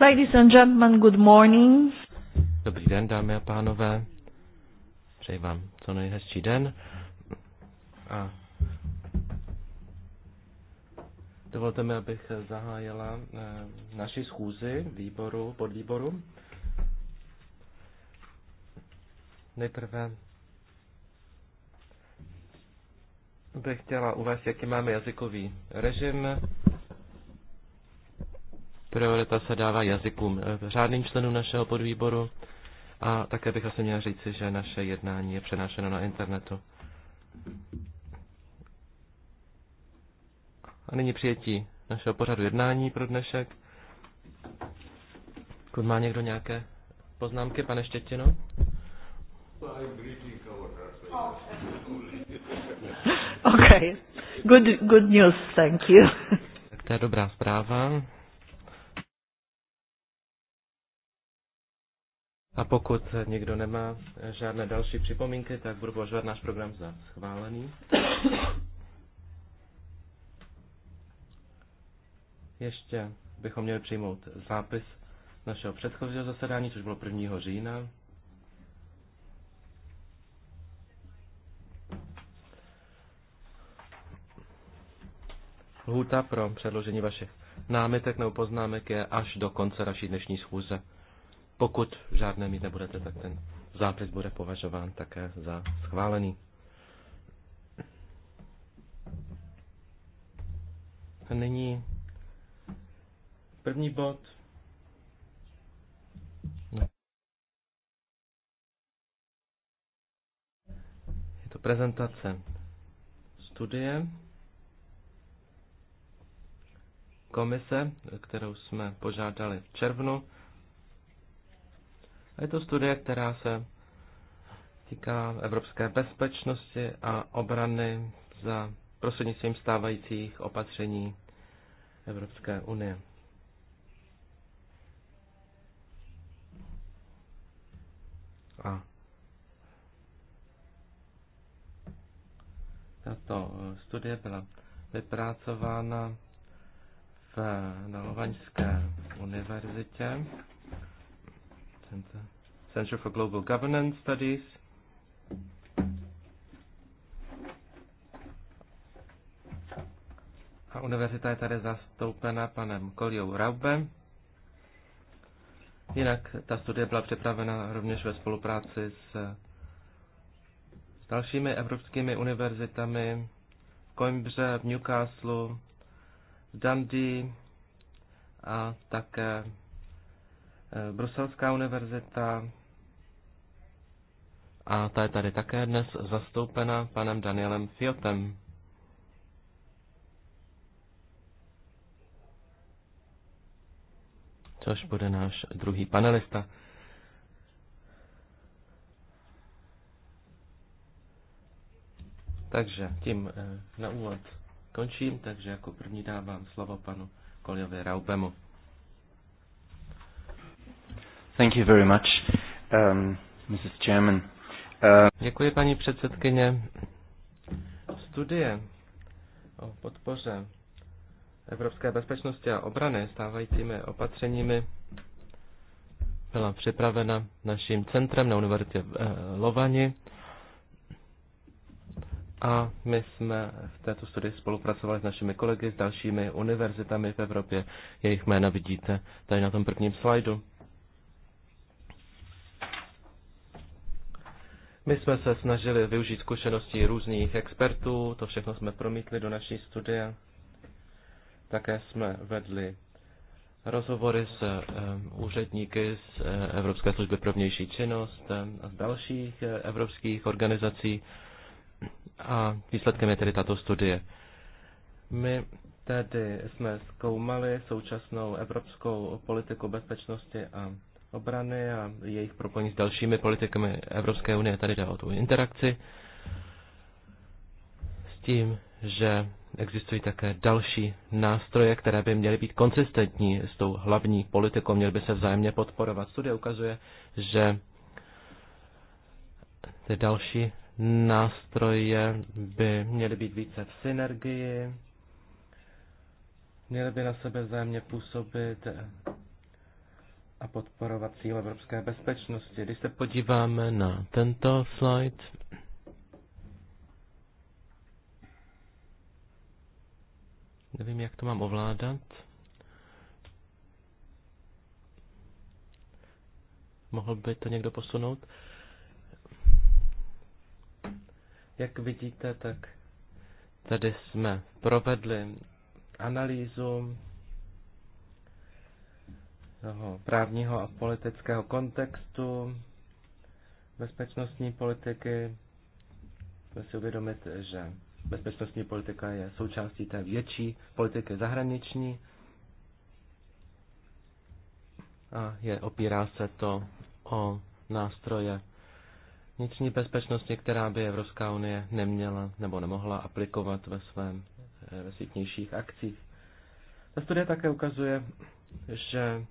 Ladies and gentlemen, good morning. Dobrý den, dámy a pánové. Přeji vám co nejhezčí den. A dovolte mi, abych zahájila eh, naši schůzi výboru, podvýboru. Nejprve bych chtěla uvést, jaký máme jazykový režim priorita se dává jazykům eh, řádným členům našeho podvýboru a také bych asi měl říci, že naše jednání je přenášeno na internetu. A nyní přijetí našeho pořadu jednání pro dnešek. Kud má někdo nějaké poznámky, pane Štětino? Okay. Good, good news, thank you. Tak to je dobrá zpráva. A pokud někdo nemá žádné další připomínky, tak budu považovat náš program za schválený. Ještě bychom měli přijmout zápis našeho předchozího zasedání, což bylo 1. října. Lhůta pro předložení vašich námitek nebo poznámek je až do konce naší dnešní schůze. Pokud žádné mít nebudete, tak ten zápis bude považován také za schválený. A nyní první bod. Je to prezentace studie komise, kterou jsme požádali v červnu. Je to studie, která se týká evropské bezpečnosti a obrany za prostřednictvím stávajících opatření Evropské unie. A tato studie byla vypracována v, Nalovaňské univerzitě. Center. Center for Global Governance Studies. A univerzita je tady zastoupena panem Koljou Raubem. Jinak ta studie byla připravena rovněž ve spolupráci s, s dalšími evropskými univerzitami v Coimbře, v Newcastle, v Dundee a také eh, Bruselská univerzita, a ta je tady také dnes zastoupena panem Danielem Fiotem. což bude náš druhý panelista. Takže tím eh, na úvod končím, takže jako první dávám slovo panu Koljovi Raubemu. Thank you very much, um, Mrs. Chairman. Eh, děkuji, paní předsedkyně. Studie o podpoře evropské bezpečnosti a obrany stávajícími opatřeními byla připravena naším centrem na univerzitě v eh, Lovani a my jsme v této studii spolupracovali s našimi kolegy, s dalšími univerzitami v Evropě. Jejich jména vidíte tady na tom prvním slajdu. My jsme se snažili využít zkušeností různých expertů, to všechno jsme promítli do naší studie. Také jsme vedli rozhovory s eh, úředníky z eh, Evropské služby pro vnější činnost eh, a z dalších evropských organizací a výsledkem je tedy tato studie. My tedy jsme zkoumali současnou evropskou politiku bezpečnosti a obrany a jejich propojení s dalšími politikami Evropské unie. Tady jde o tu interakci s tím, že existují také další nástroje, které by měly být konsistentní s tou hlavní politikou, měly by se vzájemně podporovat. Studie ukazuje, že ty další nástroje by měly být více v synergii, měly by na sebe vzájemně působit a podporovat cíle evropské bezpečnosti. Když se podíváme na tento slide, nevím, jak to mám ovládat. Mohl by to někdo posunout? Jak vidíte, tak tady jsme provedli analýzu toho právního a politického kontextu bezpečnostní politiky. Musíme si uvědomit, že bezpečnostní politika je součástí té větší politiky zahraniční a je, opírá se to o nástroje vnitřní bezpečnosti, která by Evropská unie neměla nebo nemohla aplikovat ve svém eh, ve svých akcích. Ta studie také ukazuje, že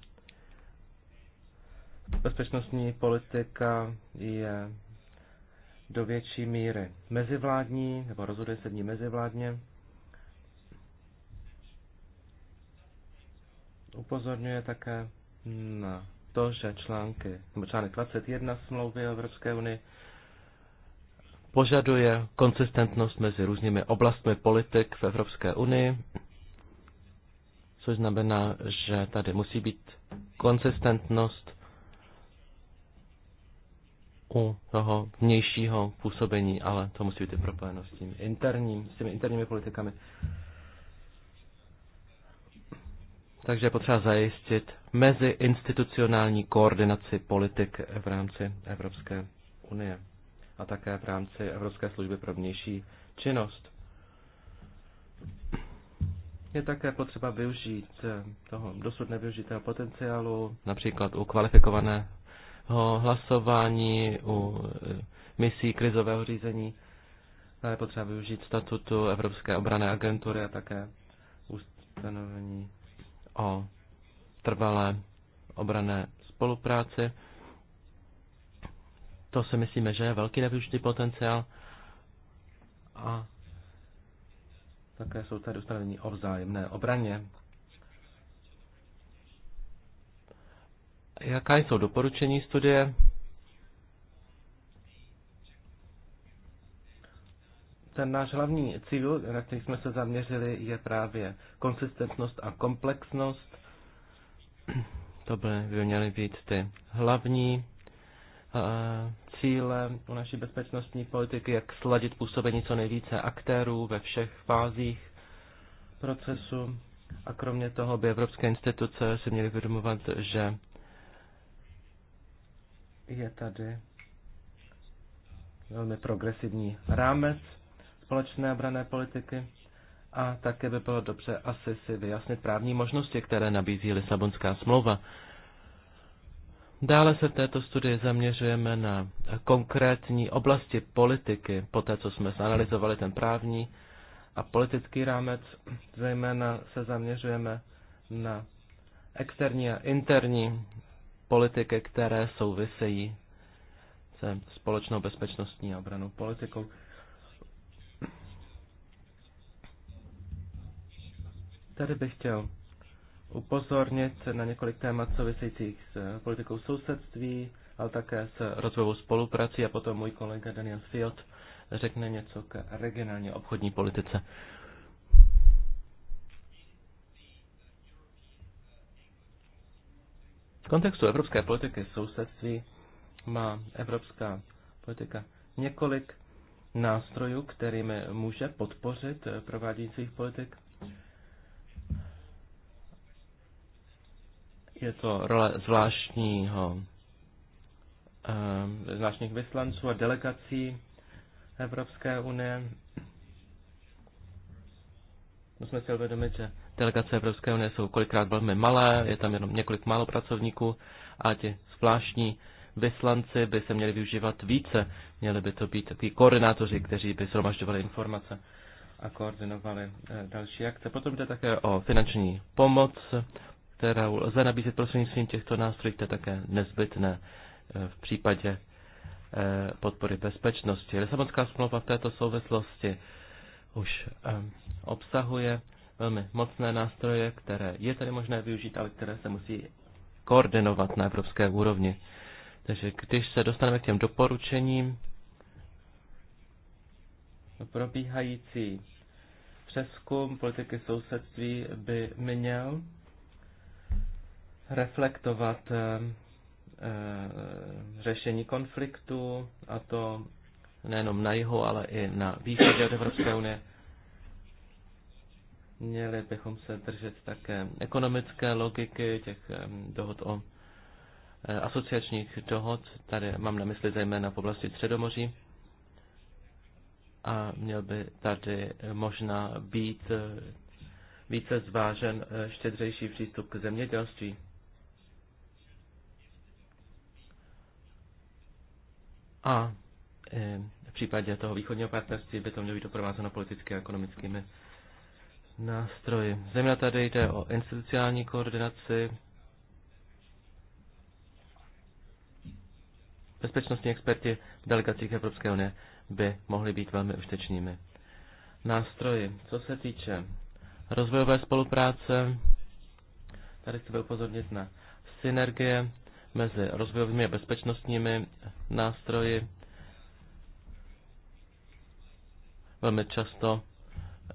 Bezpečnostní politika je do větší míry mezivládní, nebo rozhoduje se v ní mezivládně. Upozorňuje také na to, že články, nebo článek 21 smlouvy o Evropské unii požaduje konsistentnost mezi různými oblastmi politik v Evropské unii, což znamená, že tady musí být konsistentnost u toho vnějšího působení, ale to musí být propojeno s tím interním, s těmi interními politikami. Takže je potřeba zajistit meziinstitucionální koordinaci politik v rámci Evropské unie a také v rámci Evropské služby pro vnější činnost. Je také potřeba využít toho dosud nevyužitého potenciálu, například u kvalifikované hlasování, u e, misí krizového řízení. Je potřeba využít statutu Evropské obrané agentury a také ustanovení o trvalé obrané spolupráci. To si myslíme, že je velký nevyužitý potenciál. A také jsou tady ustanovení o vzájemné obraně. Jaká jsou doporučení studie? Ten náš hlavní cíl, na který jsme se zaměřili, je právě konsistentnost a komplexnost. To by, by měly být ty hlavní eh, cíle u naší bezpečnostní politiky, jak sladit působení co nejvíce aktérů ve všech fázích procesu. A kromě toho by evropské instituce si měly vědomovat, že je tady velmi progresivní rámec společné obrané politiky a také by bylo dobře asi si vyjasnit právní možnosti, které nabízí Lisabonská smlouva. Dále se v této studii zaměřujeme na konkrétní oblasti politiky, po té, co jsme zanalizovali ten právní a politický rámec, zejména se zaměřujeme na externí a interní politiky, které souvisejí se společnou bezpečnostní a obranou politikou. Tady bych chtěl upozornit na několik témat souvisejících s politikou sousedství, ale také s rozvojovou spoluprací a potom můj kolega Daniel Fiot řekne něco k regionální obchodní politice. kontextu evropské politiky sousedství má evropská politika několik nástrojů, kterými může podpořit provádějících politik. Je to role zvláštního, eh, zvláštních vyslanců a delegací Evropské unie. Musíme no, si uvědomit, že delegace Evropské unie jsou kolikrát velmi malé, je tam jenom několik málo pracovníků a ti zvláštní vyslanci by se měli využívat více. Měli by to být takový koordinátoři, kteří by shromažďovali informace a koordinovali eh, další akce. Potom jde také o finanční pomoc, kterou lze nabízet prostřednictvím těchto nástrojů, to je také nezbytné eh, v případě eh, podpory bezpečnosti. Lisabonská smlouva v této souvislosti už obsahuje velmi mocné nástroje, které je tady možné využít, ale které se musí koordinovat na evropské úrovni. Takže když se dostaneme k těm doporučením, probíhající přeskum politiky sousedství by měl reflektovat eh, eh, řešení konfliktu, a to nejenom na jihu, ale i na východě od Evropské unie. Měli bychom se držet také ekonomické logiky těch dohod o e, asociačních dohod. Tady mám na mysli zejména v oblasti Středomoří. A měl by tady možná být e, více zvážen e, štědřejší přístup k zemědělství. A v případě toho východního partnerství by to mělo být doprovázeno politicky a ekonomickými nástroj. Zejména tady jde o institucionální koordinaci, bezpečnostní experti v delegacích Evropské unie by mohli být velmi užtečnými. nástroji. Co se týče rozvojové spolupráce, tady chci upozornit na synergie mezi rozvojovými a bezpečnostními nástroji. Velmi často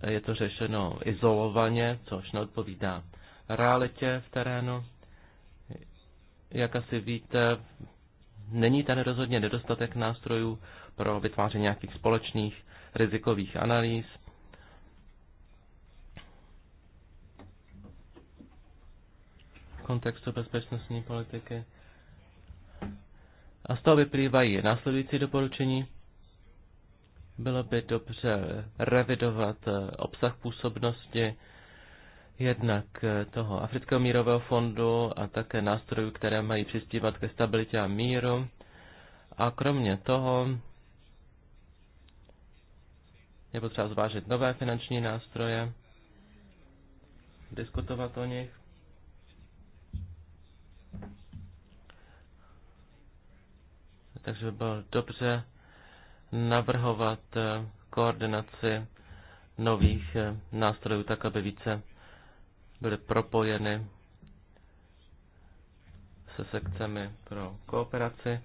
je to řešeno izolovaně, což neodpovídá realitě v terénu. Jak asi víte, není tady rozhodně nedostatek nástrojů pro vytváření nějakých společných rizikových analýz. V kontextu bezpečnostní politiky. A z toho vyplývají následující doporučení. Bylo by dobře revidovat eh, obsah působnosti jednak eh, toho Afrického mírového fondu a také nástrojů, které mají přispívat ke stabilitě a míru. A kromě toho je potřeba zvážit nové finanční nástroje, diskutovat o nich. Takže by bylo dobře navrhovat eh, koordinaci nových eh, nástrojů tak, aby více byly propojeny se sekcemi pro kooperaci.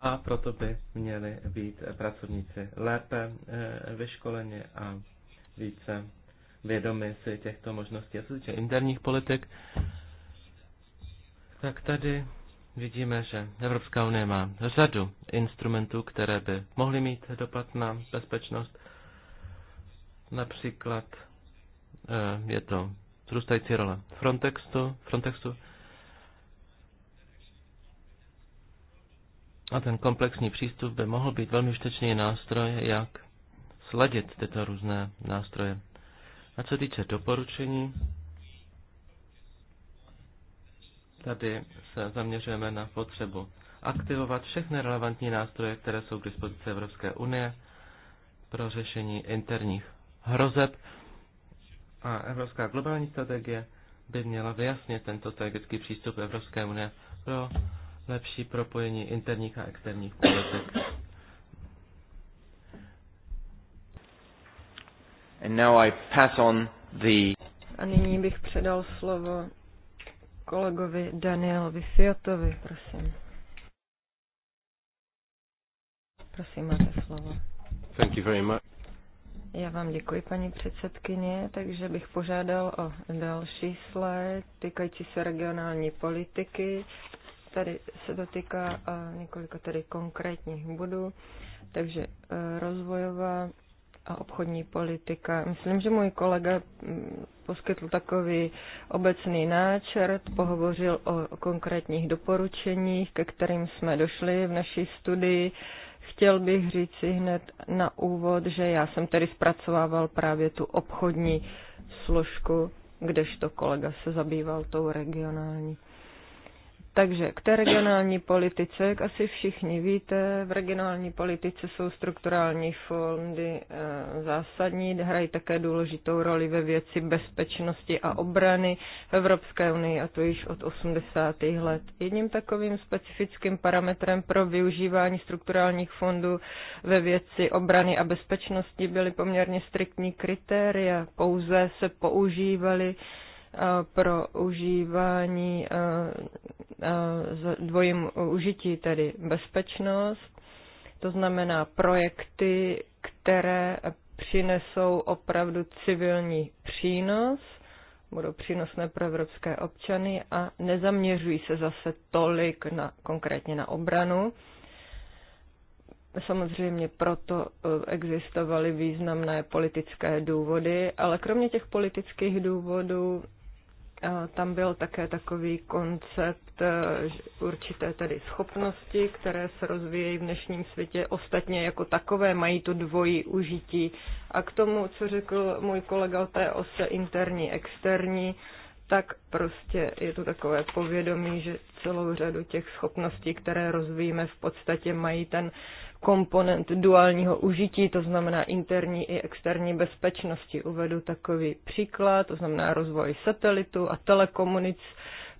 A proto by měli být pracovníci lépe eh, vyškoleni a více vědomi si těchto možností. A co se týče interních politik, tak tady Vidíme, že Evropská unie má řadu instrumentů, které by mohly mít dopad na bezpečnost. Například eh, je to zrůstající role Frontexu, Frontexu A ten komplexní přístup by mohl být velmi užitečný nástroj, jak sladit tyto různé nástroje. A co týče doporučení, Tady se zaměřujeme na potřebu aktivovat všechny relevantní nástroje, které jsou k dispozici Evropské unie pro řešení interních hrozeb. A Evropská globální strategie by měla vyjasnit tento strategický přístup Evropské unie pro lepší propojení interních a externích politik. And now I pass on the... A nyní bych předal slovo kolegovi Danielovi Fiotovi, prosím. Prosím, máte slovo. Thank you very much. Já vám děkuji, paní předsedkyně, takže bych požádal o další slide týkající se regionální politiky. Tady se dotýká několika tady konkrétních bodů, takže eh, rozvojová a obchodní politika. Myslím, že můj kolega mm, poskytl takový obecný náčrt, pohovořil o konkrétních doporučeních, ke kterým jsme došli v naší studii. Chtěl bych říci hned na úvod, že já jsem tedy zpracovával právě tu obchodní složku, kdežto kolega se zabýval tou regionální. Takže k té regionální politice, jak asi všichni víte, v regionální politice jsou strukturální fondy eh, zásadní, hrají také důležitou roli ve věci bezpečnosti a obrany v Evropské unii a to již od 80. let. Jedním takovým specifickým parametrem pro využívání strukturálních fondů ve věci obrany a bezpečnosti byly poměrně striktní kritéria, pouze se používaly Eh, pro užívání eh, eh, dvojím užití, tedy bezpečnost, to znamená projekty, které přinesou opravdu civilní přínos, budou přínosné pro evropské občany a nezaměřují se zase tolik na, konkrétně na obranu. Samozřejmě proto existovaly významné politické důvody, ale kromě těch politických důvodů tam byl také takový koncept e, určité tedy schopnosti, které se rozvíjejí v dnešním světě. Ostatně jako takové mají to dvojí užití. A k tomu, co řekl můj kolega o té ose interní, externí, tak prostě je to takové povědomí, že celou řadu těch schopností, které rozvíjíme, v podstatě mají ten uh, komponent duálního užití, to znamená interní i externí bezpečnosti. Uvedu takový příklad, to znamená rozvoj satelitu a telekomunic,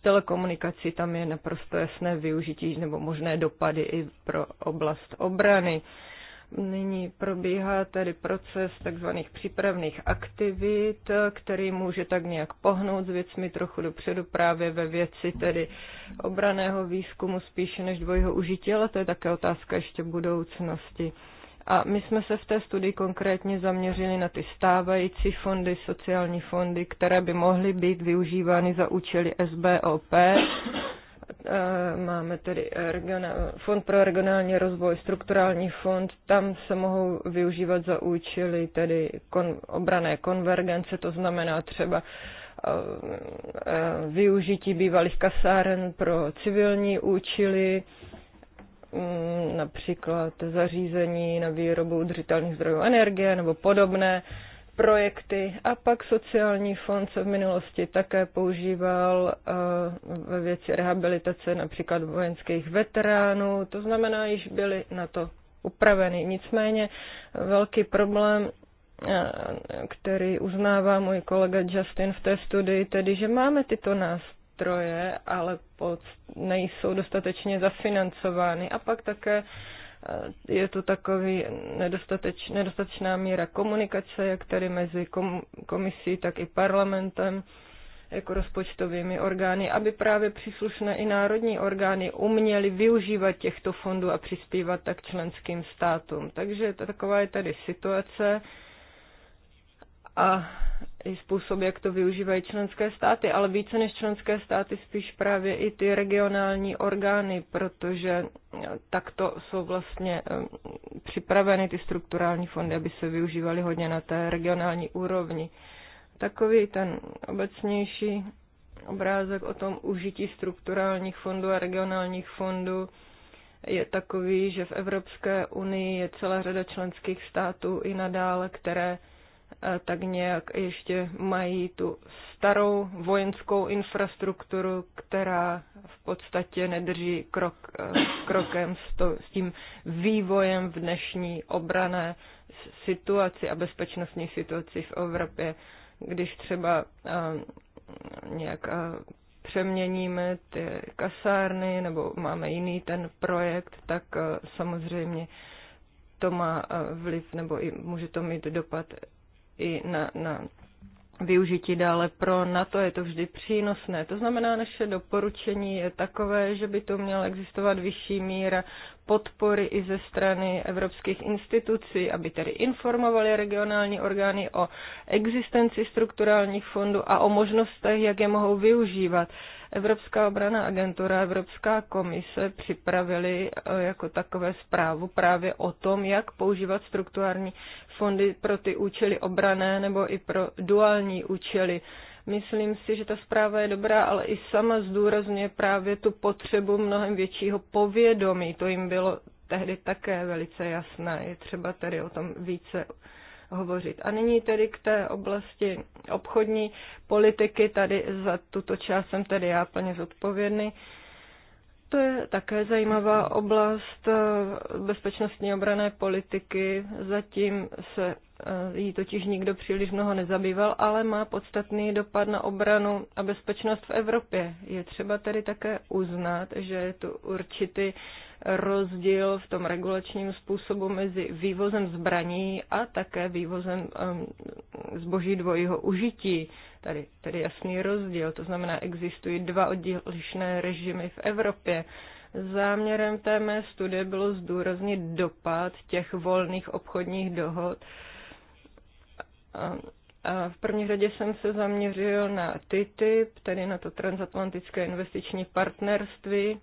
telekomunikací tam je naprosto jasné využití nebo možné dopady i pro oblast obrany. Nyní probíhá tedy proces takzvaných přípravných aktivit, který může tak nějak pohnout s věcmi trochu dopředu právě ve věci tedy obraného výzkumu spíše než dvojho užití, ale to je také otázka ještě budoucnosti. A my jsme se v té studii konkrétně zaměřili na ty stávající fondy, sociální fondy, které by mohly být využívány za účely SBOP Eh, máme tedy eh, regionál, fond pro regionální rozvoj, strukturální fond, tam se mohou využívat za účely tedy kon, obrané konvergence, to znamená třeba eh, využití bývalých kasáren pro civilní účely, mm, například zařízení na výrobu udržitelných zdrojů energie nebo podobné projekty. A pak sociální fond se v minulosti také používal eh, ve věci rehabilitace například vojenských veteránů, to znamená, již byly na to upraveny. Nicméně velký problém eh, který uznává můj kolega Justin v té studii, tedy že máme tyto nástroje, ale pod, nejsou dostatečně zafinancovány. A pak také Eh, je tu takový nedostateč, nedostatečná míra komunikace, jak tady mezi komisí, tak i parlamentem, jako rozpočtovými orgány, aby právě příslušné i národní orgány uměly využívat těchto fondů a přispívat tak členským státům. Takže to taková je tady situace a i způsob, jak to využívají členské státy, ale více než členské státy spíš právě i ty regionální orgány, protože eh, takto jsou vlastně eh, připraveny ty strukturální fondy, aby se využívaly hodně na té regionální úrovni. Takový ten obecnější obrázek o tom užití strukturálních fondů a regionálních fondů je takový, že v Evropské unii je celá řada členských států i nadále, které tak nějak ještě mají tu starou vojenskou infrastrukturu, která v podstatě nedrží krok, eh, krokem s, to, s tím vývojem v dnešní obrané situaci a bezpečnostní situaci v Evropě. Když třeba eh, nějak eh, přeměníme ty kasárny nebo máme jiný ten projekt, tak samozřejmě to má vliv nebo i může to mít dopad i na, na využití dále pro NATO je to vždy přínosné. To znamená, naše doporučení je takové, že by tu měla existovat vyšší míra podpory i ze strany evropských institucí, aby tedy informovali regionální orgány o existenci strukturálních fondů a o možnostech, jak je mohou využívat. Evropská obrana agentura, Evropská komise připravili eh, jako takové zprávu právě o tom, jak používat strukturální fondy pro ty účely obrané nebo i pro duální účely. Myslím si, že ta zpráva je dobrá, ale i sama zdůrazňuje právě tu potřebu mnohem většího povědomí. To jim bylo tehdy také velice jasné. Je třeba tedy o tom více hovořit. A nyní tedy k té oblasti obchodní politiky, tady za tuto část jsem tedy já plně zodpovědný. To je také zajímavá oblast eh, bezpečnostní obrané politiky. Zatím se eh, jí totiž nikdo příliš mnoho nezabýval, ale má podstatný dopad na obranu a bezpečnost v Evropě. Je třeba tedy také uznat, že je tu určitý rozdíl v tom regulačním způsobu mezi vývozem zbraní a také vývozem zboží dvojího užití. Tady tady jasný rozdíl, to znamená, existují dva odlišné režimy v Evropě. Záměrem té mé studie bylo zdůraznit dopad těch volných obchodních dohod. A v první řadě jsem se zaměřil na TTIP, tedy na to transatlantické investiční partnerství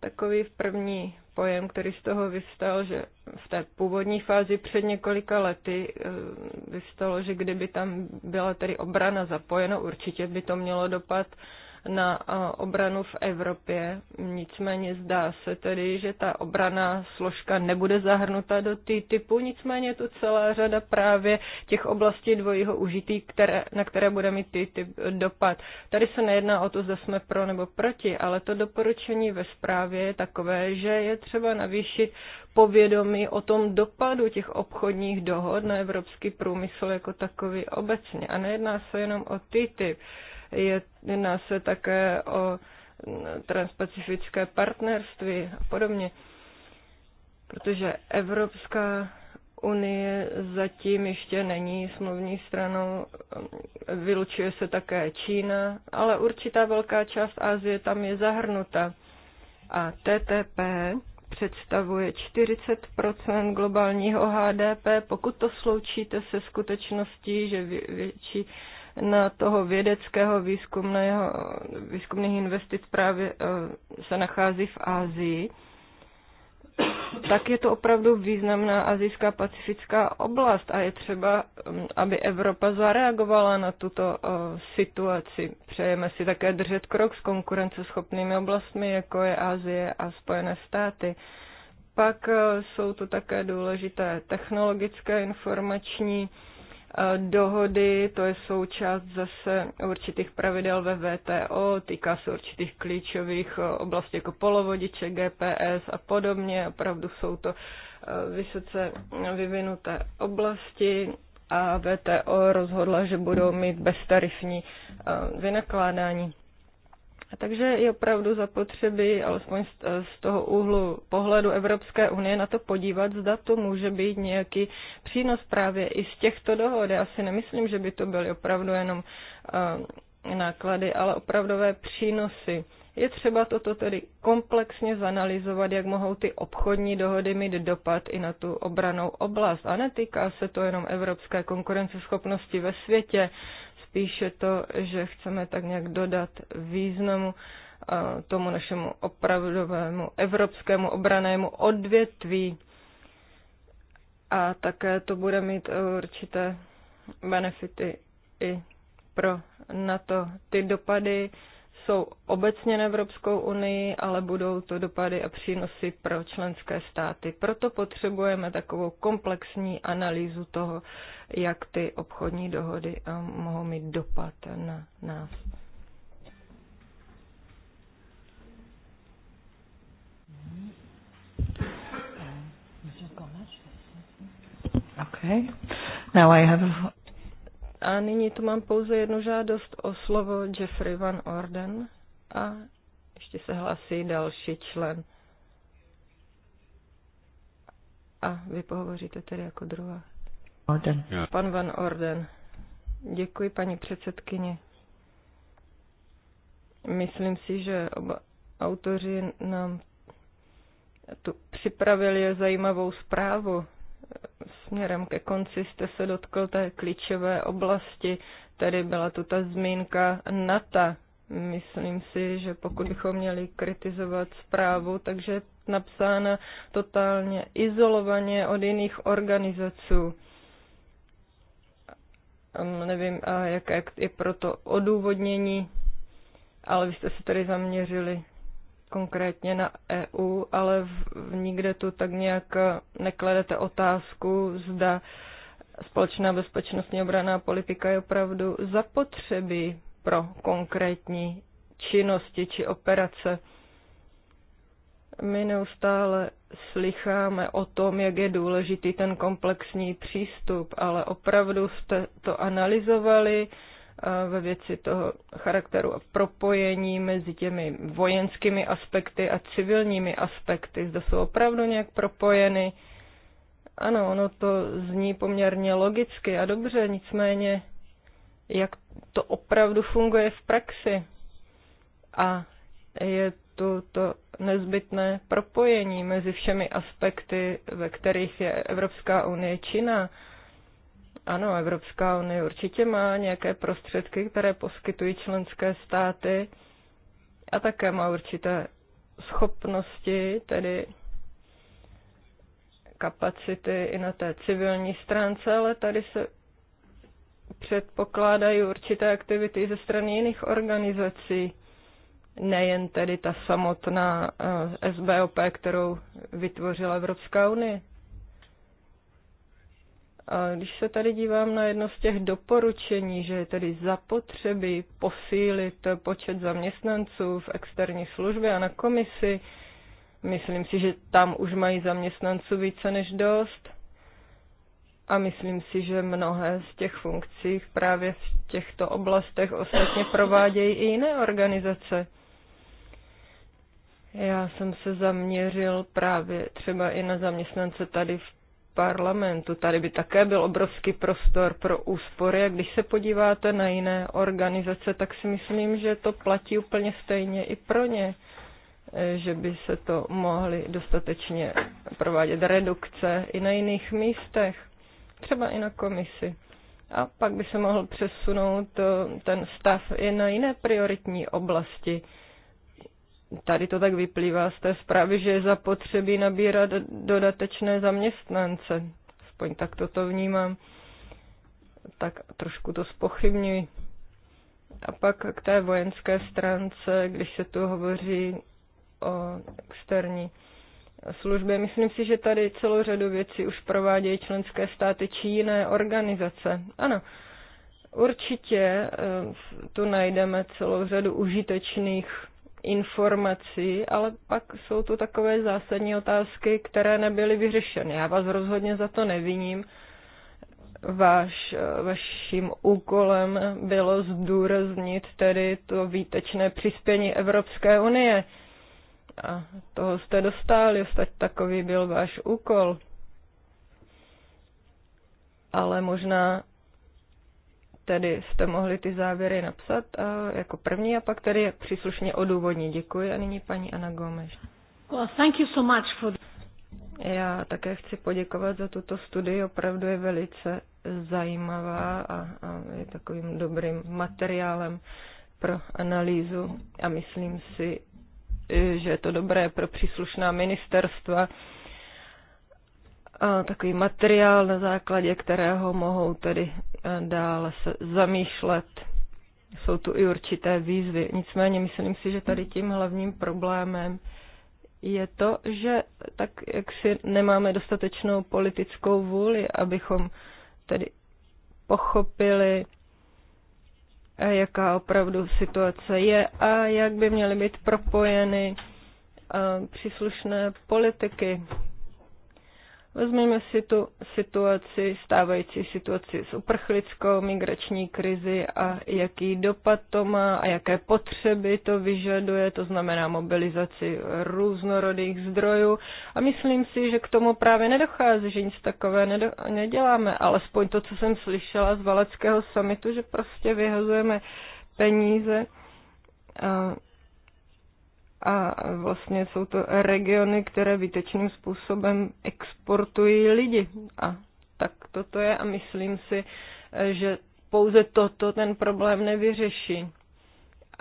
takový v první pojem, který z toho vystal, že v té původní fázi před několika lety eh, vystalo, že kdyby tam byla tedy obrana zapojena, určitě by to mělo dopad na eh, obranu v Evropě. Nicméně zdá se tedy, že ta obrana složka nebude zahrnuta do TTIPu, nicméně je tu celá řada právě těch oblastí dvojího užití, které, na které bude mít TTIP dopad. Tady se nejedná o to, zda jsme pro nebo proti, ale to doporučení ve zprávě je takové, že je třeba navýšit povědomí o tom dopadu těch obchodních dohod na evropský průmysl jako takový obecně. A nejedná se jenom o TTIP jedná se také o transpacifické partnerství a podobně. Protože Evropská unie zatím ještě není smluvní stranou, vylučuje se také Čína, ale určitá velká část Asie tam je zahrnuta. A TTP představuje 40 globálního HDP, pokud to sloučíte se skutečností, že větší na toho vědeckého výzkumného, výzkumných investic právě eh, se nachází v Ázii, tak je to opravdu významná azijská pacifická oblast a je třeba, mm, aby Evropa zareagovala na tuto eh, situaci. Přejeme si také držet krok s konkurenceschopnými oblastmi, jako je Asie a Spojené státy. Pak eh, jsou tu také důležité technologické informační Eh, dohody, to je součást zase určitých pravidel ve VTO, týká se určitých klíčových eh, oblastí jako polovodiče, GPS a podobně. Opravdu jsou to eh, vysoce vyvinuté oblasti a VTO rozhodla, že budou mít beztarifní vynakládání. A takže je opravdu zapotřebí, alespoň z toho úhlu pohledu Evropské unie, na to podívat, zda to může být nějaký přínos právě i z těchto dohod. Já si nemyslím, že by to byly opravdu jenom eh, náklady, ale opravdové přínosy. Je třeba toto tedy komplexně zanalizovat, jak mohou ty obchodní dohody mít dopad i na tu obranou oblast. A netýká se to jenom evropské konkurenceschopnosti ve světě, spíše to, že chceme tak nějak dodat významu eh, tomu našemu opravdovému evropskému obranému odvětví. A také to bude mít eh, určité benefity i pro NATO. Ty dopady jsou obecně na Evropskou unii, ale budou to dopady a přínosy pro členské státy. Proto potřebujeme takovou komplexní analýzu toho, jak ty obchodní dohody eh, mohou mít dopad na nás. Okay. Now I have a a nyní tu mám pouze jednu žádost o slovo Jeffrey Van Orden a ještě se hlasí další člen. A vy pohovoříte tedy jako druhá. Orden. Pan Van Orden. Děkuji, paní předsedkyně. Myslím si, že oba autoři nám tu připravili zajímavou zprávu směrem ke konci jste se dotkl té klíčové oblasti. Tady byla tu ta zmínka NATO. Myslím si, že pokud bychom měli kritizovat zprávu, takže napsána totálně izolovaně od jiných organizací nevím, jaké je proto odůvodnění, ale vy jste se tady zaměřili konkrétně na EU, ale v, v, nikde tu tak nějak eh, nekladete otázku, zda společná bezpečnostní obraná politika je opravdu zapotřebí pro konkrétní činnosti či operace. My neustále slycháme o tom, jak je důležitý ten komplexní přístup, ale opravdu jste to analyzovali, ve věci toho charakteru a propojení mezi těmi vojenskými aspekty a civilními aspekty. Zda jsou opravdu nějak propojeny. Ano, ono to zní poměrně logicky a dobře, nicméně jak to opravdu funguje v praxi. A je tu to nezbytné propojení mezi všemi aspekty, ve kterých je Evropská unie činná ano, Evropská unie určitě má nějaké prostředky, které poskytují členské státy a také má určité schopnosti, tedy kapacity i na té civilní stránce, ale tady se předpokládají určité aktivity ze strany jiných organizací, nejen tedy ta samotná eh, SBOP, kterou vytvořila Evropská unie. A když se tady dívám na jedno z těch doporučení, že je tedy zapotřebí posílit počet zaměstnanců v externí službě a na komisi, myslím si, že tam už mají zaměstnanců více než dost. A myslím si, že mnohé z těch funkcí právě v těchto oblastech ostatně provádějí i jiné organizace. Já jsem se zaměřil právě třeba i na zaměstnance tady v parlamentu. Tady by také byl obrovský prostor pro úspory a když se podíváte na jiné organizace, tak si myslím, že to platí úplně stejně i pro ně eh, že by se to mohly dostatečně provádět redukce i na jiných místech, třeba i na komisi. A pak by se mohl přesunout eh, ten stav i na jiné prioritní oblasti tady to tak vyplývá z té zprávy, že je zapotřebí nabírat dodatečné zaměstnance. Aspoň tak toto vnímám. Tak trošku to spochybňuji. A pak k té vojenské stránce, když se tu hovoří o externí službě. Myslím si, že tady celou řadu věcí už provádějí členské státy či jiné organizace. Ano, určitě eh, tu najdeme celou řadu užitečných informací, ale pak jsou tu takové zásadní otázky, které nebyly vyřešeny. Já vás rozhodně za to neviním. Váš, vaším úkolem bylo zdůraznit tedy to výtečné přispění Evropské unie. A toho jste dostali, ostať takový byl váš úkol. Ale možná tedy jste mohli ty závěry napsat eh, jako první a pak tedy příslušně odůvodní. Děkuji a nyní paní Ana Gomeš. Well, thank you so much for... Já také chci poděkovat za tuto studii, opravdu je velice zajímavá a, a je takovým dobrým materiálem pro analýzu a myslím si, že je to dobré pro příslušná ministerstva, takový materiál, na základě kterého mohou tedy e, dále se zamýšlet. Jsou tu i určité výzvy. Nicméně myslím si, že tady tím hlavním problémem je to, že tak jak si nemáme dostatečnou politickou vůli, abychom tedy pochopili, e, jaká opravdu situace je a jak by měly být propojeny e, příslušné politiky Vezměme si tu situaci, stávající situaci s uprchlickou migrační krizi a jaký dopad to má a jaké potřeby to vyžaduje, to znamená mobilizaci různorodých zdrojů. A myslím si, že k tomu právě nedochází, že nic takové nedo- neděláme. Alespoň to, co jsem slyšela z Valeckého samitu, že prostě vyhazujeme peníze a vlastně jsou to regiony, které výtečným způsobem exportují lidi. A tak toto je a myslím si, že pouze toto ten problém nevyřeší.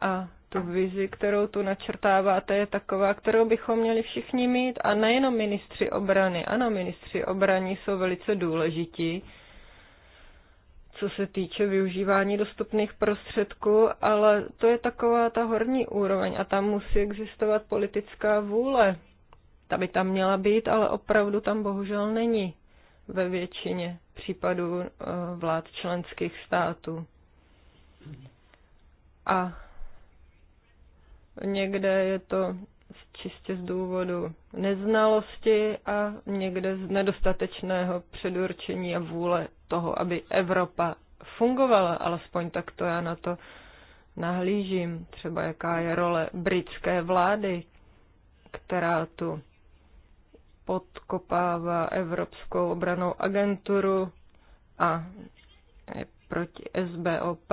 A tu vizi, kterou tu načrtáváte, je taková, kterou bychom měli všichni mít a nejenom ministři obrany. Ano, ministři obrany jsou velice důležití, co se týče využívání dostupných prostředků, ale to je taková ta horní úroveň a tam musí existovat politická vůle. Ta by tam měla být, ale opravdu tam bohužel není ve většině případů eh, vlád členských států. A někde je to čistě z důvodu neznalosti a někde z nedostatečného předurčení a vůle toho, aby Evropa fungovala, alespoň tak to já na to nahlížím, třeba jaká je role britské vlády, která tu podkopává Evropskou obranou agenturu a je proti SBOP.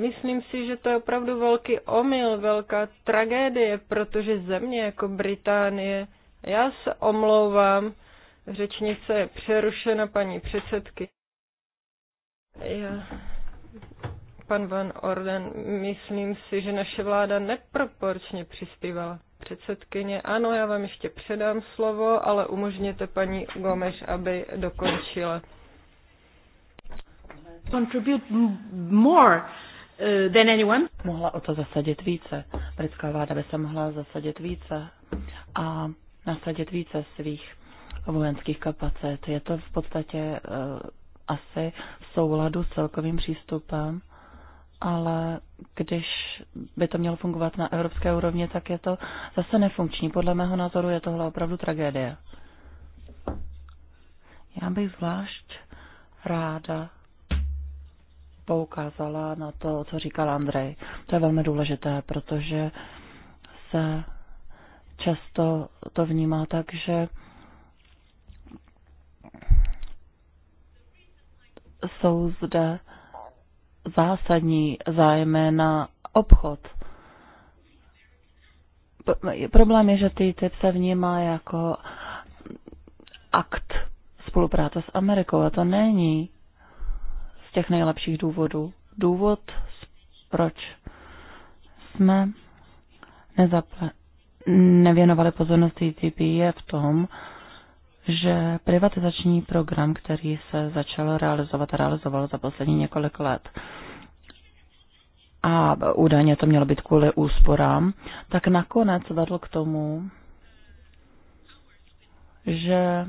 Myslím si, že to je opravdu velký omyl, velká tragédie, protože země jako Británie, já se omlouvám, řečnice je přerušena paní předsedky. Já, pan Van Orden, myslím si, že naše vláda neproporčně přispívala. Předsedkyně, ano, já vám ještě předám slovo, ale umožněte paní Gomeš, aby dokončila. Contribute more Uh, than anyone. Mohla o to zasadit více. Britská vláda by se mohla zasadit více a nasadit více svých vojenských kapacit. Je to v podstatě eh, asi v souladu s celkovým přístupem, ale když by to mělo fungovat na evropské úrovni, tak je to zase nefunkční. Podle mého názoru je tohle opravdu tragédie. Já bych zvlášť ráda poukázala na to, co říkal Andrej. To je velmi důležité, protože se často to vnímá tak, že jsou zde zásadní zájmy na obchod. Problém je, že ty typ se vnímá jako akt spolupráce s Amerikou a to není z těch nejlepších důvodů. Důvod, proč jsme nezapla- nevěnovali pozornost TTP, je v tom, že privatizační program, který se začal realizovat a realizoval za poslední několik let, a údajně to mělo být kvůli úsporám, tak nakonec vedl k tomu, že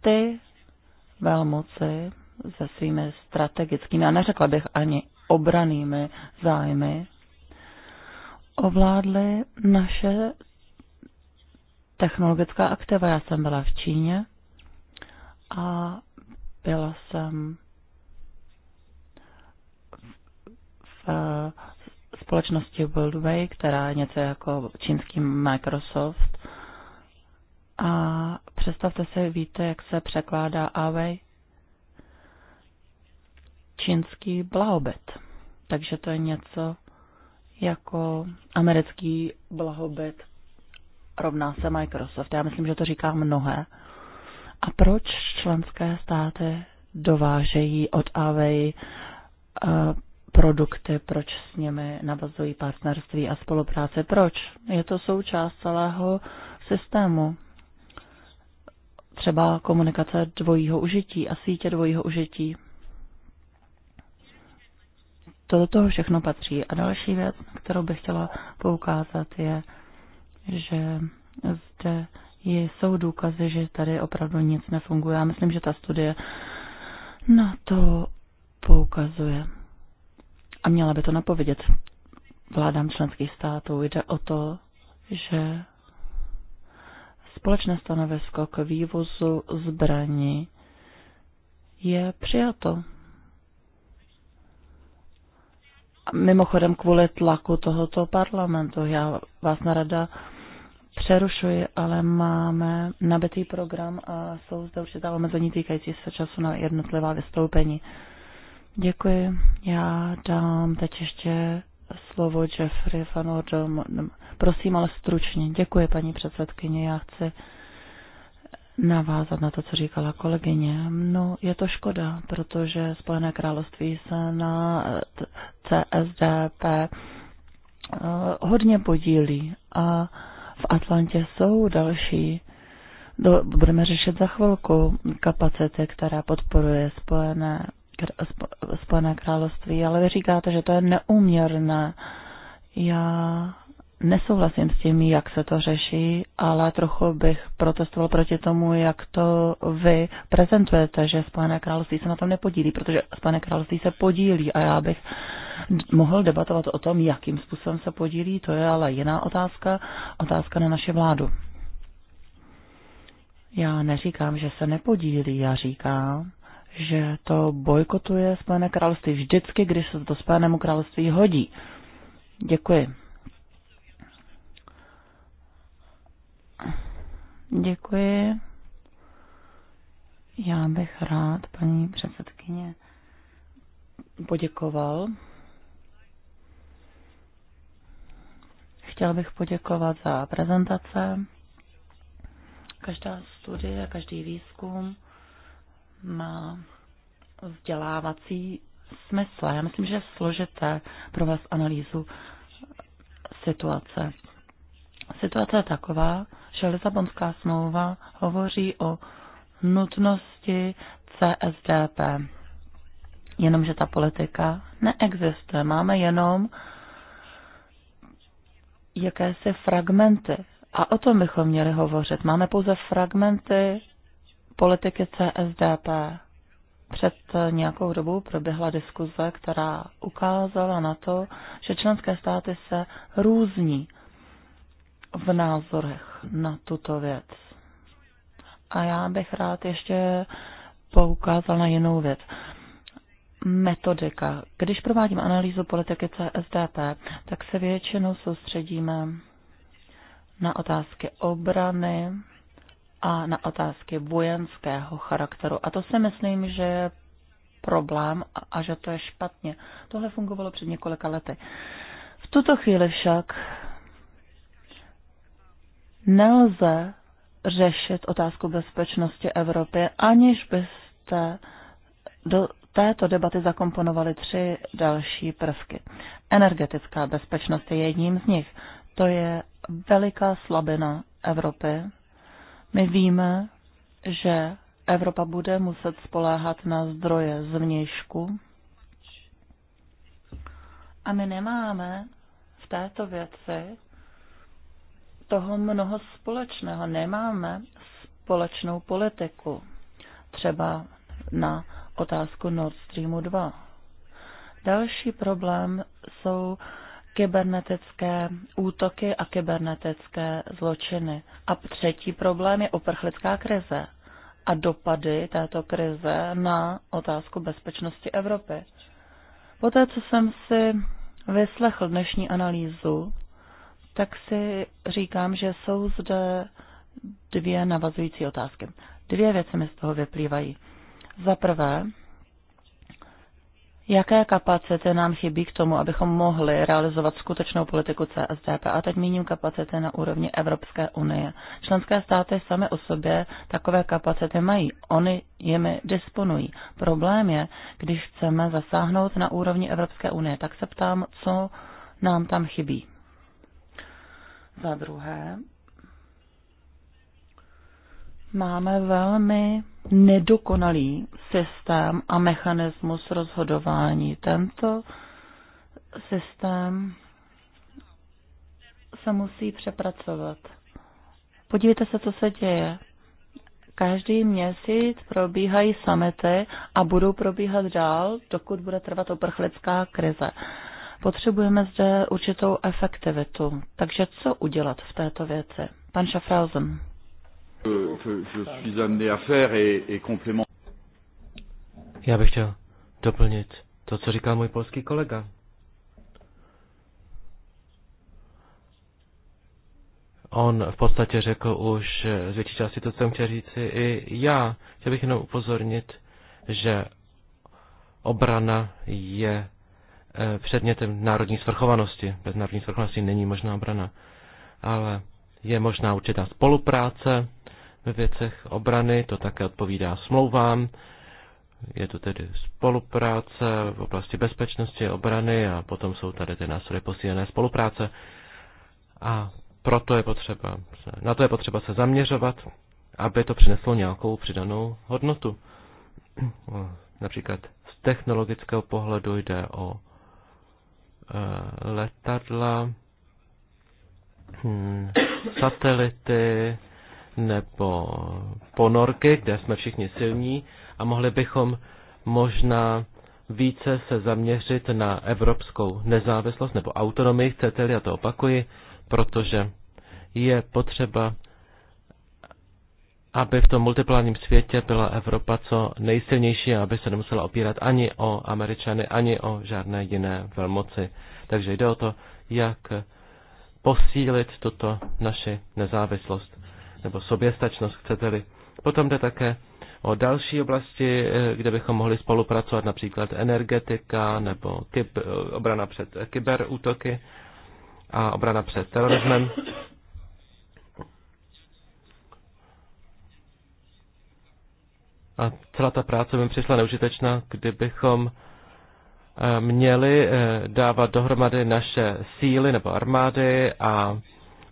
ty velmoci se svými strategickými, a neřekla bych ani obranými zájmy, ovládly naše technologická aktiva. Já jsem byla v Číně a byla jsem v společnosti Worldway, která je něco jako čínský Microsoft. A představte si, víte, jak se překládá Away čínský blahobet. Takže to je něco jako americký blahobet rovná se Microsoft. Já myslím, že to říká mnohé. A proč členské státy dovážejí od Avey eh, produkty, proč s nimi navazují partnerství a spolupráce, proč. Je to součást celého systému. Třeba komunikace dvojího užití a sítě dvojího užití to do toho všechno patří. A další věc, kterou bych chtěla poukázat, je, že zde jsou důkazy, že tady opravdu nic nefunguje. Já myslím, že ta studie na to poukazuje. A měla by to napovědět vládám členských států. Jde o to, že společné stanovisko k vývozu zbraní je přijato mimochodem kvůli tlaku tohoto parlamentu. Já vás narada přerušuji, ale máme nabitý program a jsou zde určitá omezení týkající se času na jednotlivá vystoupení. Děkuji. Já dám teď ještě slovo Jeffrey Van Prosím, ale stručně. Děkuji, paní předsedkyně. Já chci navázat na to, co říkala kolegyně. No, je to škoda, protože Spojené království se na CSDP eh, hodně podílí a v Atlantě jsou další do, budeme řešit za chvilku kapacity, která podporuje Spojené, Spojené království, ale vy říkáte, že to je neuměrné. Já nesouhlasím s tím, jak se to řeší, ale trochu bych protestoval proti tomu, jak to vy prezentujete, že Spojené království se na tom nepodílí, protože Spojené království se podílí a já bych mohl debatovat o tom, jakým způsobem se podílí, to je ale jiná otázka, otázka na naše vládu. Já neříkám, že se nepodílí, já říkám, že to bojkotuje Spojené království vždycky, když se to Spojenému království hodí. Děkuji. Děkuji. Já bych rád, paní předsedkyně, poděkoval. Chtěl bych poděkovat za prezentace. Každá studie, každý výzkum má vzdělávací smysl. Já myslím, že je složité pro vás analýzu situace. Situace je taková, že Lisabonská smlouva hovoří o nutnosti CSDP. Jenomže ta politika neexistuje. Máme jenom jakési fragmenty. A o tom bychom měli hovořit. Máme pouze fragmenty politiky CSDP. Před nějakou dobou proběhla diskuze, která ukázala na to, že členské státy se různí v názorech na tuto věc. A já bych rád ještě poukázal na jinou věc. Metodika. Když provádím analýzu politiky CSDP, tak se většinou soustředíme na otázky obrany a na otázky vojenského charakteru. A to si myslím, že je problém a že to je špatně. Tohle fungovalo před několika lety. V tuto chvíli však nelze řešit otázku bezpečnosti Evropy, aniž byste do této debaty zakomponovali tři další prvky. Energetická bezpečnost je jedním z nich. To je veliká slabina Evropy. My víme, že Evropa bude muset spoléhat na zdroje zvnějšku. A my nemáme v této věci toho mnoho společného. Nemáme společnou politiku, třeba na otázku Nord Streamu 2. Další problém jsou kybernetické útoky a kybernetické zločiny. A třetí problém je uprchlická krize a dopady této krize na otázku bezpečnosti Evropy. Poté, co jsem si vyslechl dnešní analýzu, tak si říkám, že jsou zde dvě navazující otázky. Dvě věci mi z toho vyplývají. Za prvé, jaké kapacity nám chybí k tomu, abychom mohli realizovat skutečnou politiku CSDP. A teď míním kapacity na úrovni Evropské unie. Členské státy sami o sobě takové kapacity mají. Oni jimi disponují. Problém je, když chceme zasáhnout na úrovni Evropské unie, tak se ptám, co nám tam chybí. Za druhé, máme velmi nedokonalý systém a mechanismus rozhodování. Tento systém se musí přepracovat. Podívejte se, co se děje. Každý měsíc probíhají samety a budou probíhat dál, dokud bude trvat oprchlická krize. Potřebujeme zde určitou efektivitu. Takže co udělat v této věci? Pan Schaffhausen. Já bych chtěl doplnit to, co říkal můj polský kolega. On v podstatě řekl už z větší části to, co jsem chtěl říct i já. Chtěl bych jenom upozornit, že obrana je Eh, předmětem národní svrchovanosti. Bez národní svrchovanosti není možná obrana. Ale je možná určitá spolupráce ve věcech obrany, to také odpovídá smlouvám. Je to tedy spolupráce v oblasti bezpečnosti, obrany a potom jsou tady ty nástroje posílené spolupráce. A proto je potřeba, na to je potřeba se zaměřovat, aby to přineslo nějakou přidanou hodnotu. Například z technologického pohledu jde o Eh, letadla, hmm, satelity nebo ponorky, kde jsme všichni silní a mohli bychom možná více se zaměřit na evropskou nezávislost nebo autonomii, chcete-li, já to opakuji, protože je potřeba aby v tom multipolárním světě byla Evropa co nejsilnější a aby se nemusela opírat ani o Američany, ani o žádné jiné velmoci. Takže jde o to, jak posílit tuto naši nezávislost nebo soběstačnost, chcete-li. Potom jde také o další oblasti, eh, kde bychom mohli spolupracovat, například energetika nebo kyb, eh, obrana před kyberútoky a obrana před terorismem. a celá ta práce by přišla neužitečná, kdybychom eh, měli eh, dávat dohromady naše síly nebo armády a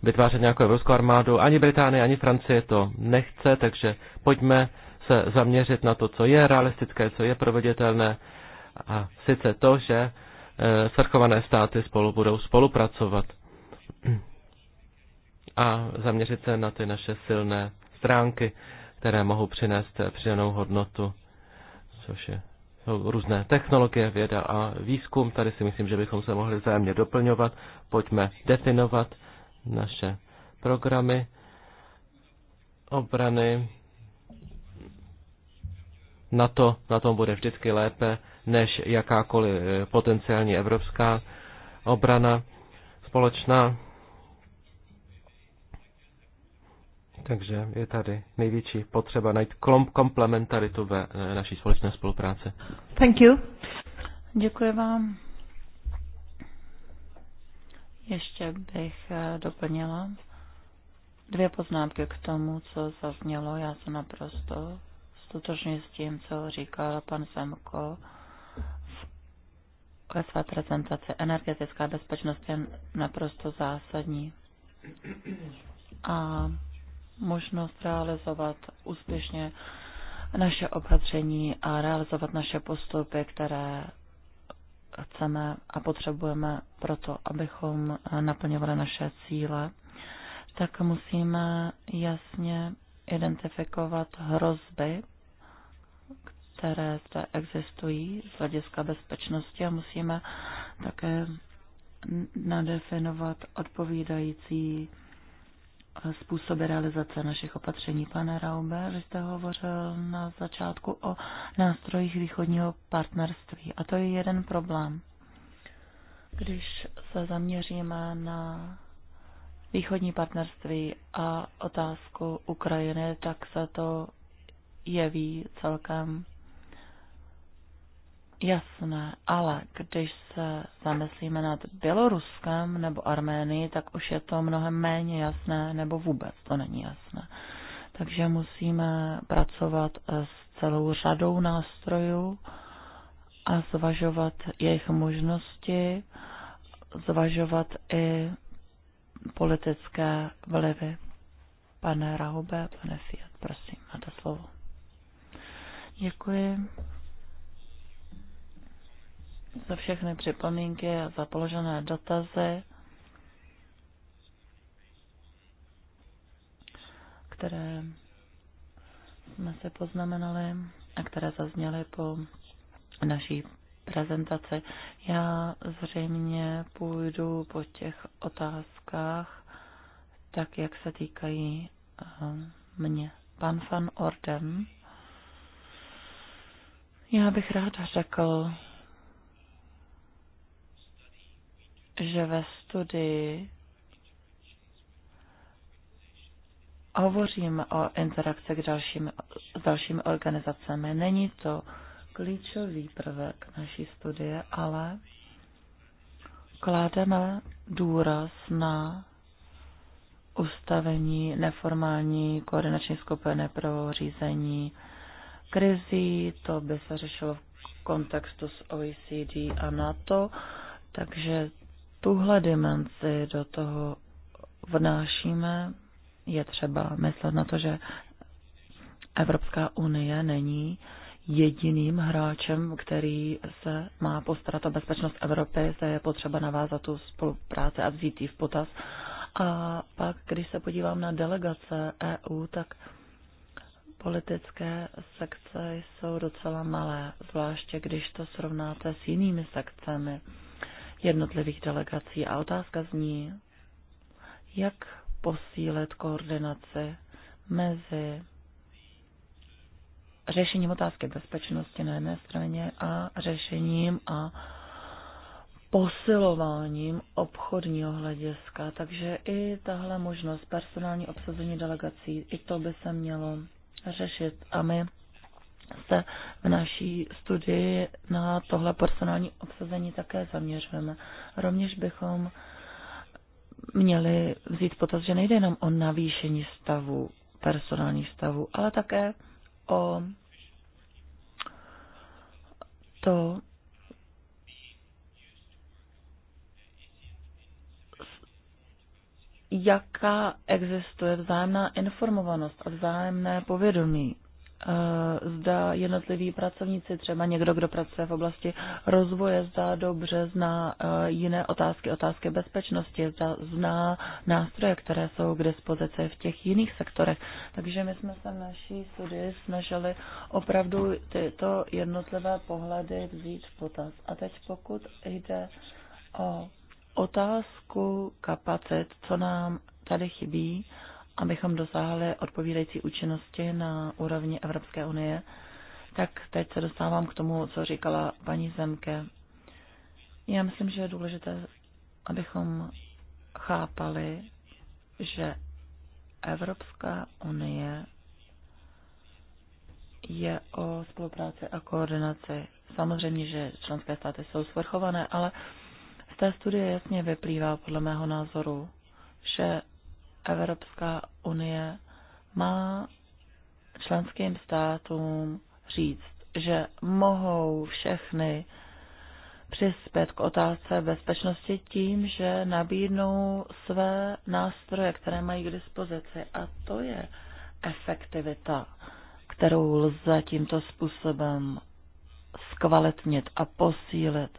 vytvářet nějakou evropskou armádu. Ani Británie, ani Francie to nechce, takže pojďme se zaměřit na to, co je realistické, co je proveditelné a sice to, že eh, svrchované státy spolu budou spolupracovat a zaměřit se na ty naše silné stránky které mohou přinést přidanou hodnotu, což je, jsou různé technologie, věda a výzkum. Tady si myslím, že bychom se mohli vzájemně doplňovat. Pojďme definovat naše programy obrany. Na, to, na tom bude vždycky lépe než jakákoliv eh, potenciální evropská obrana společná. Takže je tady největší potřeba najít komplementaritu ve e, naší společné spolupráci. Thank you. Děkuji vám. Ještě bych e, doplnila dvě poznámky k tomu, co zaznělo. Já jsem naprosto stotožně s tím, co říkal pan Semko ve své prezentaci. Energetická bezpečnost je naprosto zásadní. A možnost realizovat úspěšně naše opatření a realizovat naše postupy, které chceme a potřebujeme pro to, abychom naplňovali naše cíle, tak musíme jasně identifikovat hrozby, které zde existují z hlediska bezpečnosti a musíme také nadefinovat odpovídající způsoby realizace našich opatření. Pane Raube, vy jste hovořil na začátku o nástrojích východního partnerství a to je jeden problém. Když se zaměříme na východní partnerství a otázku Ukrajiny, tak se to jeví celkem Jasné, ale když se zamyslíme nad Běloruskem nebo Arménii, tak už je to mnohem méně jasné, nebo vůbec to není jasné. Takže musíme pracovat s celou řadou nástrojů a zvažovat jejich možnosti, zvažovat i politické vlivy. Pane Rahube, pane Fiat, prosím, máte slovo. Děkuji za všechny připomínky a za položené dotazy, které jsme se poznamenali a které zazněly po naší prezentaci. Já zřejmě půjdu po těch otázkách, tak jak se týkají eh, mě. Pan van Orden. Já bych ráda řekl, že ve studii hovořím o interakce k dalším, s dalšími organizacemi. Není to klíčový prvek naší studie, ale klademe důraz na ustavení neformální koordinační skupiny pro řízení krizí. To by se řešilo v kontextu s OECD a NATO, takže tuhle dimenzi do toho vnášíme, je třeba myslet na to, že Evropská unie není jediným hráčem, který se má postarat o bezpečnost Evropy, se je potřeba navázat tu spolupráci a vzít ji v potaz. A pak, když se podívám na delegace EU, tak politické sekce jsou docela malé, zvláště když to srovnáte s jinými sekcemi jednotlivých delegací. A otázka zní, jak posílit koordinace mezi řešením otázky bezpečnosti na jedné straně a řešením a posilováním obchodního hlediska. Takže i tahle možnost personální obsazení delegací, i to by se mělo řešit. A my se v naší studii na tohle personální obsazení také zaměřujeme. Rovněž bychom měli vzít potaz, že nejde jenom o navýšení stavu, personálních stavů, ale také o to, jaká existuje vzájemná informovanost a vzájemné povědomí Eh, zda jednotliví pracovníci, třeba někdo, kdo pracuje v oblasti rozvoje, zda dobře zná eh, jiné otázky, otázky bezpečnosti, zda zná nástroje, které jsou k dispozici v těch jiných sektorech. Takže my jsme se v naší studii snažili opravdu tyto jednotlivé pohledy vzít v potaz. A teď pokud jde o otázku kapacit, co nám tady chybí, abychom dosáhli odpovídající účinnosti na úrovni Evropské unie, tak teď se dostávám k tomu, co říkala paní Zemke. Já myslím, že je důležité, abychom chápali, že Evropská unie je o spolupráci a koordinaci. Samozřejmě, že členské státy jsou svrchované, ale z té studie jasně vyplývá podle mého názoru, že Evropská unie má členským státům říct, že mohou všechny přispět k otázce bezpečnosti tím, že nabídnou své nástroje, které mají k dispozici. A to je efektivita, kterou lze tímto způsobem zkvalitnit a posílit.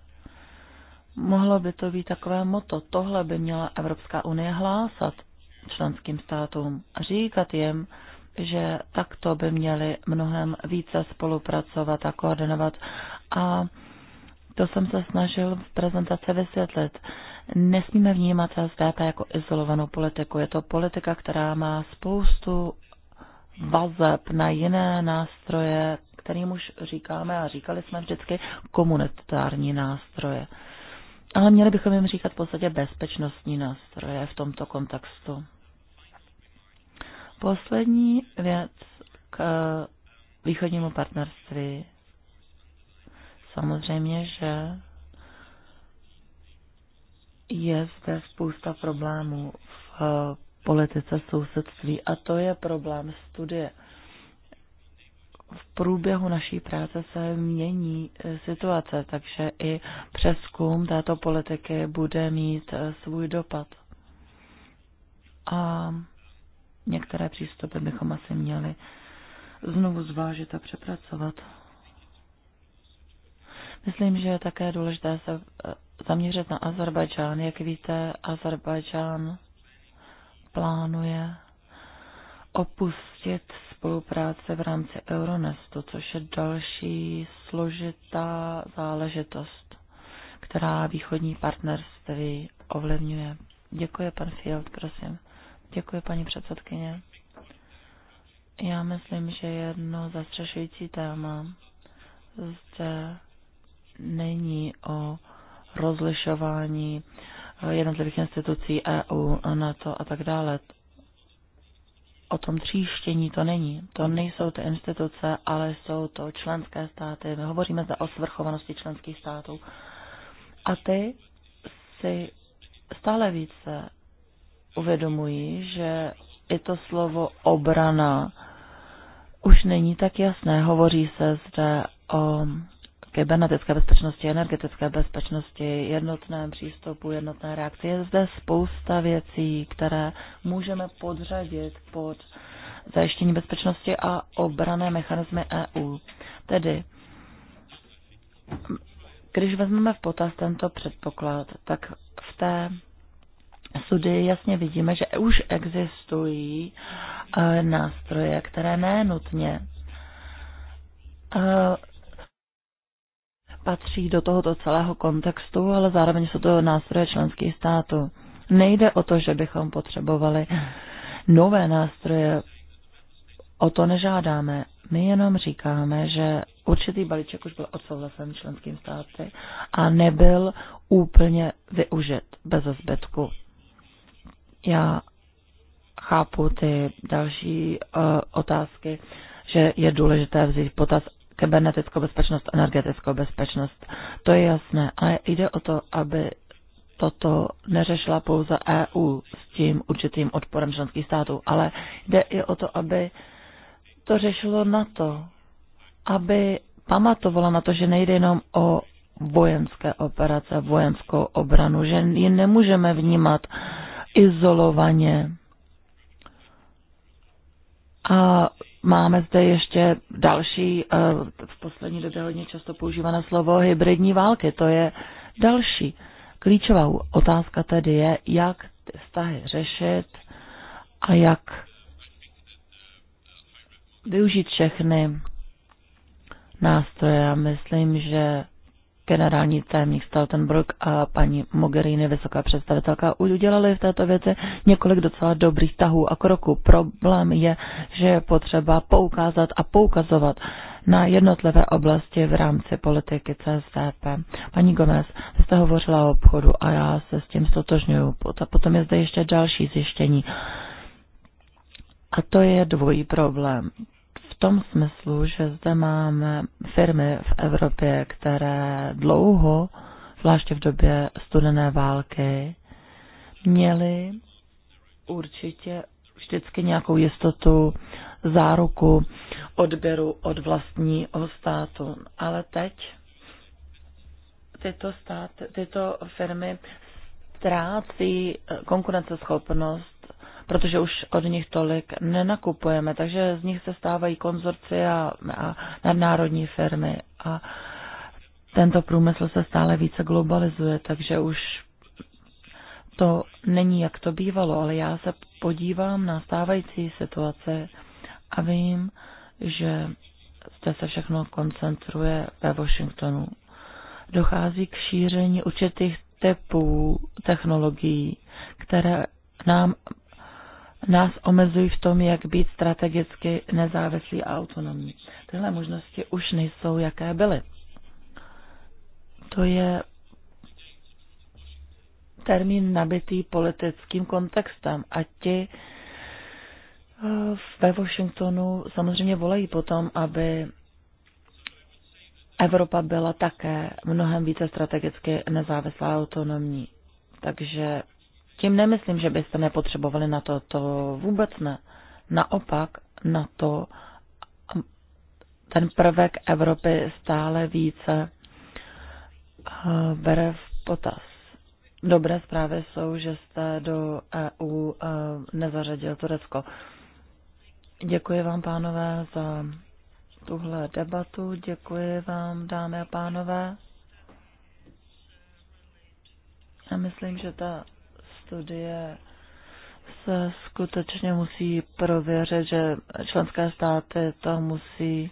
Mohlo by to být takové moto, tohle by měla Evropská unie hlásat členským státům a říkat jim, že takto by měli mnohem více spolupracovat a koordinovat. A to jsem se snažil v prezentaci vysvětlit. Nesmíme vnímat SDP jako izolovanou politiku. Je to politika, která má spoustu vazeb na jiné nástroje, kterým už říkáme a říkali jsme vždycky komunitární nástroje. Ale měli bychom jim říkat v podstatě bezpečnostní nástroje v tomto kontextu. Poslední věc k eh, východnímu partnerství. Samozřejmě, že je zde spousta problémů v eh, politice sousedství a to je problém studie. V průběhu naší práce se mění eh, situace, takže i přeskum této politiky bude mít svůj dopad. A Některé přístupy bychom asi měli znovu zvážit a přepracovat. Myslím, že je také důležité se eh, zaměřit na Azerbajdžán. Jak víte, Azerbajdžán plánuje opustit spolupráce v rámci Euronestu, což je další složitá záležitost, která východní partnerství ovlivňuje. Děkuji, pan Field, prosím. Děkuji, paní předsedkyně. Já myslím, že jedno zastřešující téma zde není o rozlišování jednotlivých institucí EU, a NATO a tak dále. O tom tříštění to není. To nejsou ty instituce, ale jsou to členské státy. My hovoříme zde o svrchovanosti členských států. A ty si stále více uvědomuji, že i to slovo obrana už není tak jasné. Hovoří se zde o kybernetické bezpečnosti, energetické bezpečnosti, jednotném přístupu, jednotné reakci. Je zde spousta věcí, které můžeme podřadit pod zajištění bezpečnosti a obrané mechanismy EU. Tedy, když vezmeme v potaz tento předpoklad, tak v té studii jasně vidíme, že už existují eh, nástroje, které ne nutně eh, patří do tohoto celého kontextu, ale zároveň jsou to nástroje členských států. Nejde o to, že bychom potřebovali nové nástroje, o to nežádáme. My jenom říkáme, že určitý balíček už byl odsouhlasen členským státy a nebyl úplně využit bez zbytku. Já chápu ty další uh, otázky, že je důležité vzít potaz kybernetickou bezpečnost, energetickou bezpečnost. To je jasné, ale jde o to, aby toto neřešila pouze EU s tím určitým odporem členských států, ale jde i o to, aby to řešilo na to, aby pamatovala na to, že nejde jenom o vojenské operace, vojenskou obranu, že ji nemůžeme vnímat uh, izolovaně. A máme zde ještě další, eh, v poslední době hodně často používané slovo hybridní války. To je další. Klíčová otázka tedy je, jak ty vztahy řešit a jak využít všechny nástroje. Já myslím, že generální tajemník Stoltenberg a paní Mogherini, vysoká představitelka, udělali v této věci několik docela dobrých tahů a kroků. Problém je, že je potřeba poukázat a poukazovat na jednotlivé oblasti v rámci politiky CSTP. Paní Gomez, vy jste hovořila o obchodu a já se s tím stotožňuju. Potom je zde ještě další zjištění. A to je dvojí problém tom smyslu, že zde máme firmy v Evropě, které dlouho, zvláště v době studené války, měly určitě vždycky nějakou jistotu, záruku odběru od vlastního státu. Ale teď tyto, stát, tyto firmy ztrácí konkurenceschopnost protože už od nich tolik nenakupujeme, takže z nich se stávají a, a nadnárodní firmy a tento průmysl se stále více globalizuje, takže už to není, jak to bývalo, ale já se podívám na stávající situace a vím, že zde se všechno koncentruje ve Washingtonu. Dochází k šíření určitých typů technologií, které nám nás omezují v tom, jak být strategicky nezávislí a autonomní. Tyhle možnosti už nejsou, jaké byly. To je termín nabitý politickým kontextem a ti eh, ve Washingtonu samozřejmě volají potom, aby Evropa byla také mnohem více strategicky nezávislá a autonomní. Takže tím nemyslím, že byste nepotřebovali na to, to vůbec ne. Naopak na to ten prvek Evropy stále více eh, bere v potaz. Dobré zprávy jsou, že jste do EU eh, nezařadil Turecko. Děkuji vám, pánové, za tuhle debatu. Děkuji vám, dámy a pánové. Já myslím, že ta studie se skutečně musí prověřit, že členské státy to musí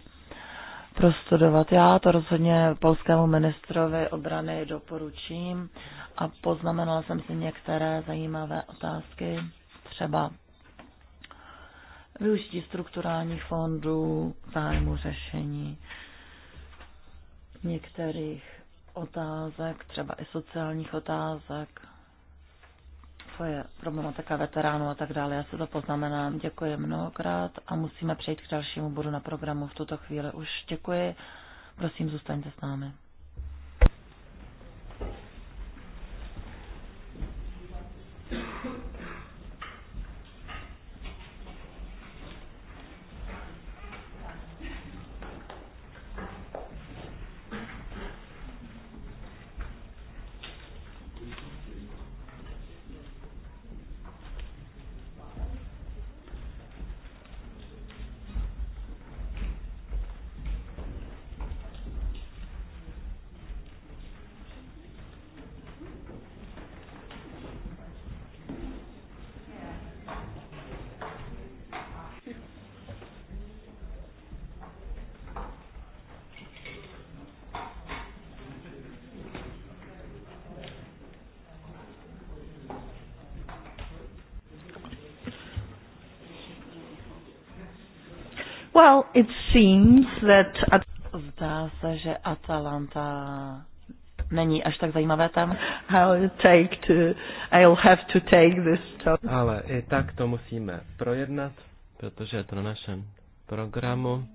prostudovat. Já to rozhodně polskému ministrovi obrany doporučím a poznamenala jsem si některé zajímavé otázky, třeba využití strukturálních fondů, zájmu řešení některých otázek, třeba i sociálních otázek, co je problematika veteránů a tak dále. Já se to poznamenám. Děkuji mnohokrát a musíme přejít k dalšímu bodu na programu. V tuto chvíli už děkuji. Prosím, zůstaňte s námi. Well, it seems that... Zdá se, že Atalanta není až tak zajímavé tam. I'll take to, I'll have to take this talk. Ale i tak to musíme projednat, protože je to na našem programu.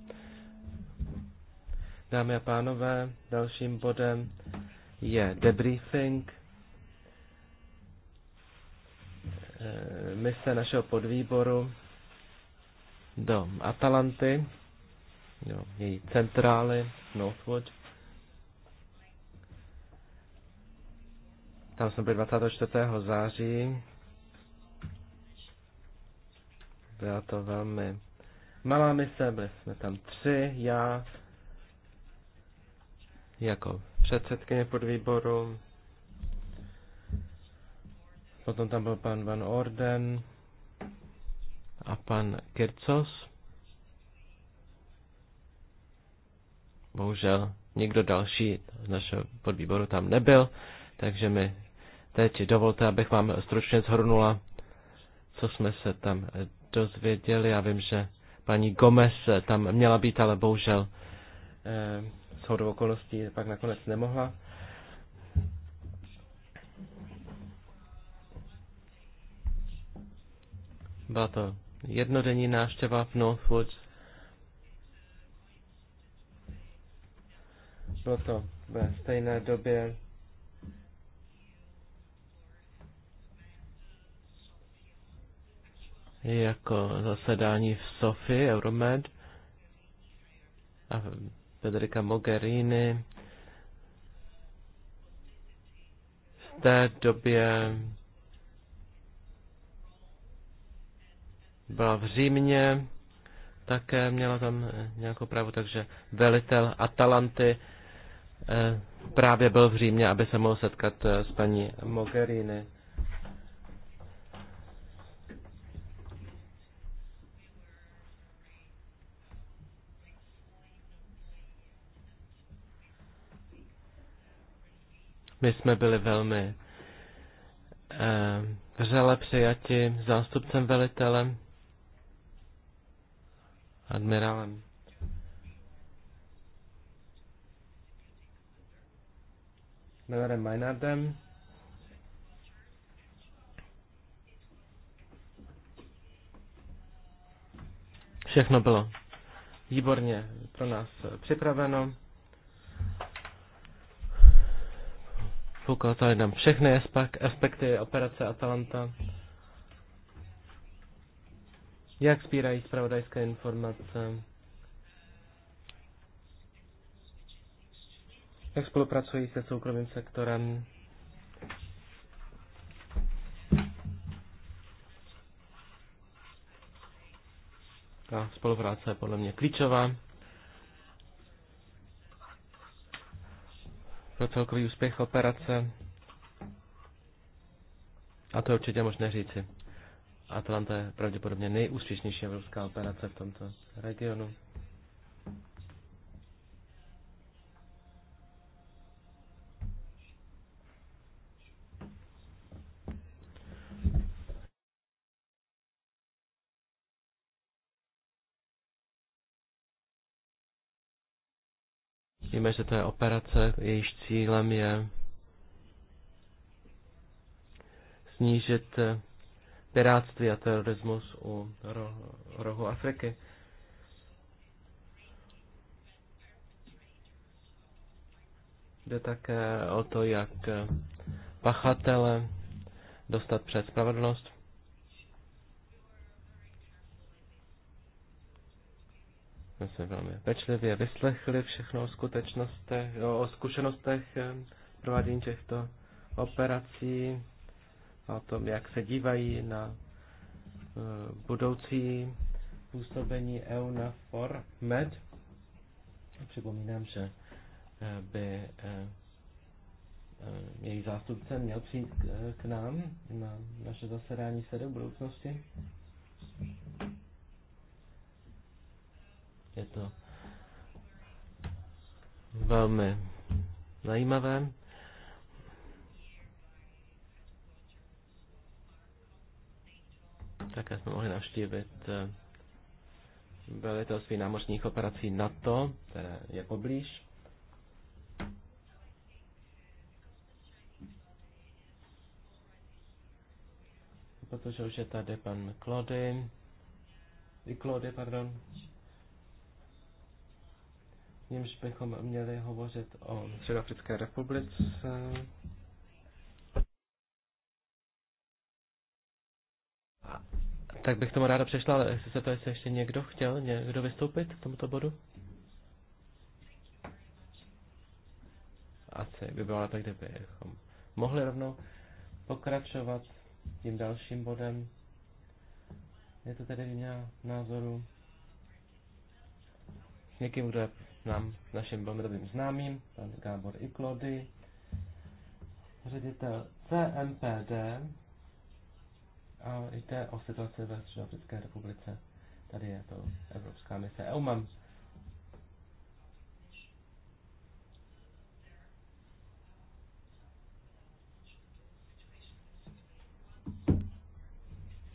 Dámy a pánové, dalším bodem je debriefing eh, mise našeho podvýboru do Atalanty, do její centrály Northwood. Tam jsme byli 24. září. Byla to velmi malá mise, byli jsme tam tři, já jako předsedkyně podvýboru, potom tam byl pan Van Orden, a pan Kircos. Bohužel nikdo další z našeho podvýboru tam nebyl, takže mi teď dovolte, abych vám stručně zhrnula, co jsme se tam dozvěděli. Já vím, že paní Gomez tam měla být, ale bohužel eh, hodou okolností pak nakonec nemohla. Byla to jednodenní návštěva v Northwood. Bylo to ve stejné době. jako zasedání v Sofii, Euromed a Federica Mogherini v té době byla v Římě, také měla tam eh, nějakou právu, takže velitel Atalanty eh, právě byl v Římě, aby se mohl setkat eh, s paní Mogherini. My jsme byli velmi eh, vřele přijati zástupcem velitelem admirálem. Millerem Maynardem. Všechno bylo výborně pro nás připraveno. Poukázali nám všechny aspekty operace Atalanta jak spírají zpravodajské informace, jak spolupracují se soukromým sektorem, Ta spolupráce je podle mě klíčová pro celkový úspěch operace. A to je určitě možné říci. Atlanta je pravděpodobně nejúspěšnější evropská operace v tomto regionu. Víme, že to je operace, jejíž cílem je snížit piráctví a terorismus u ro, rohu Afriky. Jde také o to, jak pachatele dostat před spravedlnost. jsme velmi pečlivě vyslechli všechno o skutečnostech, o zkušenostech eh, provádění těchto operací o tom, jak se dívají na e, budoucí působení EU na ForMed. Připomínám, že e, by e, její zástupce měl přijít k nám na naše zasedání se do budoucnosti. Je to velmi zajímavé. Také jsme mohli navštívit eh, velitelství námořních operací NATO, které je poblíž. Protože už je tady pan Klody. Klody, pardon. S nímž bychom měli hovořit o Středoafrické republice. tak bych tomu ráda přešla, ale jestli se to jestli ještě někdo chtěl, někdo vystoupit k tomuto bodu? Asi by bylo tak, kdybychom mohli rovnou pokračovat tím dalším bodem. Je to tedy výměna názoru s někým, kdo je nám, naším velmi dobrým známým, pan Gábor Iklody, ředitel CMPD, a jde o situaci ve Středoafrické republice. Tady je to Evropská mise EUMAM.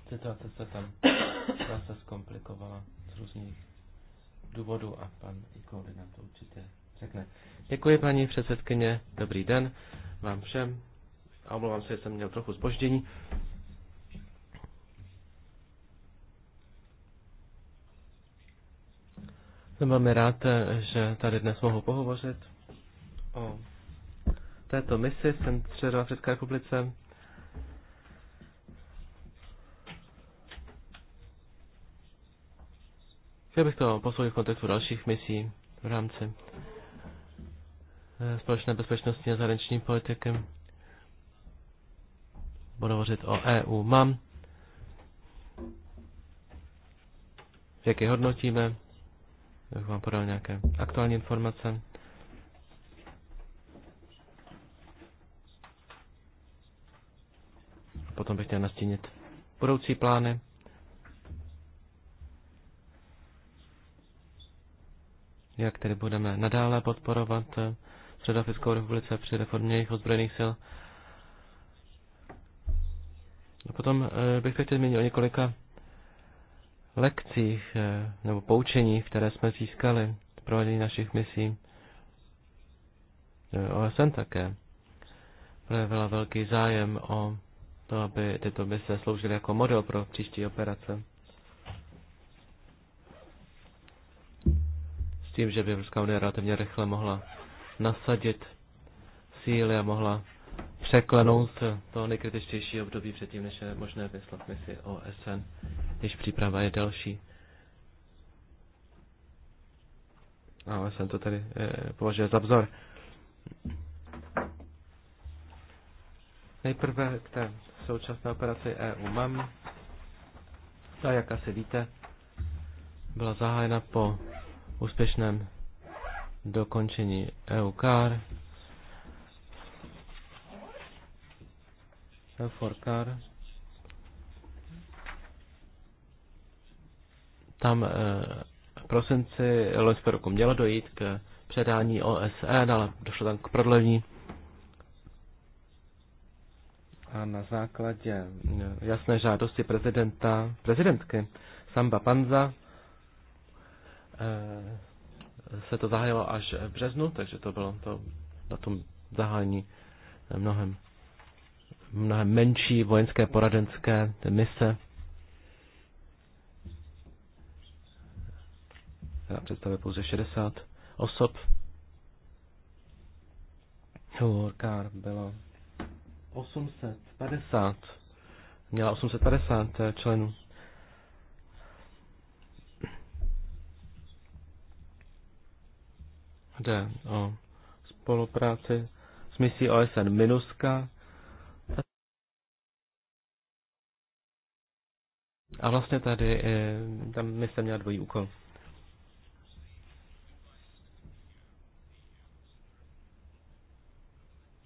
Situace se tam zase zkomplikovala z různých důvodů a pan Ikody nám to určitě řekne. Děkuji paní předsedkyně, dobrý den vám všem. A omlouvám se, že jsem měl trochu zpoždění. Jsem velmi rád, že tady dnes mohu pohovořit o této misi jsem Africké republice. Chtěl bych to posoudit v kontextu dalších misí v rámci eh, společné bezpečnosti a zahraniční politiky. Budu hovořit o EU. Mám. Jak je hodnotíme? abych vám podal nějaké aktuální informace. potom bych chtěl nastínit budoucí plány. Jak tedy budeme nadále podporovat Středoafrickou republice při reformě jejich ozbrojených sil. A potom eh, bych chtěl zmínit o několika lekcích eh, nebo poučení, které jsme získali v provádění našich misí. Eh, OSN také projevila velký zájem o to, aby tyto mise sloužily jako model pro příští operace. S tím, že by Evropská unie relativně rychle mohla nasadit síly a mohla překlenout to nejkritičtější období předtím, než je možné vyslat misi OSN když příprava je další. Ale jsem to tady eh, považuje za vzor. Nejprve k té současné operaci EU MAM. Ta, jak asi víte, byla zahájena po úspěšném dokončení EUCAR. car. E Tam v eh, prosinci loňského roku mělo dojít k předání OSN, e, no, ale došlo tam k prodlení. A na základě eh, jasné žádosti prezidenta, prezidentky Samba Panza eh, se to zahájilo až v březnu, takže to bylo to na tom zahájení mnohem, mnohem menší vojenské poradenské mise. která představuje pouze 60 osob. Workar bylo 850, měla 850 členů. Jde o spolupráci s misí OSN Minuska. A vlastně tady, eh, tam mise měla dvojí úkol.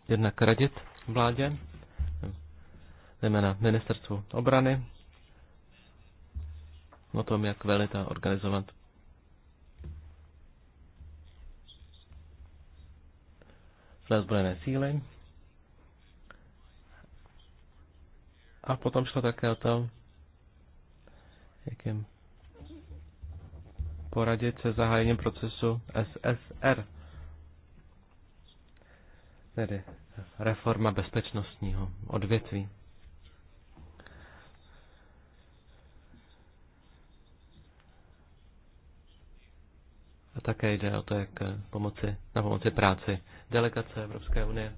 jednak radit vládě, zejména ministerstvu obrany, o tom, jak velit a organizovat své zbrojené síly. A potom šlo také o to, jak jim poradit se zahájením procesu SSR tedy reforma bezpečnostního odvětví. A také jde o to, jak pomoci, na pomoci práci delegace Evropské unie.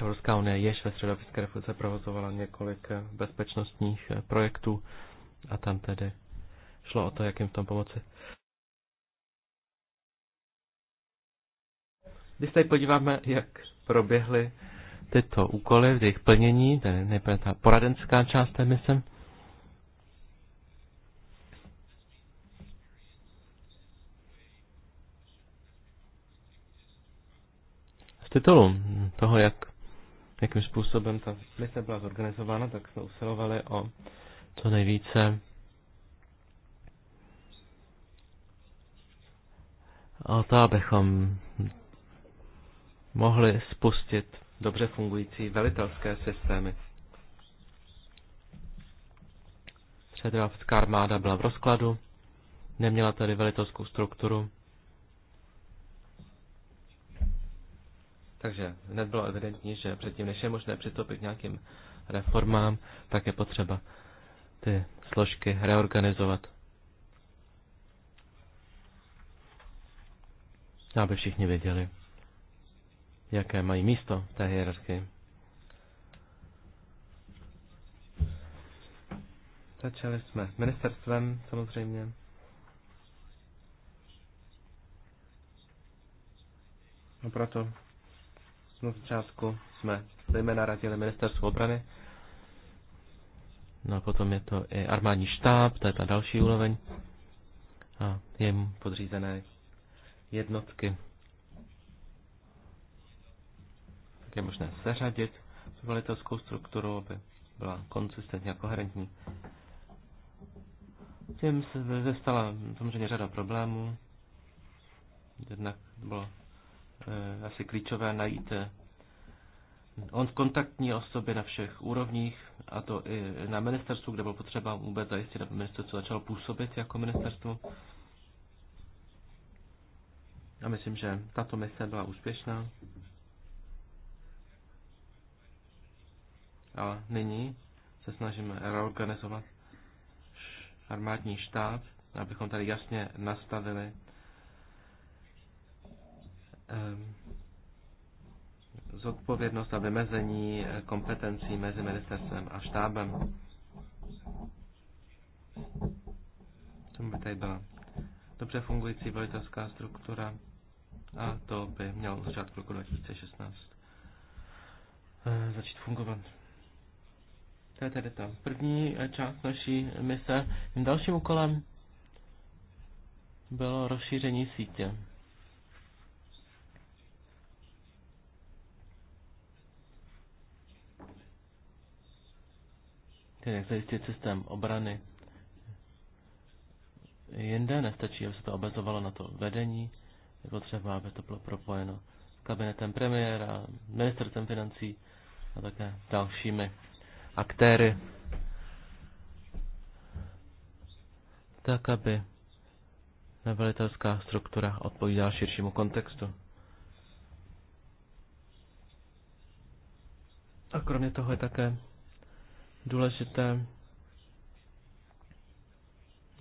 Evropská unie jež ve Středovické republice provozovala několik bezpečnostních projektů a tam tedy šlo o to, jak jim v tom pomoci. Když tady podíváme, jak proběhly tyto úkoly v jejich plnění, tedy nejprve ta poradenská část té mise, z titulu toho, jak, jakým způsobem ta mise byla zorganizována, tak jsme usilovali o co nejvíce o to, abychom mohli spustit dobře fungující velitelské systémy. Předravská armáda byla v rozkladu, neměla tady velitelskou strukturu, Takže hned bylo evidentní, že předtím, než je možné přistoupit k nějakým reformám, tak je potřeba ty složky reorganizovat. Aby všichni věděli, jaké mají místo v té hierarchii. Začali jsme ministerstvem samozřejmě. No proto na začátku jsme zejména radili ministerstvo obrany. No a potom je to i armádní štáb, to je ta další úroveň. A je jim podřízené jednotky. tak je možné seřadit tu velitelskou strukturu, aby byla konsistentně a koherentní. Tím se zestala samozřejmě řada problémů. Jednak bylo e, asi klíčové najít eh, on kontaktní osoby na všech úrovních, a to i na ministerstvu, kde bylo potřeba vůbec zajistit, aby ministerstvo začalo působit jako ministerstvo. A myslím, že tato mise byla úspěšná. Ale nyní se snažíme reorganizovat armádní štáb, abychom tady jasně nastavili ehm, zodpovědnost a vymezení kompetencí mezi ministerstvem a štábem. To by tady byla dobře fungující velitelská struktura a to by mělo začátku roku 2016 eh, začít fungovat. To je tedy ta první eh, část naší mise. Dalším úkolem bylo rozšíření sítě. Tedy jak zajistit systém obrany. Jinde nestačí, aby se to obezovalo na to vedení, je potřeba, aby to bylo propojeno s kabinetem premiéra, ministerstvem financí a také dalšími aktéry, tak aby nevelitelská struktura odpovídala širšímu kontextu. A kromě toho je také důležité,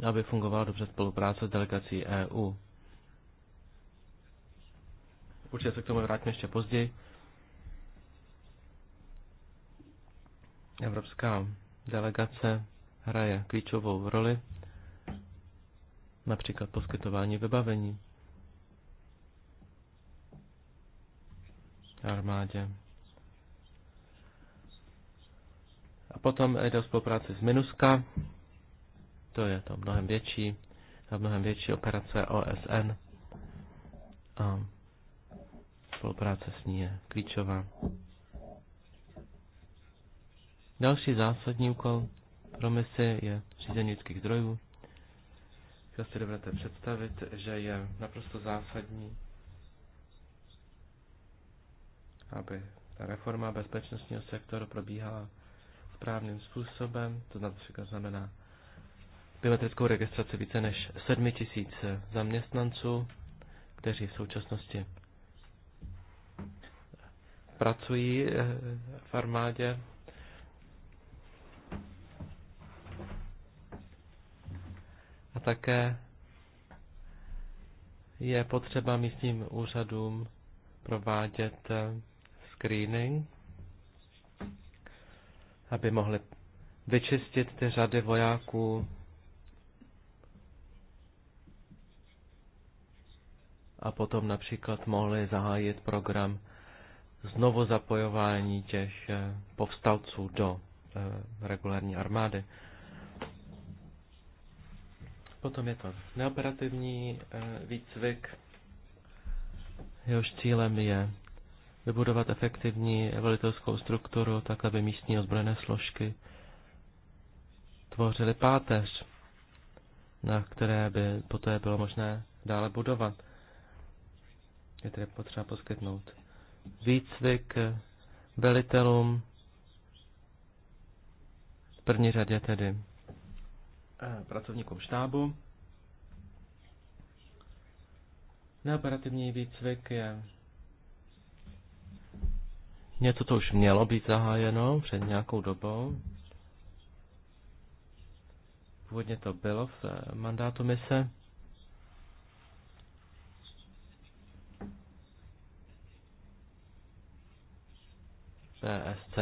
aby fungovala dobře spolupráce s delegací EU. Určitě se k tomu vrátíme ještě později. Evropská delegace hraje klíčovou roli, například poskytování vybavení armádě. A potom jde o spolupráci s Minuska, to je to mnohem větší, a mnohem větší operace OSN. A spolupráce s ní je klíčová. Další zásadní úkol pro misi je řízení lidských zdrojů. Já si dovedete představit, že je naprosto zásadní, aby ta reforma bezpečnostního sektoru probíhala správným způsobem, to například znamená biometrickou registraci více než 7 tisíc zaměstnanců, kteří v současnosti pracují eh, v armádě také je potřeba místním úřadům provádět eh, screening, aby mohli vyčistit ty řady vojáků a potom například mohli zahájit program znovu zapojování těch eh, povstalců do eh, regulární armády. Potom je to neoperativní eh, výcvik, jehož cílem je vybudovat efektivní velitelskou strukturu, tak aby místní ozbrojené složky tvořily páteř, na které by poté bylo možné dále budovat. Je tedy potřeba poskytnout výcvik eh, velitelům, v první řadě tedy Eh, pracovníkům štábu. Neoperativní výcvik je něco, co už mělo být zahájeno před nějakou dobou. Původně to bylo v eh, mandátu mise. PSC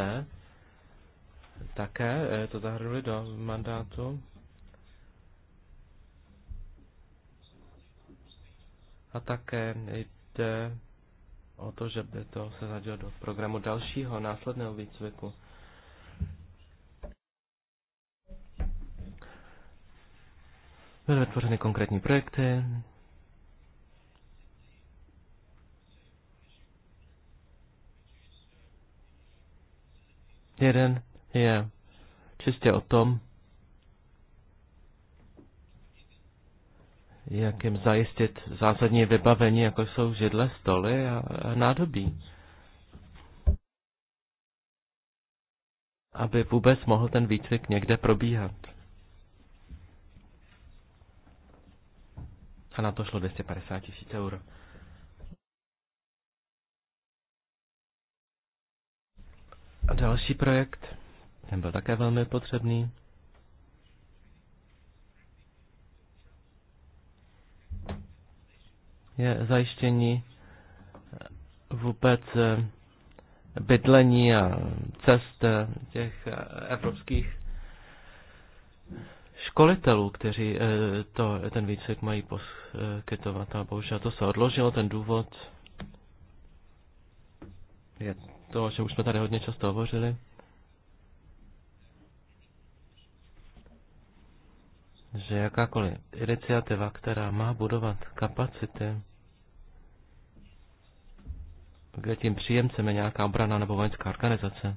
také eh, to zahrnuli do mandátu A také jde o to, že by to se zadělo do programu dalšího následného výcviku. Byly vytvořeny konkrétní projekty, Jeden je čistě o tom, jak jim zajistit zásadní vybavení, jako jsou židle, stoly a nádobí. Aby vůbec mohl ten výcvik někde probíhat. A na to šlo 250 tisíc eur. A další projekt, ten byl také velmi potřebný. je zajištění vůbec eh, bydlení a cest eh, těch eh, evropských školitelů, kteří to, ten výcvik mají poskytovat. A bohužel to se odložilo, ten důvod je to, čem už jsme tady hodně často hovořili. že jakákoliv iniciativa, která má budovat kapacity, kde tím příjemcem je nějaká obrana nebo vojenská organizace,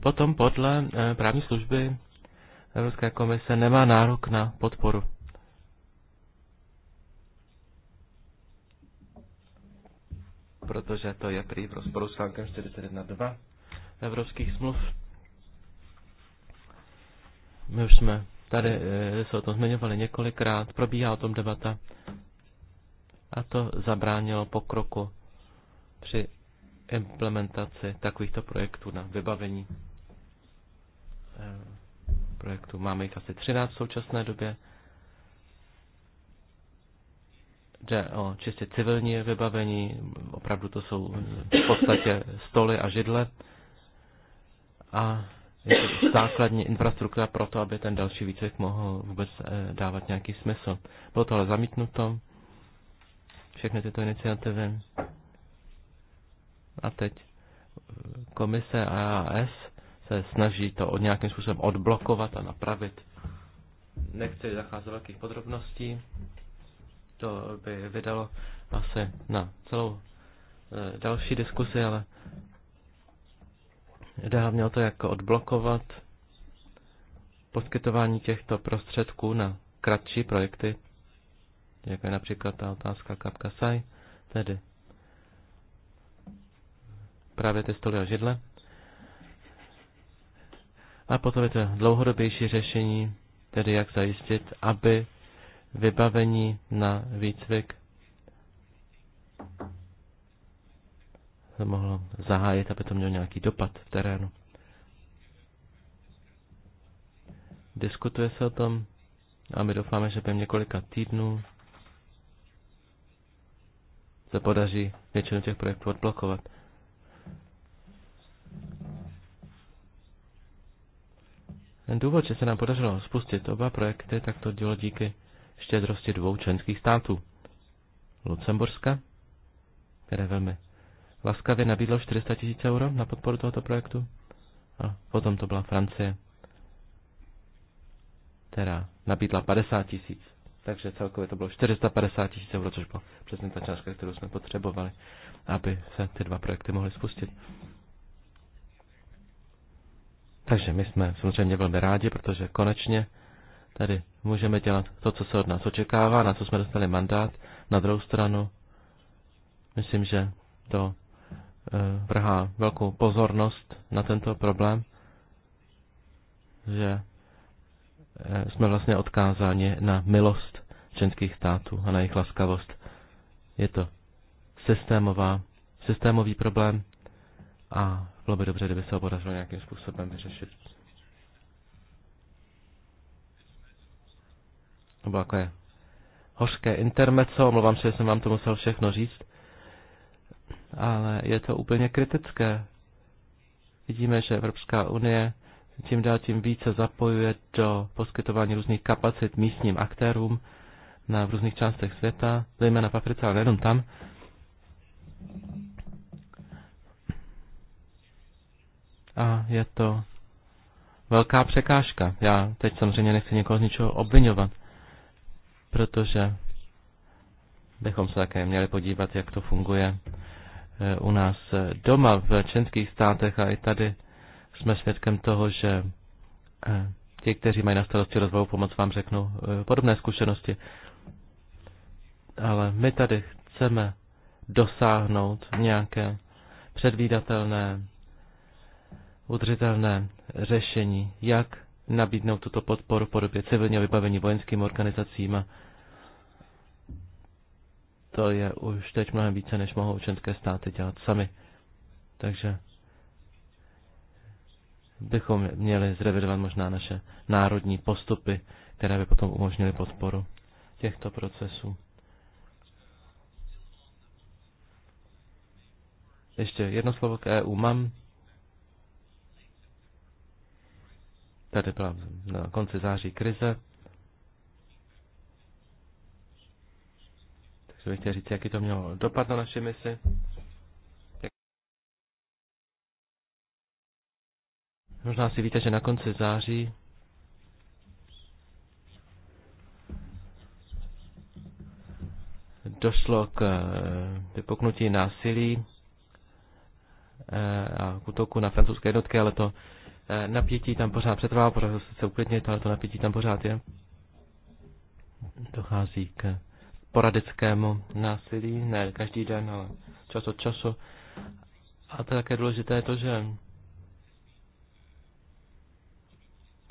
potom podle eh, právní služby Evropské komise nemá nárok na podporu. protože to je prý v rozporu s článkem 41.2 evropských smluv. My už jsme tady eh, se o tom zmiňovali několikrát, probíhá o tom debata a to zabránilo pokroku při implementaci takovýchto projektů na vybavení eh, projektů. Máme jich asi 13 v současné době jde o čistě civilní vybavení, opravdu to jsou v podstatě stoly a židle a je to základní infrastruktura pro to, aby ten další výcvik mohl vůbec eh, dávat nějaký smysl. Bylo to ale zamítnuto, všechny tyto iniciativy. A teď eh, komise AAS se snaží to od nějakým způsobem odblokovat a napravit. Nechci zacházet velkých podrobností, to by vydalo asi na celou e, další diskusi, ale jde hlavně o to, jak odblokovat poskytování těchto prostředků na kratší projekty, jako je například ta otázka Kapkasaj, tedy právě ty stoly a židle. A potom je to dlouhodobější řešení, tedy jak zajistit, aby vybavení na výcvik to mohlo zahájit, aby to mělo nějaký dopad v terénu. Diskutuje se o tom a my doufáme, že během několika týdnů se podaří většinu těch projektů odblokovat. Ten důvod, že se nám podařilo spustit oba projekty, tak to dělo díky štědrosti dvou členských států. Lucemburska, které velmi laskavě nabídlo 400 tisíc euro na podporu tohoto projektu. A potom to byla Francie, která nabídla 50 tisíc. Takže celkově to bylo 450 tisíc euro, což bylo přesně ta částka, kterou jsme potřebovali, aby se ty dva projekty mohly spustit. Takže my jsme samozřejmě velmi rádi, protože konečně tady můžeme dělat to, co se od nás očekává, na co jsme dostali mandát. Na druhou stranu, myslím, že to eh, vrhá velkou pozornost na tento problém, že eh, jsme vlastně odkázáni na milost členských států a na jejich laskavost. Je to systémová, systémový problém a bylo by dobře, kdyby se ho podařilo nějakým způsobem vyřešit. To bylo takové hořké intermeco, omlouvám se, že jsem vám to musel všechno říct, ale je to úplně kritické. Vidíme, že Evropská unie tím dál tím více zapojuje do poskytování různých kapacit místním aktérům na v různých částech světa, zejména v Africe, ale nejenom tam. A je to velká překážka. Já teď samozřejmě nechci někoho z ničeho obvinovat protože bychom se také měli podívat, jak to funguje eh, u nás eh, doma v členských státech a i tady jsme svědkem toho, že eh, ti, kteří mají na starosti rozvoj, pomoc, vám řeknou podobné zkušenosti. Ale my tady chceme dosáhnout nějaké předvídatelné, udržitelné řešení, jak nabídnout tuto podporu v podobě civilního vybavení vojenským organizacím. A to je už teď mnohem více, než mohou členské státy dělat sami. Takže bychom měli zrevidovat možná naše národní postupy, které by potom umožnily podporu těchto procesů. Ještě jedno slovo k EU mám. Tady byla na konci září krize. Takže bych chtěl říct, jaký to mělo dopad na naše misi. Možná si víte, že na konci září došlo k eh, vypuknutí násilí eh, a k útoku na francouzské jednotky, ale to Eh, napětí tam pořád přetrvá, pořád se uklidnit, ale to napětí tam pořád je. Dochází k poradickému násilí, ne každý den, ale čas od času. A to také důležité je to, že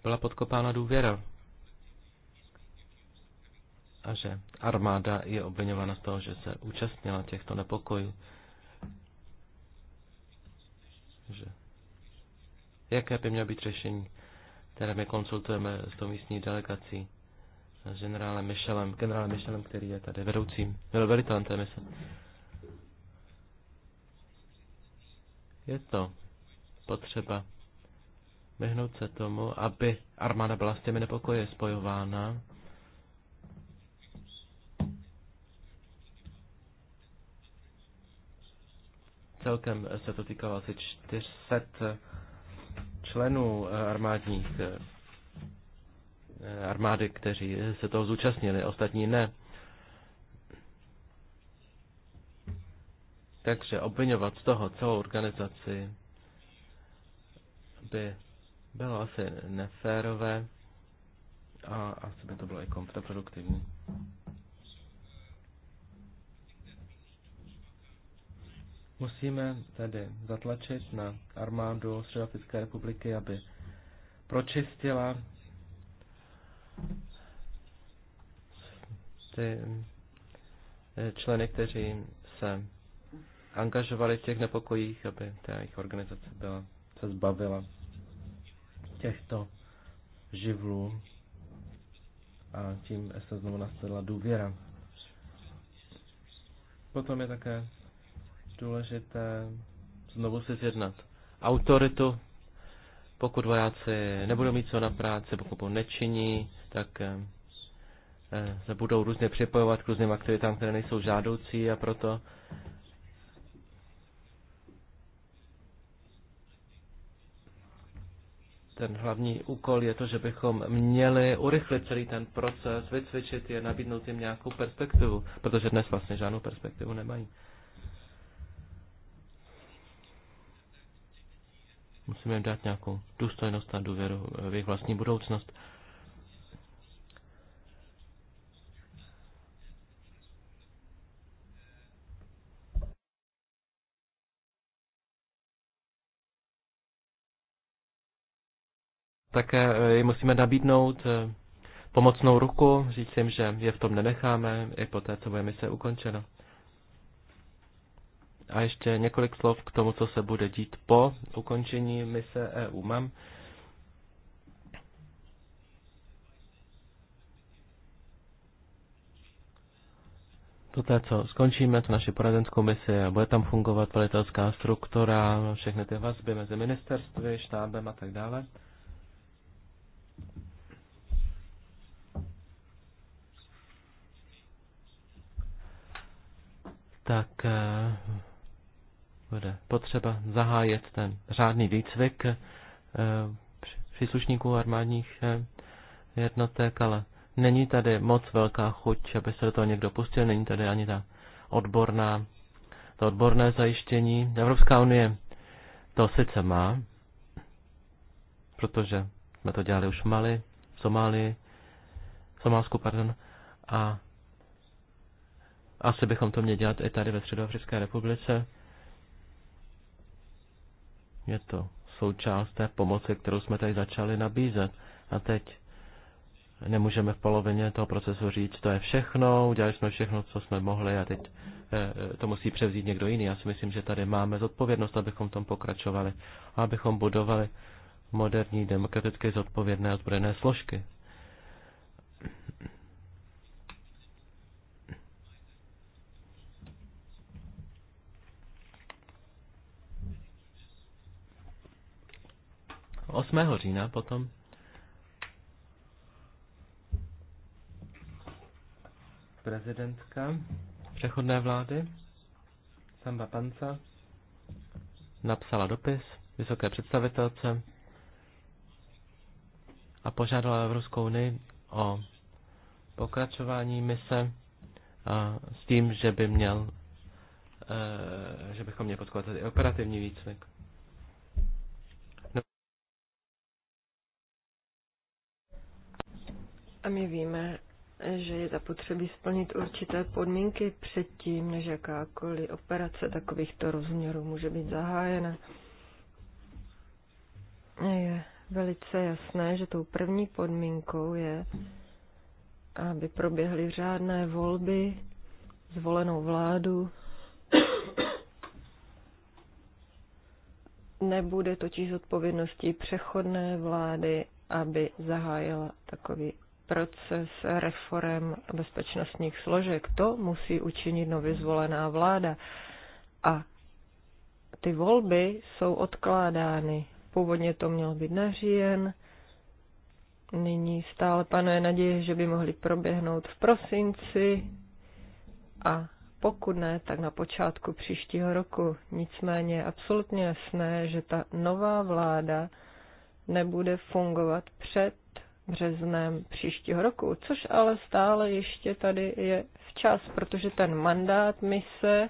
byla podkopána důvěra a že armáda je obvinována z toho, že se účastnila těchto nepokojů. Že jaké by mělo být řešení, které my konsultujeme s tou místní delegací, s generálem Michelem, generálem Michelem, který je tady vedoucím, byl velitelem té mise. Je to potřeba vyhnout se tomu, aby armáda byla s těmi nepokoje spojována. Celkem se to týkalo asi 400 členů eh, armádních eh, armády, kteří se toho zúčastnili, ostatní ne. Takže obvinovat z toho celou organizaci by bylo asi neférové a asi by to bylo i kontraproduktivní. Musíme tedy zatlačit na armádu Středoafrické republiky, aby pročistila ty eh, členy, kteří se angažovali v těch nepokojích, aby ta jejich organizace byla, se zbavila těchto živlů a tím se znovu nastavila důvěra. Potom je také důležité znovu se zjednat autoritu. Pokud vojáci nebudou mít co na práci, pokud budou nečiní, tak eh, eh, se budou různě připojovat k různým aktivitám, které nejsou žádoucí a proto ten hlavní úkol je to, že bychom měli urychlit celý ten proces, vycvičit je, nabídnout jim nějakou perspektivu, protože dnes vlastně žádnou perspektivu nemají. Musíme jim dát nějakou důstojnost a důvěru v jejich vlastní budoucnost. Také eh, jim musíme nabídnout eh, pomocnou ruku, říct jim, že je v tom nenecháme, i po té, co bude mise ukončena. A ještě několik slov k tomu, co se bude dít po ukončení mise EU MAM. Poté, co skončíme tu naši poradenskou misi a bude tam fungovat politická struktura, všechny ty vazby mezi ministerstvy, štábem a tak dále, tak eh, bude potřeba zahájet ten řádný výcvik eh, příslušníků armádních eh, jednotek, ale není tady moc velká chuť, aby se do toho někdo pustil, není tady ani ta odborná, to odborné zajištění. Evropská unie to sice má, protože jsme to dělali už v Mali, v Somálii, v Somálsku, pardon, a asi bychom to měli dělat i tady ve Středoafrické republice. Je to součást té pomoci, kterou jsme tady začali nabízet. A teď nemůžeme v polovině toho procesu říct, to je všechno, udělali jsme všechno, co jsme mohli a teď eh, to musí převzít někdo jiný. Já si myslím, že tady máme zodpovědnost, abychom tom pokračovali a abychom budovali moderní, demokratické, zodpovědné ozbrojené složky. 8. října potom. Prezidentka přechodné vlády Samba Panca napsala dopis vysoké představitelce a požádala Evropskou unii o pokračování mise a s tím, že by měl, eh, že bychom měli podkovat i operativní výcvik. A my víme, že je zapotřebí splnit určité podmínky předtím, než jakákoliv operace takovýchto rozměrů může být zahájena. Je velice jasné, že tou první podmínkou je, aby proběhly řádné volby, zvolenou vládu. Nebude totiž odpovědností přechodné vlády, aby zahájila takový proces reform bezpečnostních složek. To musí učinit nově zvolená vláda. A ty volby jsou odkládány. Původně to mělo být naříjen nyní stále panuje naděje, že by mohly proběhnout v prosinci a pokud ne, tak na počátku příštího roku. Nicméně je absolutně jasné, že ta nová vláda nebude fungovat před březnem příštího roku, což ale stále ještě tady je včas, protože ten mandát mise eh,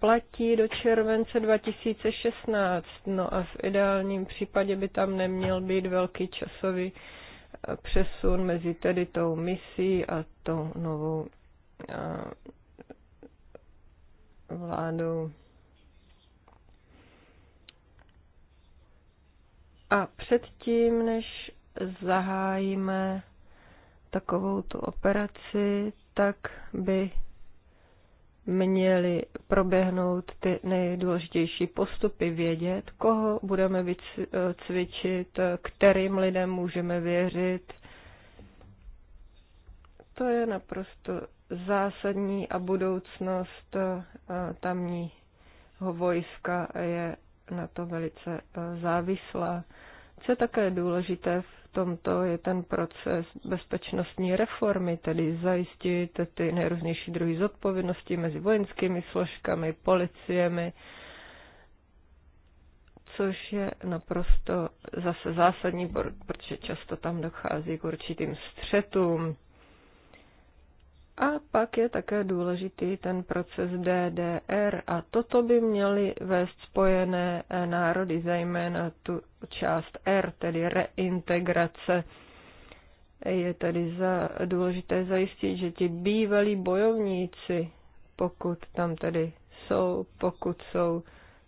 platí do července 2016. No a v ideálním případě by tam neměl být velký časový eh, přesun mezi tedy tou misí a tou novou eh, vládou. A předtím, než zahájíme takovou tu operaci, tak by měly proběhnout ty nejdůležitější postupy, vědět, koho budeme cvičit, kterým lidem můžeme věřit. To je naprosto zásadní a budoucnost tamního vojska je na to velice závislá. Co je také důležité v tomto je ten proces bezpečnostní reformy, tedy zajistit ty nejrůznější druhy zodpovědnosti mezi vojenskými složkami, policiemi, což je naprosto zase zásadní, protože často tam dochází k určitým střetům. A pak je také důležitý ten proces DDR a toto by měly vést spojené eh, národy, zejména tu část R, tedy reintegrace. Je tedy za, důležité zajistit, že ti bývalí bojovníci, pokud tam tedy jsou, pokud jsou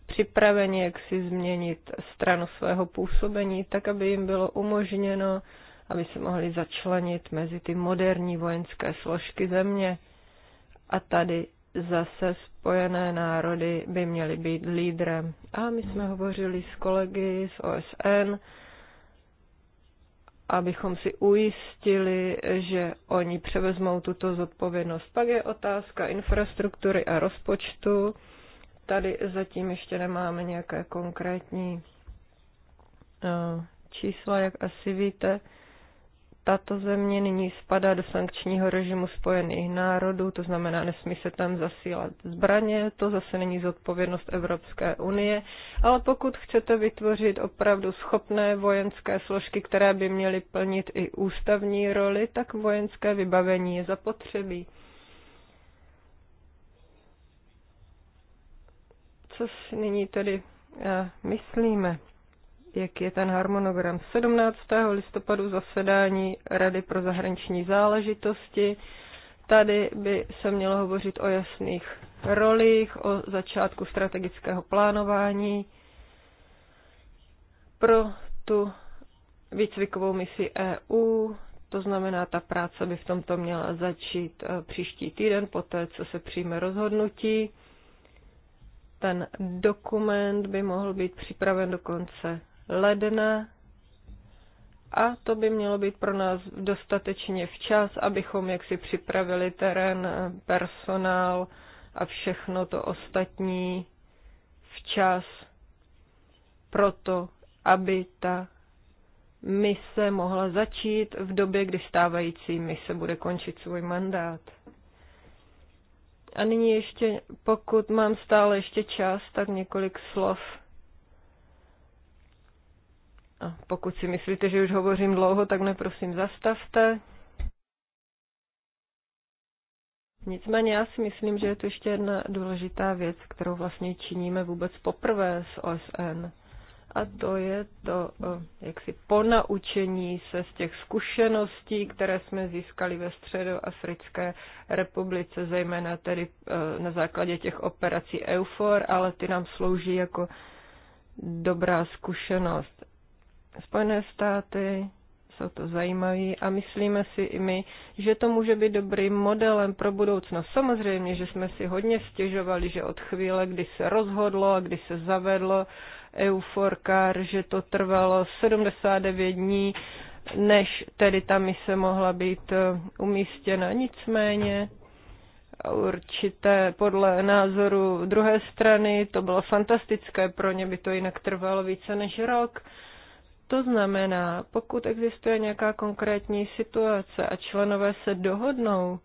připraveni, jak si změnit stranu svého působení, tak aby jim bylo umožněno aby se mohli začlenit mezi ty moderní vojenské složky země. A tady zase spojené národy by měly být lídrem. A my jsme hovořili s kolegy z OSN, abychom si ujistili, že oni převezmou tuto zodpovědnost. Pak je otázka infrastruktury a rozpočtu. Tady zatím ještě nemáme nějaké konkrétní eh, čísla, jak asi víte tato země nyní spadá do sankčního režimu Spojených národů, to znamená, nesmí se tam zasílat zbraně, to zase není zodpovědnost Evropské unie, ale pokud chcete vytvořit opravdu schopné vojenské složky, které by měly plnit i ústavní roli, tak vojenské vybavení je zapotřebí. Co si nyní tedy eh, myslíme? jaký je ten harmonogram. 17. listopadu zasedání Rady pro zahraniční záležitosti. Tady by se mělo hovořit o jasných rolích, o začátku strategického plánování pro tu výcvikovou misi EU. To znamená, ta práce by v tomto měla začít eh, příští týden, poté co se přijme rozhodnutí ten dokument by mohl být připraven do konce ledna a to by mělo být pro nás dostatečně včas, abychom jaksi připravili terén, personál a všechno to ostatní včas proto, aby ta mise mohla začít v době, kdy stávající mise bude končit svůj mandát. A nyní ještě, pokud mám stále ještě čas, tak několik slov a pokud si myslíte, že už hovořím dlouho, tak mě prosím zastavte. Nicméně já si myslím, že je to ještě jedna důležitá věc, kterou vlastně činíme vůbec poprvé s OSN. A to je to jaksi ponaučení se z těch zkušeností, které jsme získali ve Středoafrické republice, zejména tedy na základě těch operací EUFOR, ale ty nám slouží jako dobrá zkušenost. Spojené státy jsou to zajímaví a myslíme si i my, že to může být dobrým modelem pro budoucnost. Samozřejmě, že jsme si hodně stěžovali, že od chvíle, kdy se rozhodlo a kdy se zavedlo Euforkar, že to trvalo 79 dní, než tedy ta mise mohla být eh, umístěna. Nicméně určité podle názoru druhé strany to bylo fantastické, pro ně by to jinak trvalo více než rok to znamená, pokud existuje nějaká konkrétní situace a členové se dohodnou,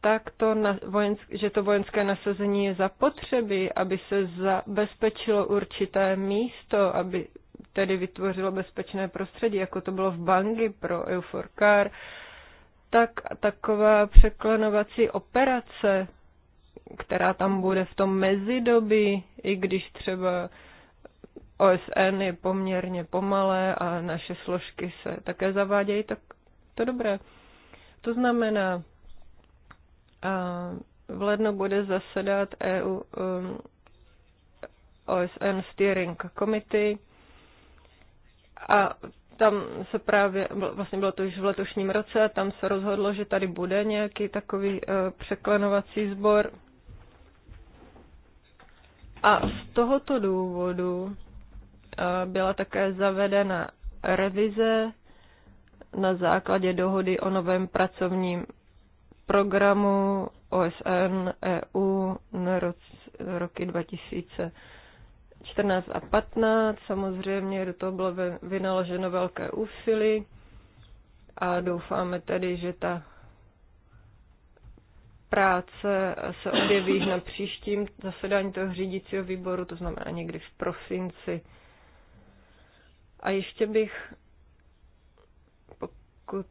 tak to na, vojensk, že to vojenské nasazení je zapotřebí, aby se zabezpečilo určité místo, aby tedy vytvořilo bezpečné prostředí, jako to bylo v Bangi pro Euforkar, tak taková překlenovací operace, která tam bude v tom mezidobí, i když třeba OSN je poměrně pomalé a naše složky se také zavádějí, tak to dobré. To znamená, a v lednu bude zasedat EU um, OSN Steering Committee a tam se právě, vlastně bylo to už v letošním roce, a tam se rozhodlo, že tady bude nějaký takový uh, překlenovací sbor. A z tohoto důvodu byla také zavedena revize na základě dohody o novém pracovním programu OSN EU na roc, roky 2014 a 15. Samozřejmě do toho bylo vynaloženo velké úsilí a doufáme tedy, že ta práce se objeví na příštím zasedání toho řídícího výboru, to znamená někdy v prosinci. A ještě bych, pokud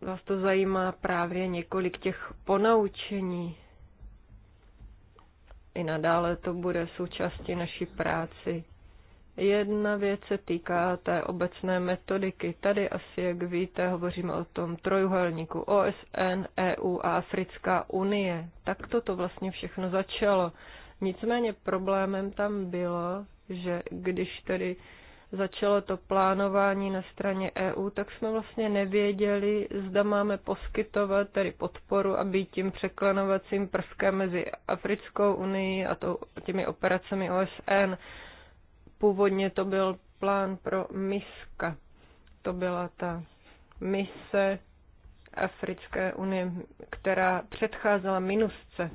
vás to zajímá, právě několik těch ponaučení. I nadále to bude součástí naší práci. Jedna věc se týká té obecné metodiky. Tady asi, jak víte, hovoříme o tom trojuhelníku OSN, EU a Africká unie. Tak to vlastně všechno začalo. Nicméně problémem tam bylo, že když tedy začalo to plánování na straně EU, tak jsme vlastně nevěděli, zda máme poskytovat tedy podporu a být tím překlenovacím prvkem mezi Africkou unii a to, těmi operacemi OSN. Původně to byl plán pro MISKA. To byla ta mise Africké unie, která předcházela minusce.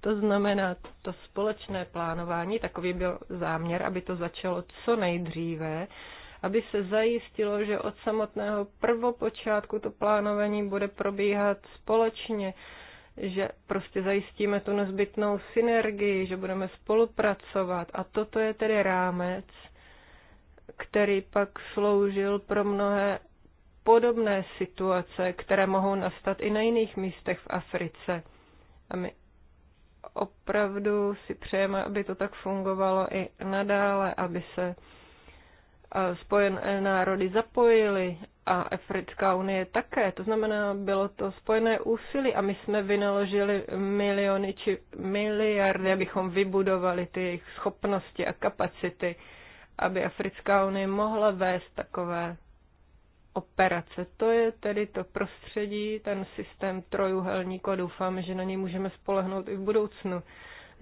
To znamená, to společné plánování, takový byl záměr, aby to začalo co nejdříve, aby se zajistilo, že od samotného prvopočátku to plánování bude probíhat společně, že prostě zajistíme tu nezbytnou synergii, že budeme spolupracovat. A toto je tedy rámec, který pak sloužil pro mnohé podobné situace, které mohou nastat i na jiných místech v Africe. A my opravdu si přejeme, aby to tak fungovalo i nadále, aby se eh, Spojené národy zapojily a Africká unie také. To znamená, bylo to spojené úsilí a my jsme vynaložili miliony či miliardy, abychom vybudovali ty jejich schopnosti a kapacity, aby Africká unie mohla vést takové operace. To je tedy to prostředí, ten systém trojuhelníku a doufám, že na něj můžeme spolehnout i v budoucnu.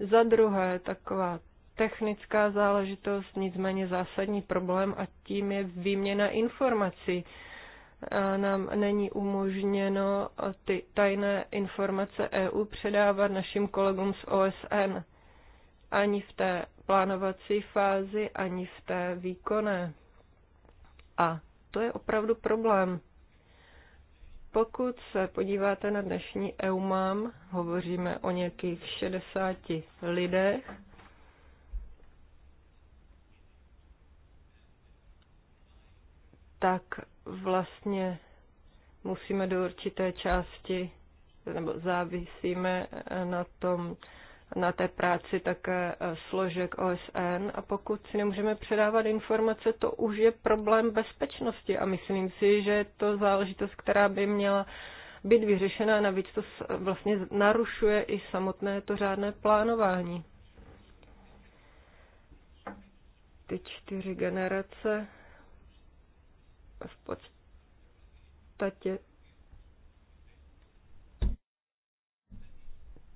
Za druhé, taková technická záležitost, nicméně zásadní problém a tím je výměna informací. A nám není umožněno ty tajné informace EU předávat našim kolegům z OSN. Ani v té plánovací fázi, ani v té výkonné. A to je opravdu problém. Pokud se podíváte na dnešní EUMAM, hovoříme o nějakých 60 lidech, tak vlastně musíme do určité části, nebo závisíme na tom, na té práci také eh, složek OSN a pokud si nemůžeme předávat informace, to už je problém bezpečnosti a myslím si, že je to záležitost, která by měla být vyřešena a navíc to vlastně narušuje i samotné to řádné plánování. Ty čtyři generace v podstatě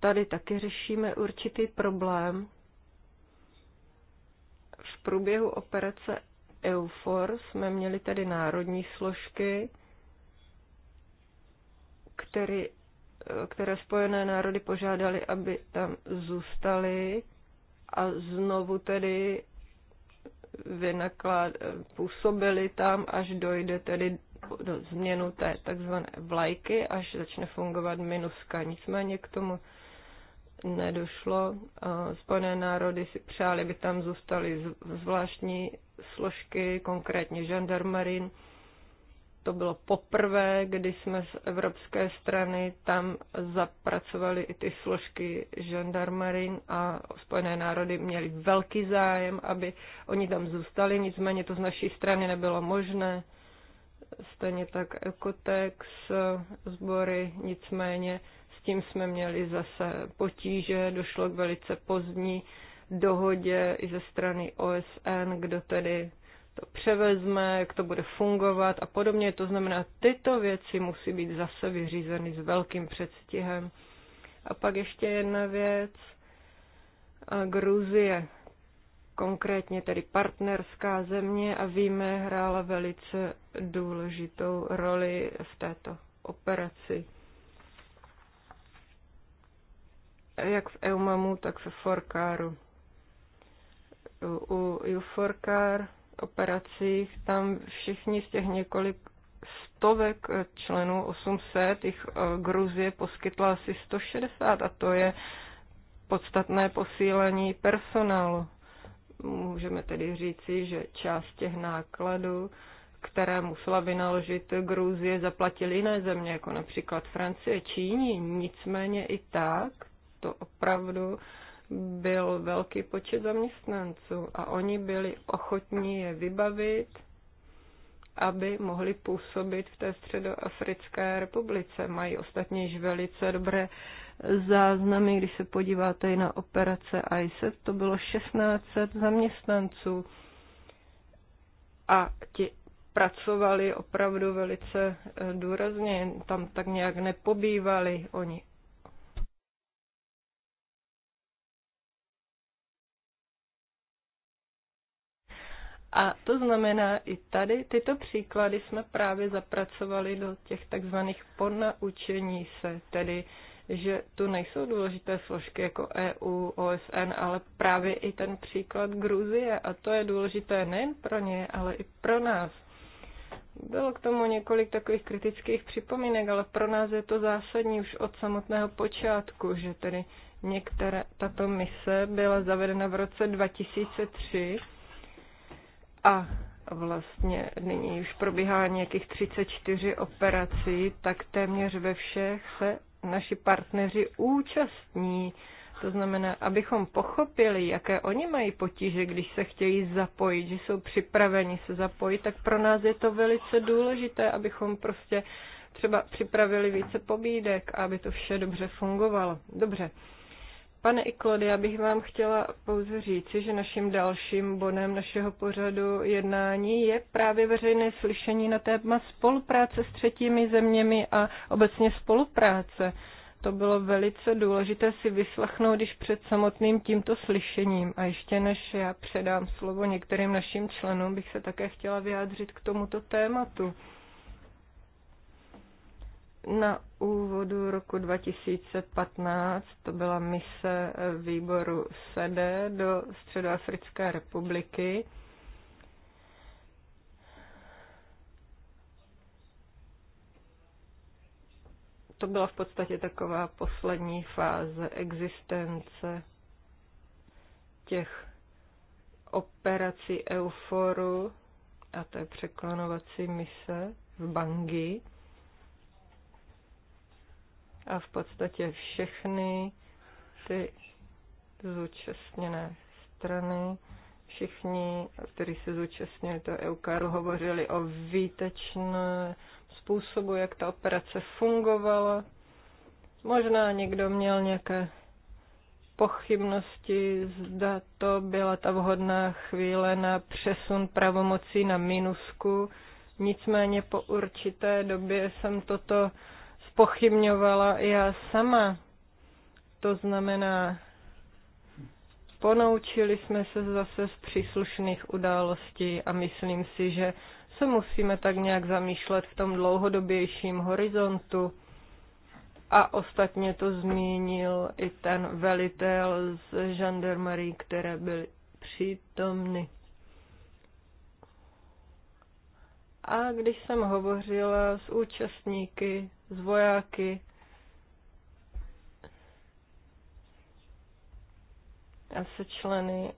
tady taky řešíme určitý problém. V průběhu operace EUFOR jsme měli tady národní složky, který, které Spojené národy požádali, aby tam zůstali a znovu tedy vynaklad, působili tam, až dojde tedy do změnu té takzvané vlajky, až začne fungovat minuska. Nicméně k tomu nedošlo. Spojené národy si přáli, aby tam zůstaly zvláštní složky, konkrétně žandarmarin. To bylo poprvé, kdy jsme z evropské strany tam zapracovali i ty složky žandarmarin a Spojené národy měli velký zájem, aby oni tam zůstali, nicméně to z naší strany nebylo možné. Stejně tak Ekotex, sbory, nicméně tím jsme měli zase potíže, došlo k velice pozdní dohodě i ze strany OSN, kdo tedy to převezme, jak to bude fungovat a podobně. To znamená, tyto věci musí být zase vyřízeny s velkým předstihem. A pak ještě jedna věc. Gruzie, konkrétně tedy partnerská země a víme, hrála velice důležitou roli v této operaci. jak v EUMAMu, tak v Forcaru. U Forcar operacích tam všichni z těch několik stovek členů, 800, jich eh, Gruzie poskytla asi 160 a to je podstatné posílení personálu. Můžeme tedy říci, že část těch nákladů, které musela vynaložit Gruzie, zaplatili jiné země, jako například Francie, Číni. Nicméně i tak to opravdu byl velký počet zaměstnanců a oni byli ochotní je vybavit, aby mohli působit v té středoafrické republice. Mají ostatně již velice dobré záznamy, když se podíváte i na operace ISET, to bylo 1600 zaměstnanců a ti pracovali opravdu velice eh, důrazně, tam tak nějak nepobývali, oni A to znamená, i tady tyto příklady jsme právě zapracovali do těch takzvaných ponaučení se, tedy že tu nejsou důležité složky jako EU, OSN, ale právě i ten příklad Gruzie. A to je důležité nejen pro ně, ale i pro nás. Bylo k tomu několik takových kritických připomínek, ale pro nás je to zásadní už od samotného počátku, že tedy některá tato mise byla zavedena v roce 2003 a vlastně nyní už probíhá nějakých 34 operací, tak téměř ve všech se naši partneři účastní. To znamená, abychom pochopili, jaké oni mají potíže, když se chtějí zapojit, že jsou připraveni se zapojit, tak pro nás je to velice důležité, abychom prostě třeba připravili více pobídek, aby to vše dobře fungovalo. Dobře. Pane Iklody, já bych vám chtěla pouze říci, že naším dalším bodem našeho pořadu jednání je právě veřejné slyšení na téma spolupráce s třetími zeměmi a obecně spolupráce. To bylo velice důležité si vyslechnout, již před samotným tímto slyšením. A ještě než já předám slovo některým našim členům, bych se také chtěla vyjádřit k tomuto tématu. Na úvodu roku 2015 to byla mise výboru SEDE do Středoafrické republiky. To byla v podstatě taková poslední fáze existence těch operací Euforu, a té překlonovací mise v Bangi a v podstatě všechny ty zúčastněné strany, všichni, kteří se zúčastnili to EUKARu, hovořili o výtečném způsobu, jak ta operace fungovala. Možná někdo měl nějaké pochybnosti, zda to byla ta vhodná chvíle na přesun pravomocí na minusku. Nicméně po určité době jsem toto spochybňovala já sama. To znamená, ponoučili jsme se zase z příslušných událostí a myslím si, že se musíme tak nějak zamýšlet v tom dlouhodobějším horizontu. A ostatně to zmínil i ten velitel z žandarmerie, které byly přítomny. A když jsem hovořila s účastníky s vojáky. a se členy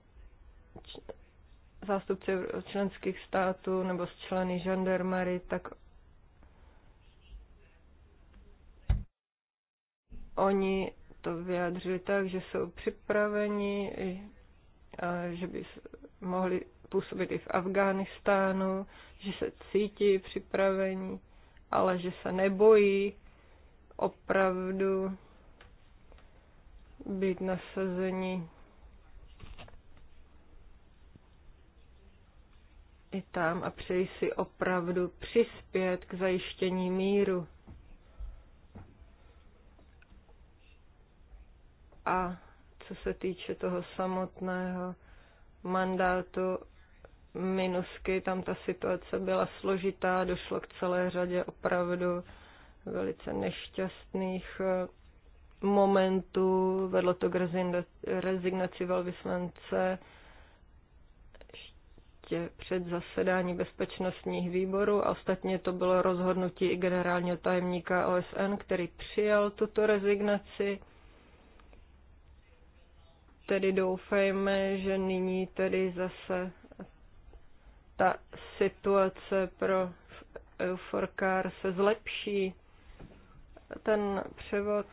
zástupci členských států nebo s členy žandarmary, tak oni to vyjádřili tak, že jsou připraveni, že by mohli působit i v Afghánistánu, že se cítí připraveni ale že se nebojí opravdu být nasazeni i tam a přeji si opravdu přispět k zajištění míru. A co se týče toho samotného mandátu minusky, tam ta situace byla složitá, došlo k celé řadě opravdu velice nešťastných eh, momentů, vedlo to k rezignaci velvyslance ještě před zasedání bezpečnostních výborů a ostatně to bylo rozhodnutí i generálního tajemníka OSN, který přijal tuto rezignaci. Tedy doufejme, že nyní tedy zase ta situace pro Euforkár se zlepší. Ten převod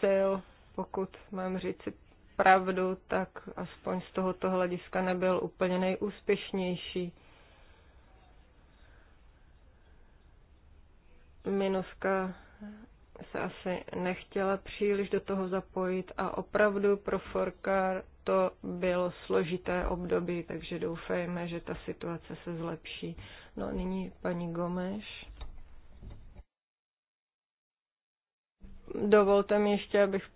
sil, pokud mám říci pravdu, tak aspoň z tohoto hlediska nebyl úplně nejúspěšnější. Minuska se asi nechtěla příliš do toho zapojit a opravdu pro Forkar to bylo složité období, takže doufejme, že ta situace se zlepší. No nyní paní Gomeš. Dovolte mi ještě, abych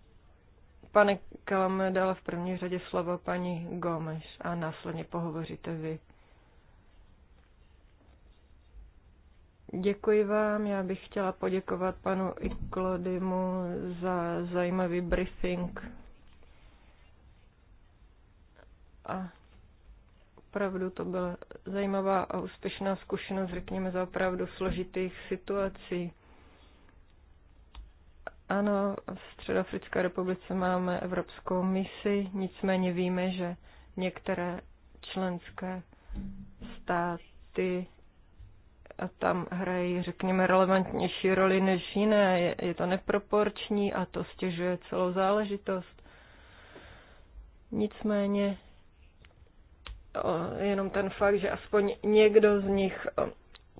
pane Kalame dala v první řadě slovo paní Gomeš a následně pohovoříte vy. Děkuji vám. Já bych chtěla poděkovat panu Iklodimu za zajímavý briefing. A opravdu to byla zajímavá a úspěšná zkušenost, řekněme, za opravdu složitých situací. Ano, v Středoafrické republice máme Evropskou misi, nicméně víme, že některé členské státy a tam hrají, řekněme, relevantnější roli než jiné. Je, je to neproporční a to stěžuje celou záležitost. Nicméně jenom ten fakt, že aspoň někdo z nich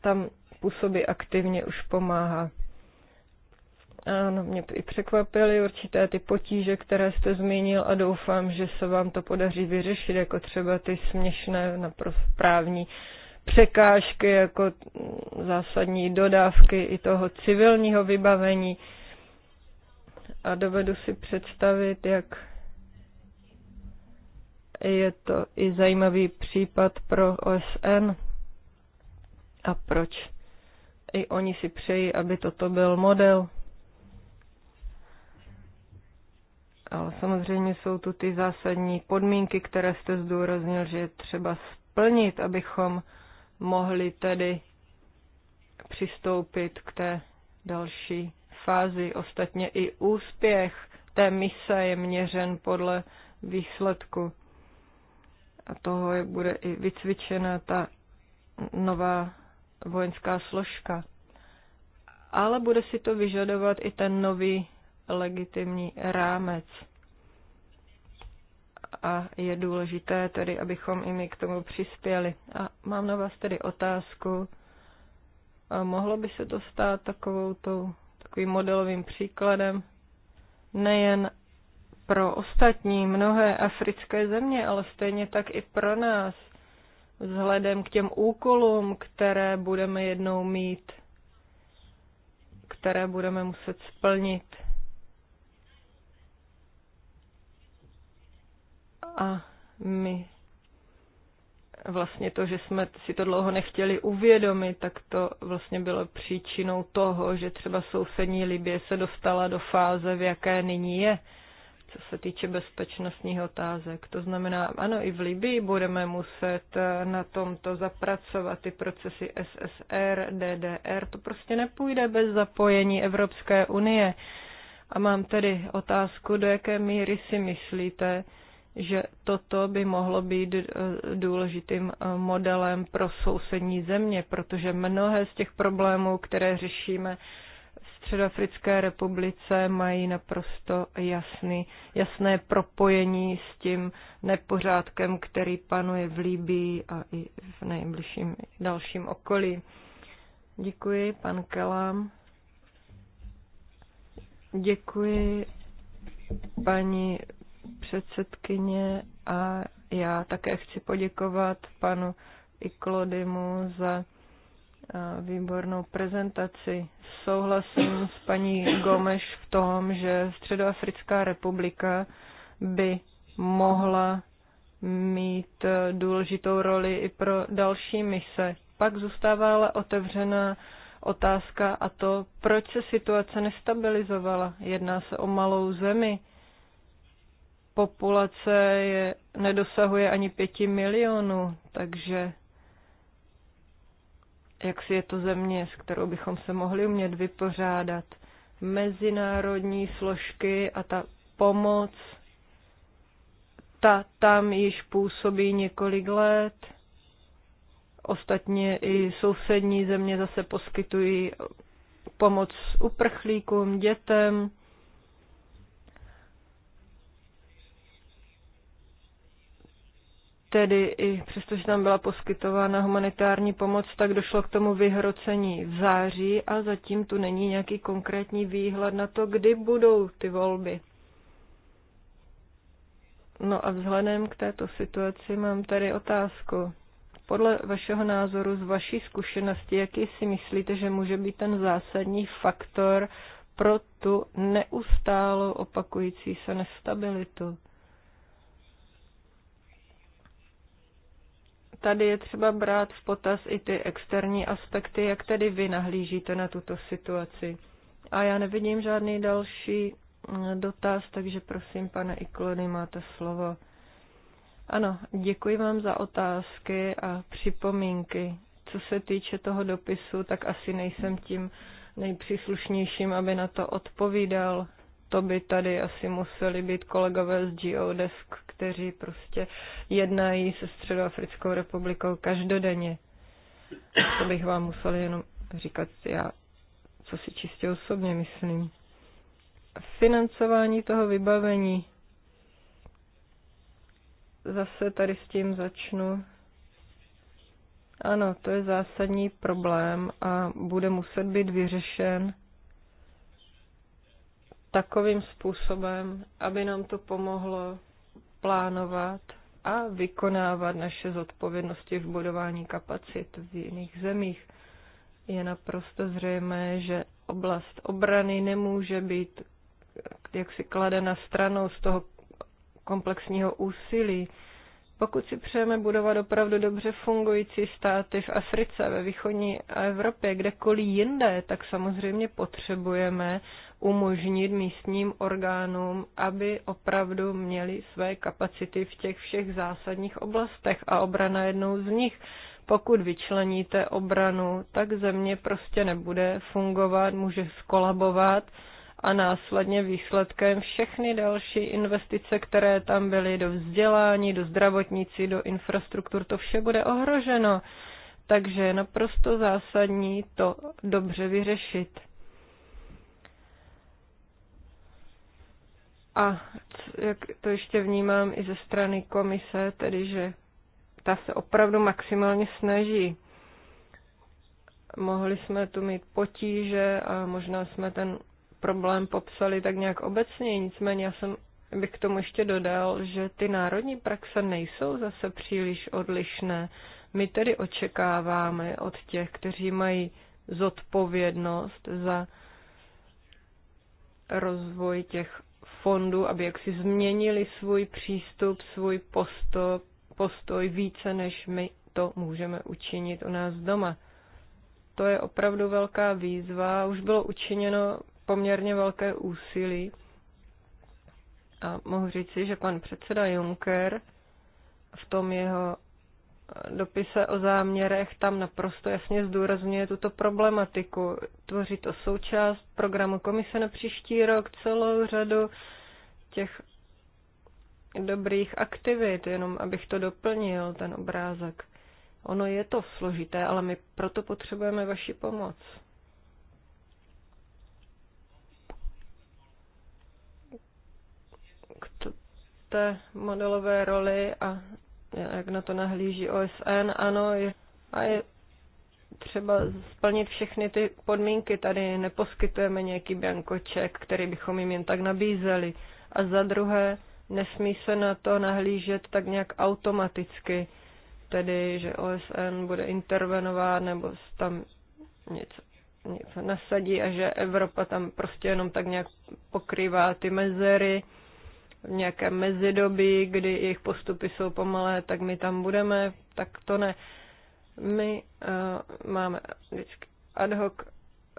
tam působí aktivně, už pomáhá. Ano, mě i překvapily určité ty potíže, které jste zmínil a doufám, že se vám to podaří vyřešit, jako třeba ty směšné naprosto právní uh, překážky jako zásadní dodávky i toho civilního vybavení. A dovedu si představit, jak je to i zajímavý případ pro OSN a proč i oni si přejí, aby toto byl model. Ale samozřejmě jsou tu ty zásadní podmínky, které jste zdůraznil, že je třeba splnit, abychom mohli tedy přistoupit k té další fázi. Ostatně i úspěch té mise je měřen podle výsledku a toho, jak bude i vycvičena ta nová vojenská složka. Ale bude si to vyžadovat i ten nový legitimní rámec a je důležité tedy, abychom i my k tomu přispěli. A mám na vás tedy otázku. A mohlo by se to stát takovou tou, takovým modelovým příkladem nejen pro ostatní mnohé africké země, ale stejně tak i pro nás, vzhledem k těm úkolům, které budeme jednou mít, které budeme muset splnit. a my vlastně to, že jsme si to dlouho nechtěli uvědomit, tak to vlastně bylo příčinou toho, že třeba sousední Libie se dostala do fáze, v jaké nyní je, co se týče bezpečnostních otázek. To znamená, ano, i v Libii budeme muset eh, na tomto zapracovat ty procesy SSR, DDR, to prostě nepůjde bez zapojení Evropské unie. A mám tedy otázku, do jaké míry si myslíte, že toto by mohlo být eh, důležitým eh, modelem pro sousední země, protože mnohé z těch problémů, které řešíme v Středoafrické republice, mají naprosto jasný, jasné propojení s tím nepořádkem, který panuje v Líbii a i v nejbližším dalším okolí. Děkuji, pan Kelám. Děkuji, paní předsedkyně a já také chci poděkovat panu Iklodymu za eh, výbornou prezentaci. Souhlasím s paní Gomeš v tom, že Středoafrická republika by mohla mít eh, důležitou roli i pro další mise. Pak zůstává ale otevřená otázka a to, proč se situace nestabilizovala. Jedná se o malou zemi, populace je, nedosahuje ani pěti milionů, takže jak si je to země, s kterou bychom se mohli umět vypořádat. Mezinárodní složky a ta pomoc, ta tam již působí několik let. Ostatně i sousední země zase poskytují pomoc uprchlíkům, dětem Tedy i přestože tam byla poskytována humanitární pomoc, tak došlo k tomu vyhrocení v září a zatím tu není nějaký konkrétní výhled na to, kdy budou ty volby. No a vzhledem k této situaci mám tady otázku. Podle vašeho názoru, z vaší zkušenosti, jaký si myslíte, že může být ten zásadní faktor pro tu neustálo opakující se nestabilitu? tady je třeba brát v potaz i ty externí aspekty, jak tedy vy nahlížíte na tuto situaci. A já nevidím žádný další mm, dotaz, takže prosím, pane Iklony, máte slovo. Ano, děkuji vám za otázky a připomínky. Co se týče toho dopisu, tak asi nejsem tím nejpříslušnějším, aby na to odpovídal to by tady asi museli být kolegové z Geodesk, kteří prostě jednají se Středoafrickou republikou každodenně. To bych vám musel jenom říkat já, co si čistě osobně myslím. Financování toho vybavení. Zase tady s tím začnu. Ano, to je zásadní problém a bude muset být vyřešen takovým způsobem, aby nám to pomohlo plánovat a vykonávat naše zodpovědnosti v budování kapacit v jiných zemích. Je naprosto zřejmé, že oblast obrany nemůže být jaksi kladena stranou z toho komplexního úsilí. Pokud si přejeme budovat opravdu dobře fungující státy v Africe, ve východní Evropě, kdekoliv jinde, tak samozřejmě potřebujeme umožnit místním orgánům, aby opravdu měli své kapacity v těch všech zásadních oblastech a obrana jednou z nich. Pokud vyčleníte obranu, tak země prostě nebude fungovat, může skolabovat a následně výsledkem všechny další investice, které tam byly do vzdělání, do zdravotnicí, do infrastruktur, to vše bude ohroženo. Takže je naprosto zásadní to dobře vyřešit. A jak to ještě vnímám i ze strany komise, tedy že ta se opravdu maximálně snaží. Mohli jsme tu mít potíže a možná jsme ten problém popsali tak nějak obecně, nicméně já jsem bych k tomu ještě dodal, že ty národní praxe nejsou zase příliš odlišné. My tedy očekáváme od těch, kteří mají zodpovědnost za rozvoj těch fondu, aby jaksi změnili svůj přístup, svůj postoj, postoj více, než my to můžeme učinit u nás doma. To je opravdu velká výzva. Už bylo učiněno poměrně velké úsilí. A mohu říci, že pan předseda Juncker v tom jeho dopise o záměrech tam naprosto jasně zdůrazňuje tuto problematiku. Tvoří to součást programu komise na příští rok, celou řadu těch dobrých aktivit, jenom abych to doplnil, ten obrázek. Ono je to složité, ale my proto potřebujeme vaši pomoc. K té modelové roli a jak na to nahlíží OSN, ano, je, a je třeba splnit všechny ty podmínky. Tady neposkytujeme nějaký biankoček, který bychom jim jen tak nabízeli. A za druhé, nesmí se na to nahlížet tak nějak automaticky, tedy že OSN bude intervenovat nebo tam něco, něco nasadí a že Evropa tam prostě jenom tak nějak pokrývá ty mezery v nějaké mezidobí, kdy jejich postupy jsou pomalé, tak my tam budeme, tak to ne. My uh, máme vždycky ad hoc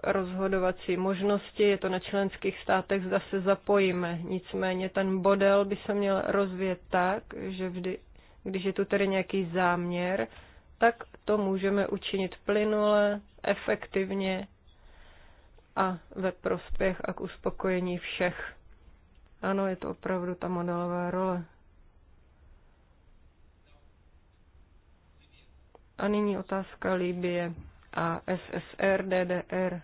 rozhodovací možnosti, je to na členských státech, zda se zapojíme. Nicméně ten model by se měl rozvíjet tak, že vždy, když je tu tedy nějaký záměr, tak to můžeme učinit plynule, efektivně a ve prospěch a k uspokojení všech. Ano, je to opravdu ta modelová role. A nyní otázka Libie a SSR, DDR.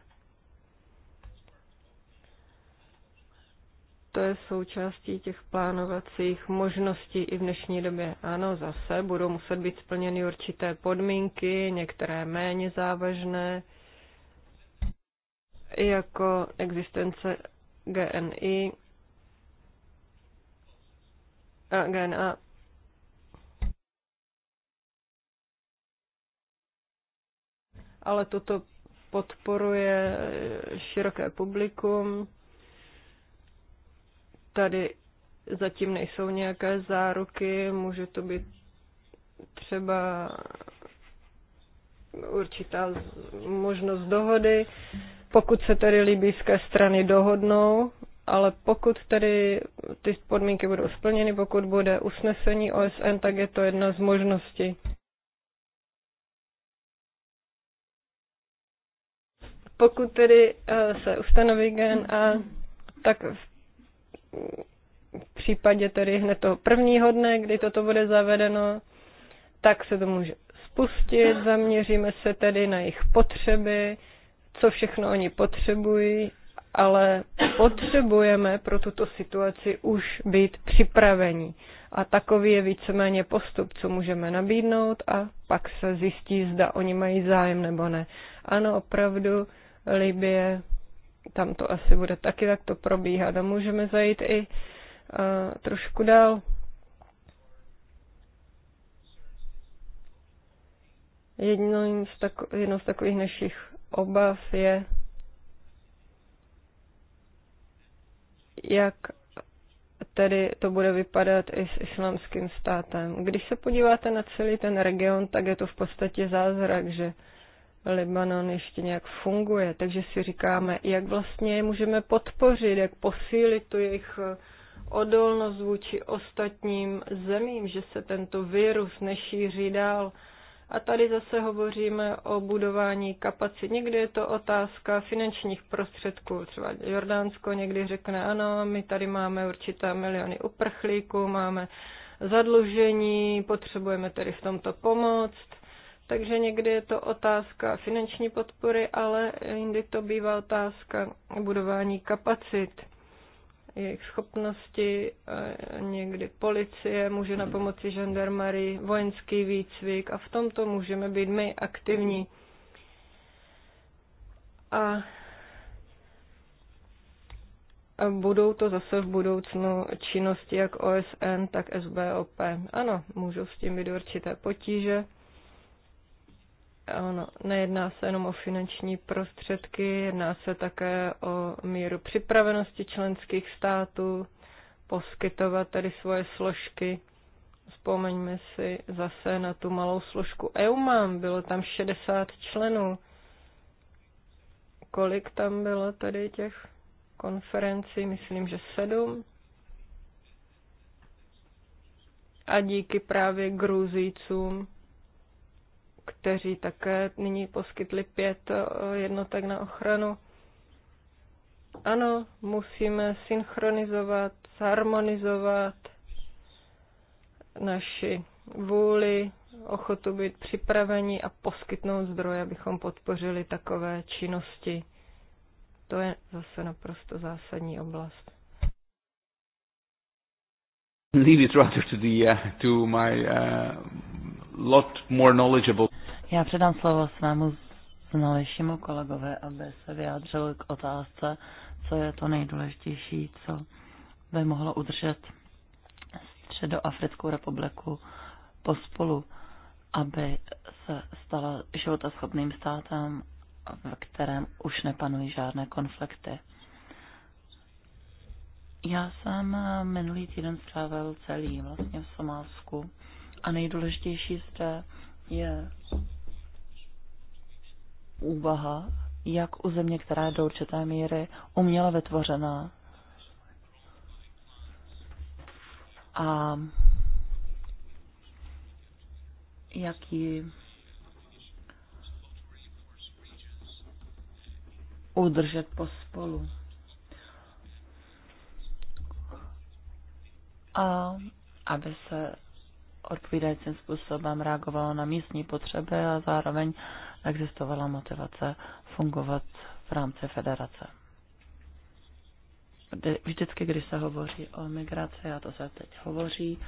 To je součástí těch plánovacích možností i v dnešní době. Ano, zase budou muset být splněny určité podmínky, některé méně závažné, jako existence GNI up. ale toto podporuje široké publikum. Tady zatím nejsou nějaké záruky, může to být třeba určitá možnost dohody, pokud se tedy libýské strany dohodnou ale pokud tedy ty podmínky budou splněny, pokud bude usnesení OSN, tak je to jedna z možností. Pokud tedy eh, se ustanoví gen a tak v případě tedy hned toho prvního dne, kdy toto bude zavedeno, tak se to může spustit, zaměříme se tedy na jejich potřeby, co všechno oni potřebují ale potřebujeme pro tuto situaci už být připraveni. A takový je víceméně postup, co můžeme nabídnout a pak se zjistí, zda oni mají zájem nebo ne. Ano, opravdu, Libie, tam to asi bude taky takto to probíhat a můžeme zajít i uh, trošku dál. Jednou z, tako- jedno z takových našich obav je jak tedy to bude vypadat i s islámským státem. Když se podíváte na celý ten region, tak je to v podstatě zázrak, že Libanon ještě nějak funguje, takže si říkáme, jak vlastně je můžeme podpořit, jak posílit tu jejich eh, odolnost vůči ostatním zemím, že se tento virus nešíří dál. A tady zase hovoříme o budování kapacit. Někdy je to otázka finančních prostředků. Třeba Jordánsko někdy řekne, ano, my tady máme určitá miliony uprchlíků, máme zadlužení, potřebujeme tedy v tomto pomoc. Takže někdy je to otázka finanční podpory, ale jindy to bývá otázka budování kapacit jejich schopnosti, e, někdy policie může na pomoci žandarmary, vojenský výcvik a v tomto můžeme být my aktivní. A budou to zase v budoucnu činnosti jak OSN, tak SBOP. Ano, můžou s tím být určité potíže. Ano, nejedná se jenom o finanční prostředky, jedná se také o míru připravenosti členských států poskytovat tedy svoje složky. Vzpomeňme si zase na tu malou složku EUMAM, bylo tam 60 členů. Kolik tam bylo tady těch konferencí? Myslím, že sedm. A díky právě Gruzícům kteří také nyní poskytli pět eh, jednotek na ochranu. Ano, musíme synchronizovat, harmonizovat naši vůli, ochotu být připraveni a poskytnout zdroje, abychom podpořili takové činnosti. To je zase naprosto zásadní oblast. Leave it rather to the uh, to my uh, lot more knowledgeable já předám slovo svému znalejšímu kolegové, aby se vyjádřil k otázce, co je to nejdůležitější, co by mohlo udržet Středoafrickou republiku pospolu, aby se stala životaschopným státem, v kterém už nepanují žádné konflikty. Já jsem minulý týden strávil celý vlastně v Somálsku a nejdůležitější zde je úvaha, jak u země, která je do určité míry uměle vytvořená a jaký udržet pospolu. A aby se odpovídajícím způsobem reagovalo na místní potřeby a zároveň existovala motivace fungovat v rámci federace. Vždycky, když se hovoří o migraci, a to se teď hovoří,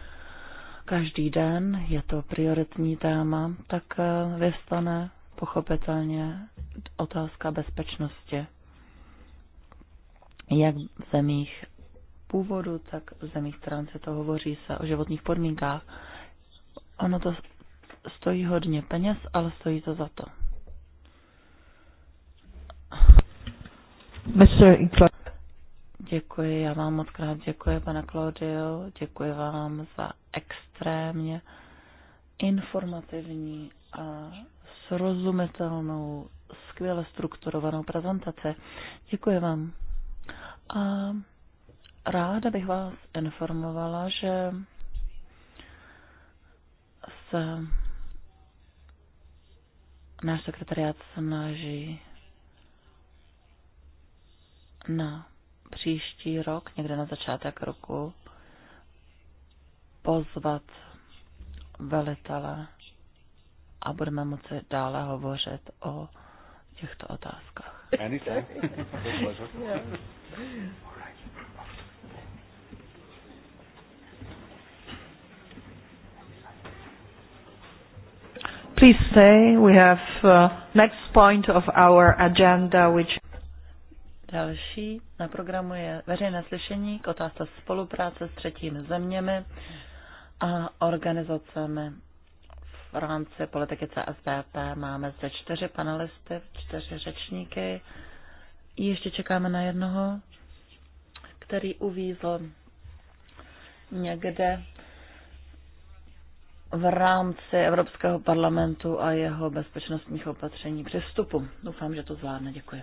každý den je to prioritní téma, tak eh, vystane pochopitelně otázka bezpečnosti. Jak v zemích původu, tak v zemích to hovoří se o životních podmínkách. Ono to stojí hodně peněz, ale stojí to za to. Mr. Děkuji, já vám moc krát děkuji, pana Claudio, děkuji vám za extrémně informativní a srozumitelnou, skvěle strukturovanou prezentaci. Děkuji vám. A ráda bych vás informovala, že se náš sekretariát snaží na příští rok, někde na začátek roku, pozvat velitele a budeme moci dále hovořit o těchto otázkách. Please stay. we have uh, next point of our agenda which Další na programu je veřejné slyšení k otázce spolupráce s třetími zeměmi a organizacemi. V rámci politiky CSDP máme zde čtyři panelisty, čtyři řečníky. Ještě čekáme na jednoho, který uvízl někde v rámci Evropského parlamentu a jeho bezpečnostních opatření při vstupu. Doufám, že to zvládne. Děkuji.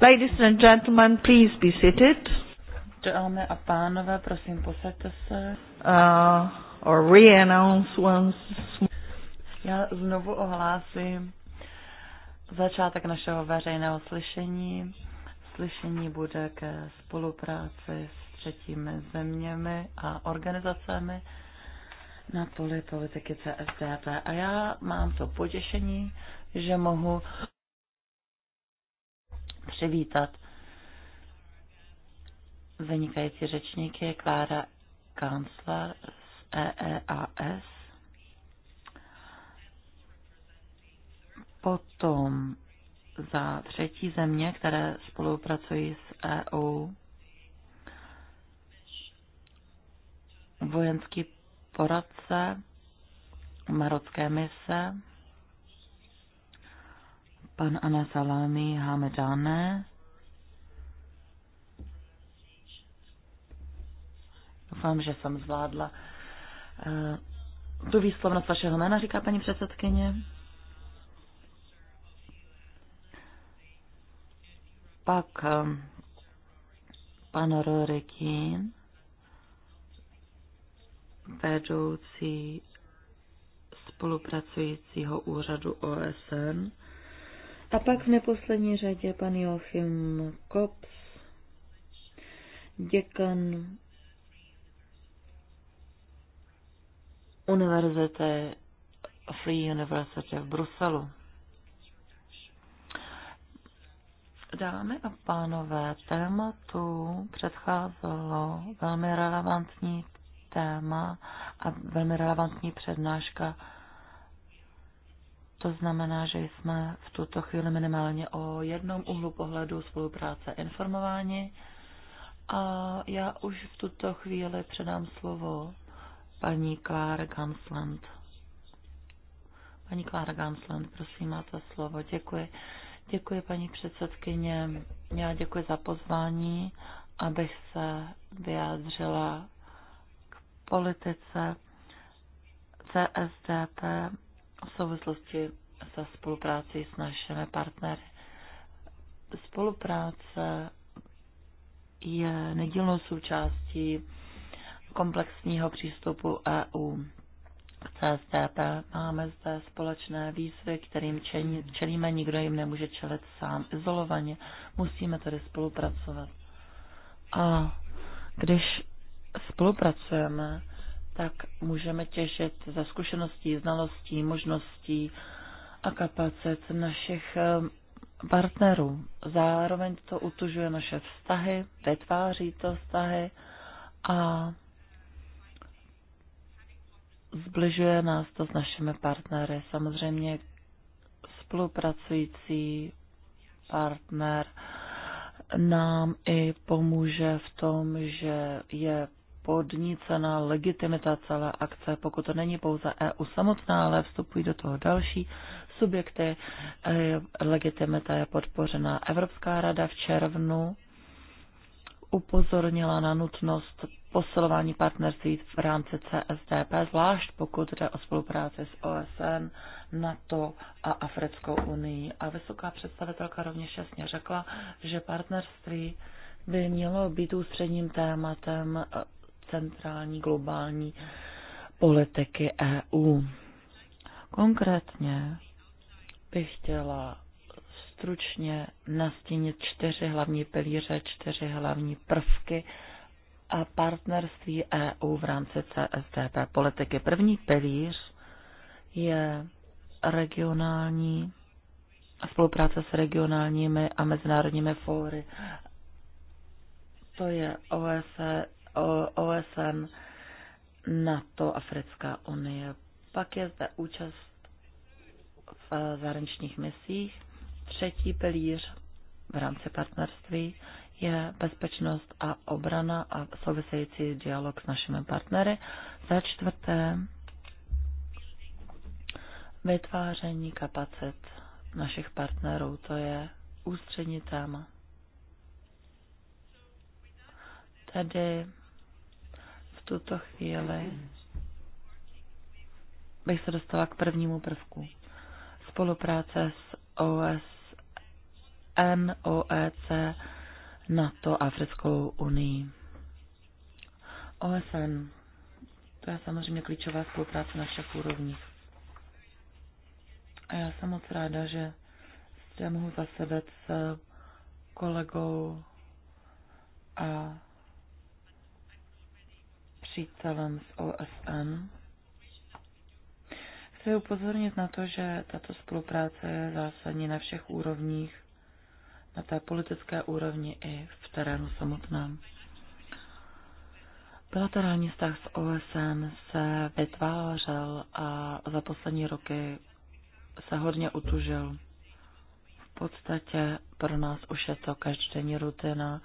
Ladies and gentlemen, please be seated. Dámy a pánové, prosím, posaďte se. Uh, or re-announce once. Já znovu ohlásím začátek našeho veřejného slyšení. Slyšení bude ke spolupráci s třetími zeměmi a organizacemi na poli politiky CSDP. A já mám to potěšení, že mohu přivítat vynikající řečníky Klára Kancler z EEAS. Potom za třetí země, které spolupracují s EU, vojenský poradce marocké mise, Pan Ana Salami Hamedane. Doufám, že jsem zvládla eh, tu výslovnost vašeho jména, říká paní předsedkyně. Pak eh, pan Rorekin, vedoucí spolupracujícího úřadu OSN a pak v neposlední řadě pan Joachim Kops, děkan univerzity Free University v Bruselu. Dámy a pánové, tématu předcházelo velmi relevantní téma a velmi relevantní přednáška to znamená, že jsme v tuto chvíli minimálně o jednom úhlu pohledu spolupráce informováni. A já už v tuto chvíli předám slovo paní Klára Gansland. Paní Klára Gansland, prosím, máte slovo. Děkuji. Děkuji, paní předsedkyně. Já děkuji za pozvání, abych se vyjádřila k politice CSDP v souvislosti se spolupráci s našimi partnery. Spolupráce je nedílnou součástí komplexního přístupu EU k CSTP. Máme zde společné výzvy, kterým čelíme, nikdo jim nemůže čelit sám izolovaně. Musíme tedy spolupracovat. A když spolupracujeme, tak můžeme těžit ze zkušeností, znalostí, možností a kapacit našich eh, partnerů. Zároveň to utužuje naše vztahy, vytváří to vztahy a zbližuje nás to s našimi partnery. Samozřejmě spolupracující partner nám i pomůže v tom, že je podnícena legitimita celé akce, pokud to není pouze EU samotná, ale vstupují do toho další subjekty. E, legitimita je podpořena. Evropská rada v červnu upozornila na nutnost posilování partnerství v rámci CSDP, zvlášť pokud jde o spolupráci s OSN, NATO a Africkou unii. A vysoká představitelka rovněž jasně řekla, že partnerství by mělo být ústředním tématem centrální globální politiky EU. Konkrétně bych chtěla stručně nastínit čtyři hlavní pilíře, čtyři hlavní prvky a partnerství EU v rámci CSDP politiky. První pilíř je regionální spolupráce s regionálními a mezinárodními fóry. To je OSE, OSN, NATO, Africká unie. Pak je zde účast v eh, zahraničních misích. Třetí pilíř v rámci partnerství je bezpečnost a obrana a související dialog s našimi partnery. Za čtvrté, vytváření kapacit našich partnerů, to je ústřední téma. Tedy tuto chvíli bych se dostala k prvnímu prvku. Spolupráce s OSN, OEC, NATO, Africkou unii. OSN, to je samozřejmě klíčová spolupráce na všech úrovních. A já jsem moc ráda, že se mohu zasedat s kolegou a přítelem z OSN. Chci upozornit na to, že tato spolupráce je zásadní na všech úrovních, na té politické úrovni i v terénu samotném. Bilaterální vztah s OSN se vytvářel a za poslední roky se hodně utužil. V podstatě pro nás už je to každodenní rutina.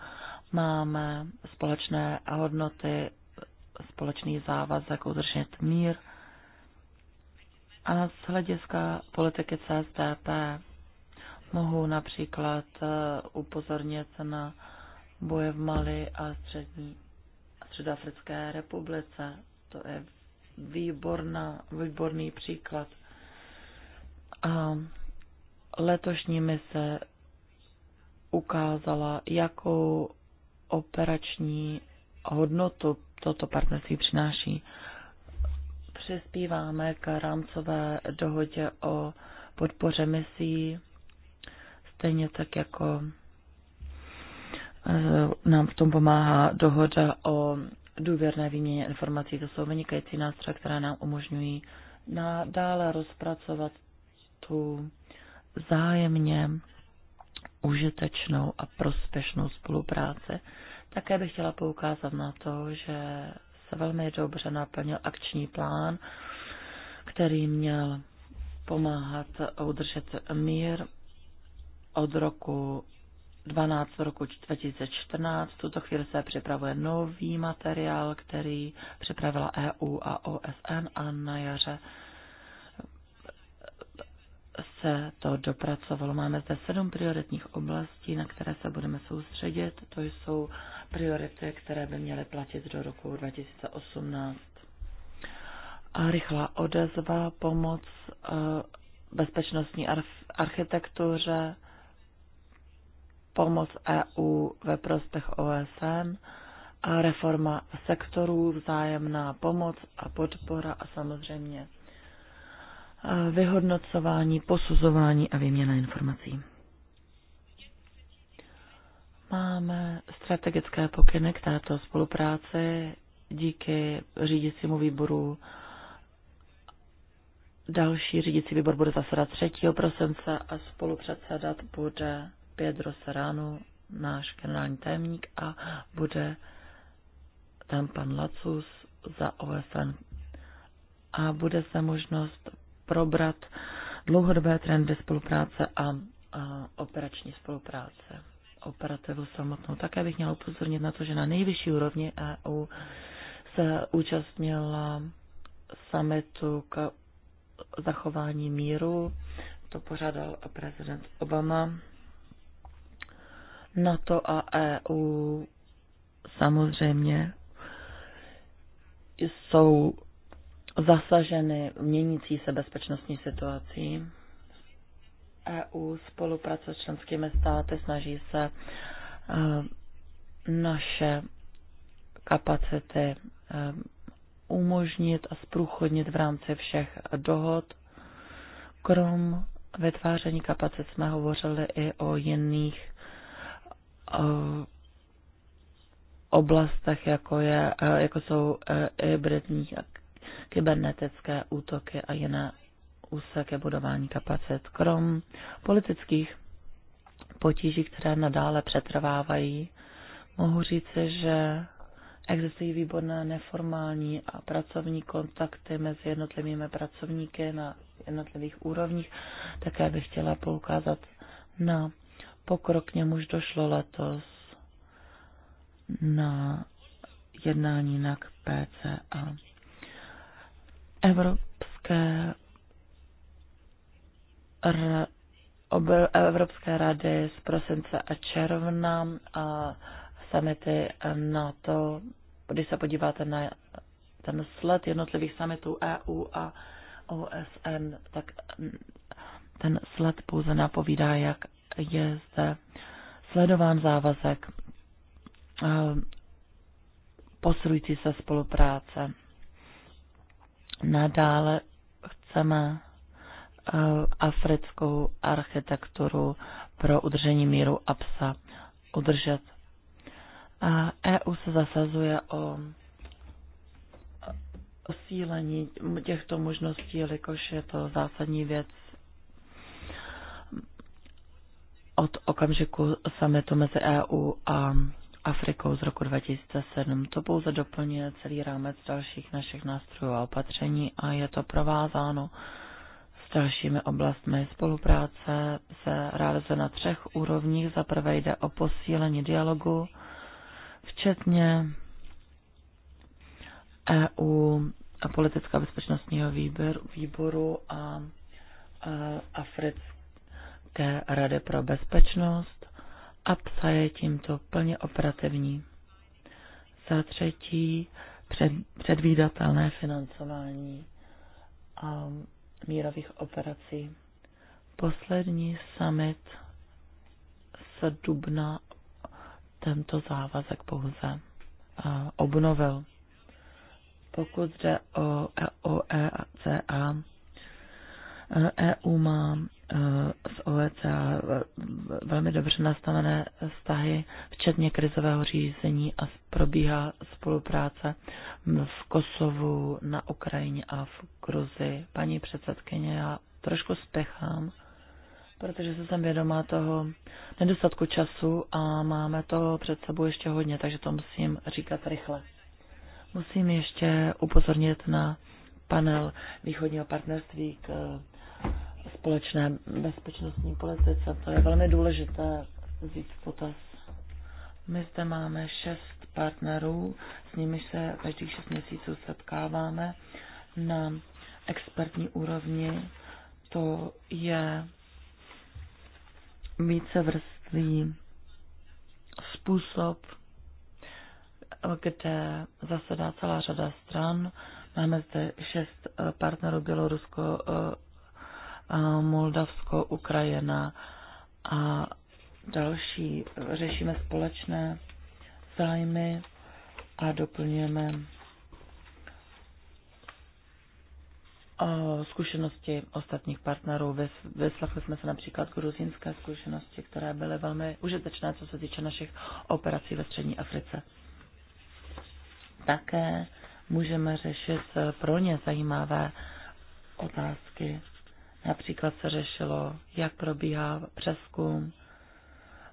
Máme společné hodnoty, společný závazek jako udržet mír. A z hlediska politiky CSDP mohu například eh, upozornit na boje v Mali a střední Středoafrické republice. To je výborná, výborný příklad. A letošní mise ukázala, jakou operační hodnotu toto partnerství přináší. Přispíváme k rámcové dohodě o podpoře misí, stejně tak jako eh, nám v tom pomáhá dohoda o důvěrné výměně informací. To jsou vynikající nástroje, které nám umožňují dále rozpracovat tu zájemně užitečnou a prospěšnou spolupráci. Také bych chtěla poukázat na to, že se velmi dobře naplnil akční plán, který měl pomáhat udržet mír od roku 12 v roku 2014. V tuto chvíli se připravuje nový materiál, který připravila EU a OSN a na jaře se to dopracovalo. Máme zde sedm prioritních oblastí, na které se budeme soustředit. To jsou priority, které by měly platit do roku 2018. A rychlá odezva, pomoc eh, bezpečnostní architektuře, pomoc EU ve prospěch OSN, a reforma sektorů, vzájemná pomoc a podpora a samozřejmě vyhodnocování, posuzování a výměna informací. Máme strategické pokyny k této spolupráci díky řídícímu výboru. Další řídící výbor bude zasedat 3. prosince a spolupředsedat bude Pedro Serrano, náš generální tajemník, a bude tam pan Lacus za OSN. A bude se možnost probrat dlouhodobé trendy spolupráce a, a operační spolupráce, operativu samotnou. Také bych měla upozornit na to, že na nejvyšší úrovni EU se účastnila summitu k zachování míru. To pořádal prezident Obama. NATO a EU samozřejmě jsou zasaženy měnící se bezpečnostní situací. EU spolupracuje s členskými státy, snaží se eh, naše kapacity eh, umožnit a zprůchodnit v rámci všech dohod. Krom vytváření kapacit jsme hovořili i o jiných eh, oblastech, jako, je, jako jsou hybridní kybernetické útoky a jiné úseky budování kapacit. Krom politických potíží, které nadále přetrvávají, mohu říci, že existují výborné neformální a pracovní kontakty mezi jednotlivými pracovníky na jednotlivých úrovních. Také bych chtěla poukázat na pokrok, k němuž došlo letos na jednání na PCA. Evropské r, obr, Evropské rady z prosince a června a samity NATO, když se podíváte na ten sled jednotlivých samitů EU a OSN, tak ten sled pouze napovídá, jak je zde sledován závazek eh, posilující se spolupráce. Nadále chceme eh, africkou architekturu pro udržení míru psa udržet. A EU se zasazuje o osílení těchto možností, jelikož je to zásadní věc od okamžiku samitu mezi EU a Afrikou z roku 2007. To pouze doplňuje celý rámec dalších našich nástrojů a opatření a je to provázáno s dalšími oblastmi spolupráce. Se realizuje na třech úrovních. Za prvé jde o posílení dialogu, včetně EU a politická bezpečnostního výboru a e, Africké rady pro bezpečnost a PSA je tímto plně operativní. Za třetí před, předvídatelné financování a um, mírových operací. Poslední summit z dubna tento závazek pouze uh, obnovil. Pokud jde o EOECA, uh, EU má Eh, z OECA eh, velmi dobře nastavené vztahy, včetně krizového řízení a probíhá spolupráce v Kosovu, na Ukrajině a v Gruzi. Paní předsedkyně, já trošku spěchám, protože se jsem vědomá toho nedostatku času a máme to před sebou ještě hodně, takže to musím říkat rychle. Musím ještě upozornit na panel východního partnerství k společné bezpečnostní politice. To je velmi důležité vzít v potaz. My zde máme šest partnerů, s nimiž se každých šest měsíců setkáváme na expertní úrovni. To je více vrství způsob, kde zasedá celá řada stran. Máme zde šest partnerů Bělorusko, Moldavsko, Ukrajina a další. Řešíme společné zájmy a doplňujeme zkušenosti ostatních partnerů. Vyslechli jsme se například gruzínské zkušenosti, které byly velmi užitečné, co se týče našich operací ve střední Africe. Také můžeme řešit pro ně zajímavé otázky Například se řešilo, jak probíhá přeskum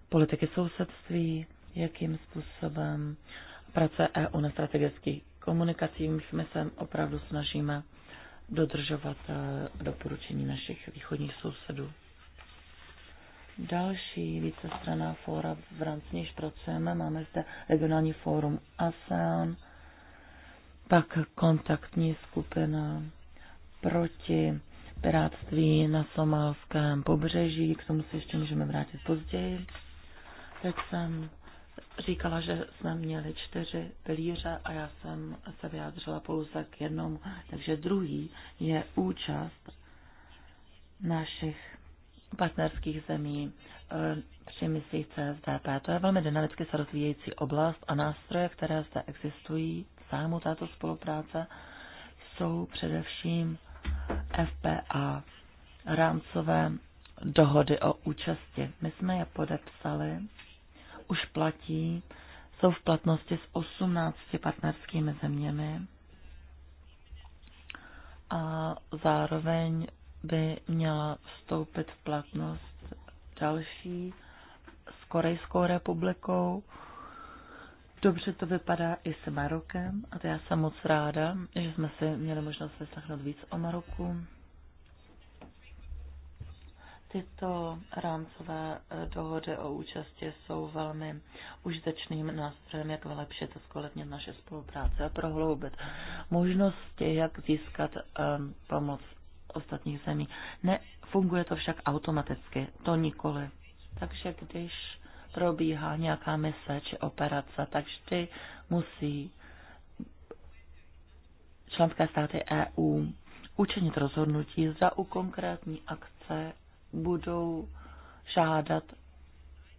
politiky sousedství, jakým způsobem práce EU na strategických komunikacích. My se opravdu snažíme dodržovat eh, doporučení našich východních sousedů. Další vícestraná fóra, v rámci níž pracujeme, máme zde regionální fórum ASEAN, pak kontaktní skupina proti piráctví na somálském pobřeží, k tomu se ještě můžeme vrátit později. Teď jsem říkala, že jsme měli čtyři pilíře a já jsem se vyjádřila pouze k jednomu. Takže druhý je účast našich partnerských zemí eh, při misích CSDP. To je velmi dynamicky se rozvíjející oblast a nástroje, které zde existují v zájmu této spolupráce, jsou především FPA, rámcové dohody o účasti. My jsme je podepsali, už platí, jsou v platnosti s 18 partnerskými zeměmi a zároveň by měla vstoupit v platnost další s Korejskou republikou, Dobře to vypadá i s Marokem a to já jsem moc ráda, že jsme si měli možnost vyslechnout víc o Maroku. Tyto rámcové eh, dohody o účasti jsou velmi užitečným nástrojem, jak vylepšit a zkolevnit naše spolupráce a prohloubit možnosti, jak získat um, pomoc ostatních zemí. Nefunguje to však automaticky, to nikoli. Takže když probíhá nějaká mise či operace, tak vždy musí členské státy EU učinit rozhodnutí, zda u konkrétní akce budou žádat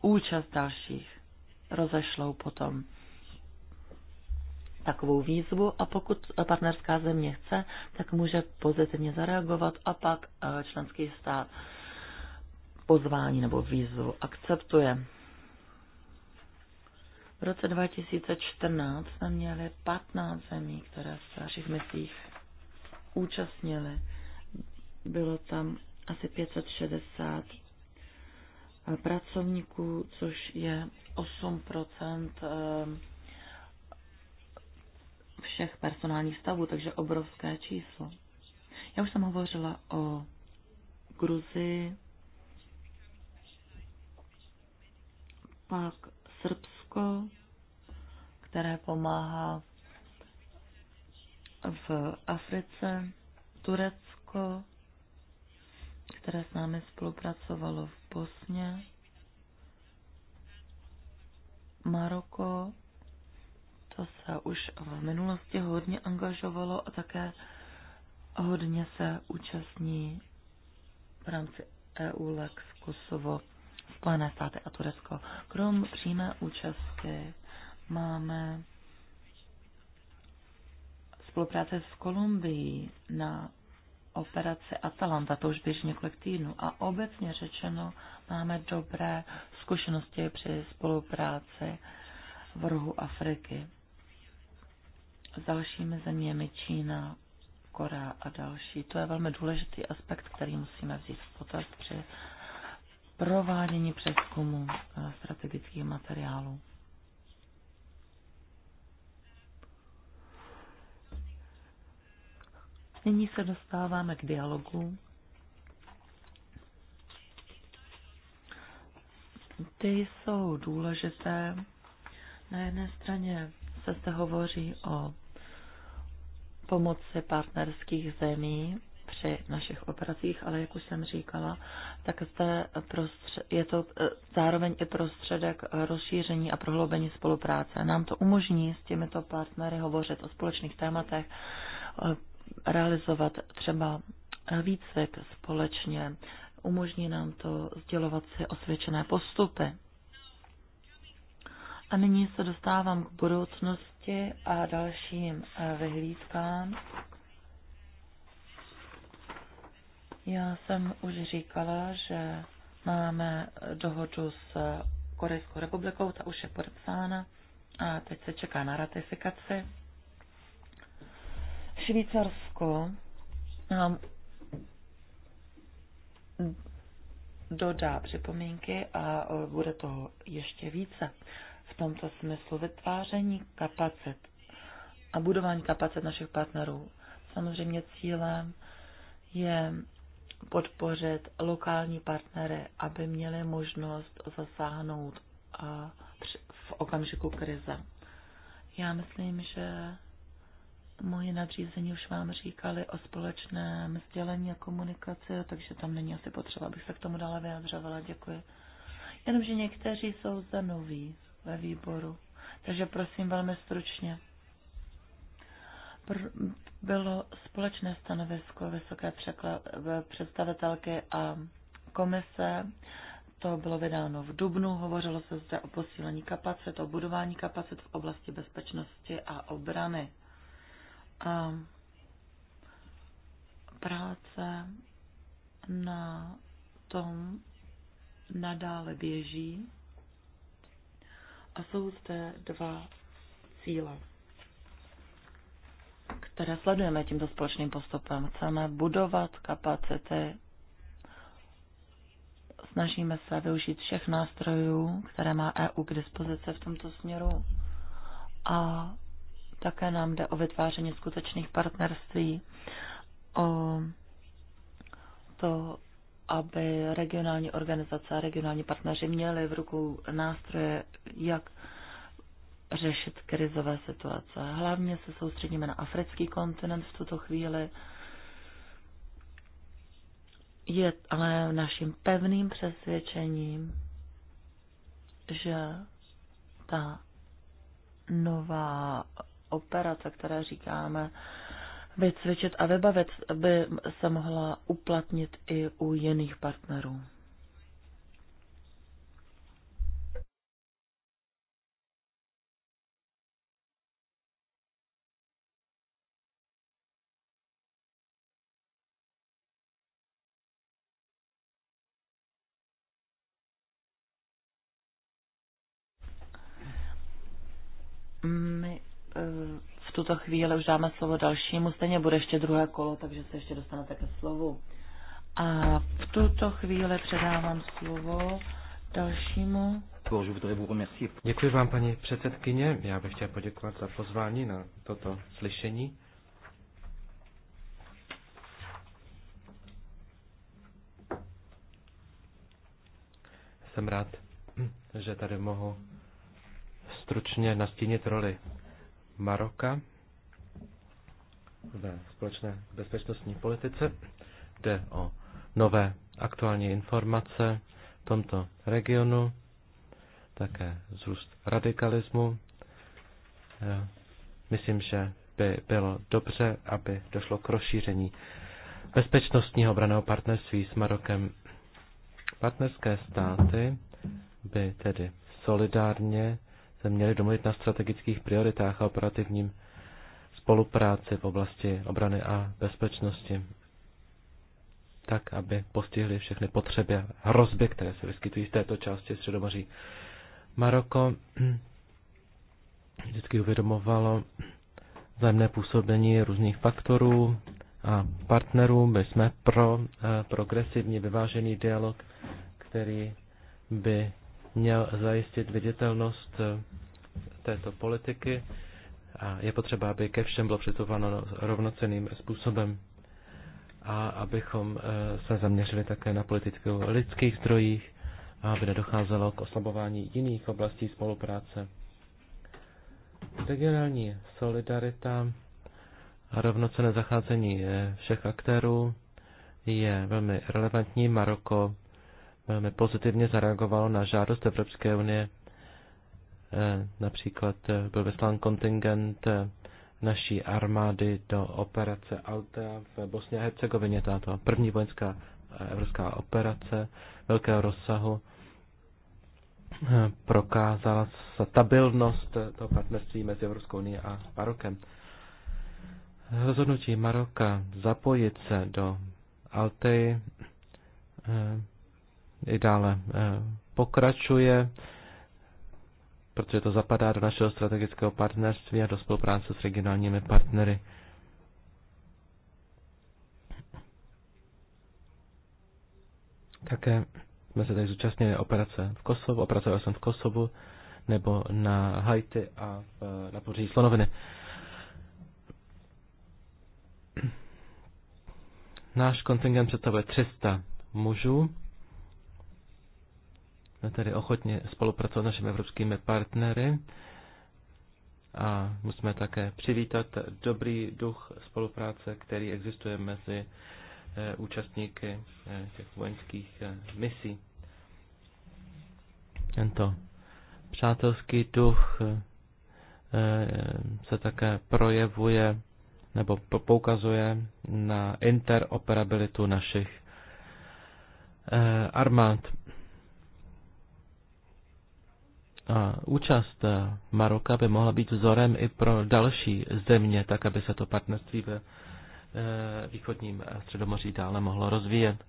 účast dalších. Rozešlou potom takovou výzvu a pokud partnerská země chce, tak může pozitivně zareagovat a pak eh, členský stát pozvání nebo výzvu akceptuje roce 2014 jsme měli 15 zemí, které se našich misích účastnily. Bylo tam asi 560 eh, pracovníků, což je 8 eh, všech personálních stavů, takže obrovské číslo. Já už jsem hovořila o Gruzii, pak Srbsku, Turecko, které pomáhá v Africe, Turecko, které s námi spolupracovalo v Bosně, Maroko, to se už v minulosti hodně angažovalo a také hodně se účastní v rámci EU Lex Kosovo. Spojené státy a Turecko. Krom přímé účasti máme spolupráce s Kolumbií na operaci Atalanta, to už běží několik týdnů. A obecně řečeno máme dobré zkušenosti při spolupráci v rohu Afriky. S dalšími zeměmi Čína, Korea a další. To je velmi důležitý aspekt, který musíme vzít v potaz při provádění přeskumu eh, strategických materiálů. Nyní se dostáváme k dialogu. Ty jsou důležité. Na jedné straně se zde hovoří o pomoci partnerských zemí při našich operacích, ale jak už jsem říkala, tak zde je to e, zároveň i prostředek rozšíření a prohloubení spolupráce. Nám to umožní s těmito partnery hovořit o společných tématech, e, realizovat třeba výcvik společně, umožní nám to sdělovat si osvědčené postupy. A nyní se dostávám k budoucnosti a dalším e, vyhlídkám. Já jsem už říkala, že máme dohodu s Korejskou republikou, ta už je podepsána a teď se čeká na ratifikaci. Švýcarsko nám dodá připomínky a bude toho ještě více. V tomto smyslu vytváření kapacit a budování kapacit našich partnerů. Samozřejmě cílem je podpořit lokální partnery, aby měli možnost zasáhnout v okamžiku krize. Já myslím, že moji nadřízení už vám říkali o společném sdělení a komunikaci, takže tam není asi potřeba, abych se k tomu dále vyjadřovala. Děkuji. Jenomže někteří jsou zde noví ve výboru, takže prosím velmi stručně bylo společné stanovisko vysoké eh, představitelky a komise. To bylo vydáno v Dubnu. Hovořilo se zde o posílení kapacit, o budování kapacit v oblasti bezpečnosti a obrany. A práce na tom nadále běží a jsou zde dva cíle které sledujeme tímto společným postupem. Chceme budovat kapacity, snažíme se využít všech nástrojů, které má EU k dispozici v tomto směru a také nám jde o vytváření skutečných partnerství, o to, aby regionální organizace a regionální partneři měli v rukou nástroje, jak řešit krizové situace. Hlavně se soustředíme na africký kontinent v tuto chvíli. Je ale naším pevným přesvědčením, že ta nová operace, které říkáme vycvičit a vybavit, by se mohla uplatnit i u jiných partnerů. My eh, v tuto chvíli už dáme slovo dalšímu, stejně bude ještě druhé kolo, takže se ještě dostanete ke slovu. A v tuto chvíli předávám slovo dalšímu. Děkuji vám, paní předsedkyně. Já bych chtěl poděkovat za pozvání na toto slyšení. Jsem rád, že tady mohu stručně nastínit roli Maroka ve společné bezpečnostní politice. Jde o nové aktuální informace v tomto regionu, také zrůst radikalismu. Myslím, že by bylo dobře, aby došlo k rozšíření bezpečnostního obraného partnerství s Marokem. Partnerské státy by tedy solidárně se měli domluvit na strategických prioritách a operativním spolupráci v oblasti obrany a bezpečnosti, tak, aby postihli všechny potřeby a hrozby, které se vyskytují v této části Středomoří. Maroko vždycky uvědomovalo vzájemné působení různých faktorů a partnerů. My jsme pro eh, progresivní vyvážený dialog, který by měl zajistit viditelnost eh, této politiky a je potřeba, aby ke všem bylo přistupováno rovnocenným způsobem a abychom eh, se zaměřili také na politiku lidských zdrojích a aby nedocházelo k oslabování jiných oblastí spolupráce. Regionální solidarita a rovnocené zacházení eh, všech aktérů je velmi relevantní. Maroko velmi pozitivně zareagovalo na žádost Evropské unie. Eh, například eh, byl vyslán kontingent eh, naší armády do operace Altea v Bosně a Hercegovině, tato první vojenská evropská operace velkého rozsahu prokázala stabilnost toho partnerství mezi Evropskou unii a Marokem. Rozhodnutí Maroka zapojit se do Altei i dále eh, pokračuje, protože to zapadá do našeho strategického partnerství a do spolupráce s regionálními partnery. Také jsme se tady zúčastnili operace v Kosovu, opracoval jsem v Kosovu, nebo na Haiti a v, eh, na pořízení Slonoviny. Náš kontingent představuje 300 mužů tedy ochotně spolupracovat s našimi evropskými partnery a musíme také přivítat dobrý duch spolupráce, který existuje mezi eh, účastníky eh, těch vojenských eh, misí. Tento přátelský duch se také projevuje nebo poukazuje na interoperabilitu našich armád. A účast eh, Maroka by mohla být vzorem i pro další země, tak aby se to partnerství ve eh, východním eh, středomoří dále mohlo rozvíjet.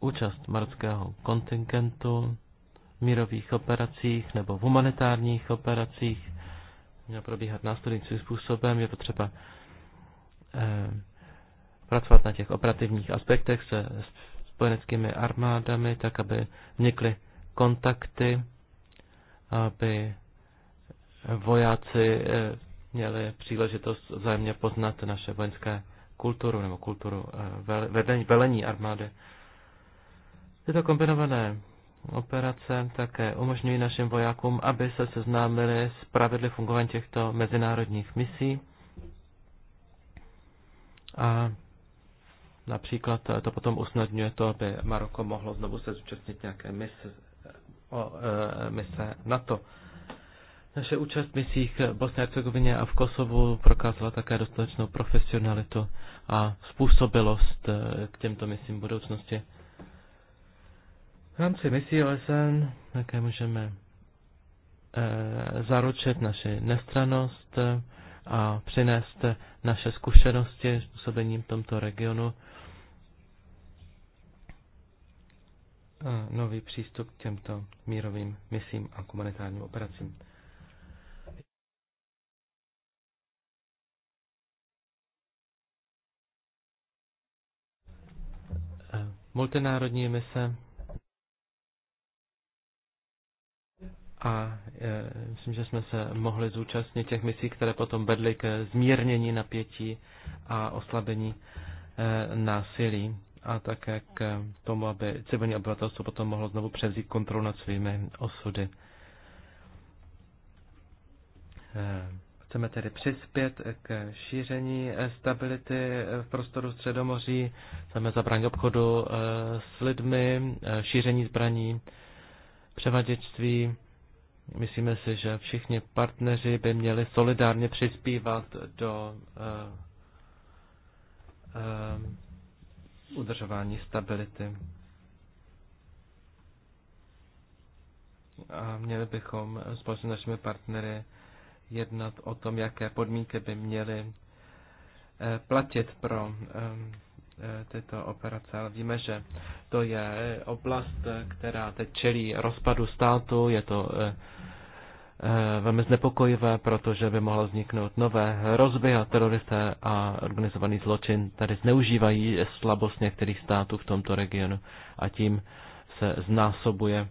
Účast marockého kontingentu v mírových operacích nebo v humanitárních operacích měla probíhat následujícím způsobem. Je potřeba pracovat na těch operativních aspektech se spojeneckými armádami, tak aby vnikly kontakty aby vojáci eh, měli příležitost vzájemně poznat naše vojenské kulturu nebo kulturu eh, velení armády. Tyto kombinované operace také umožňují našim vojákům, aby se seznámili s pravidly fungování těchto mezinárodních misí. A například to potom usnadňuje to, aby Maroko mohlo znovu se zúčastnit nějaké mise o e, mise NATO. Naše účast v misích v Bosně a Hercegovině a v Kosovu prokázala také dostatečnou profesionalitu a způsobilost e, k těmto misím v budoucnosti. V rámci misí OSN také můžeme e, zaručit naši nestranost a přinést naše zkušenosti s působením v tomto regionu nový přístup k těmto mírovým misím a humanitárním operacím. Multinárodní mise a e, myslím, že jsme se mohli zúčastnit těch misí, které potom vedly k zmírnění napětí a oslabení e, násilí a také k tomu, aby civilní obyvatelstvo potom mohlo znovu převzít kontrolu nad svými osudy. Eh, chceme tedy přispět k šíření eh, stability eh, v prostoru Středomoří, chceme zabránit obchodu s lidmi, šíření zbraní, převaděčství. Myslíme si, že všichni partneři by měli solidárně přispívat do udržování stability. A měli bychom společně s našimi partnery jednat o tom, jaké podmínky by měly eh, platit pro eh, eh, tyto operace. Ale víme, že to je oblast, která teď čelí rozpadu státu, je to Eh, velmi znepokojivé, protože by mohlo vzniknout nové hrozby a teroristé a organizovaný zločin tady zneužívají slabost některých států v tomto regionu a tím se znásobuje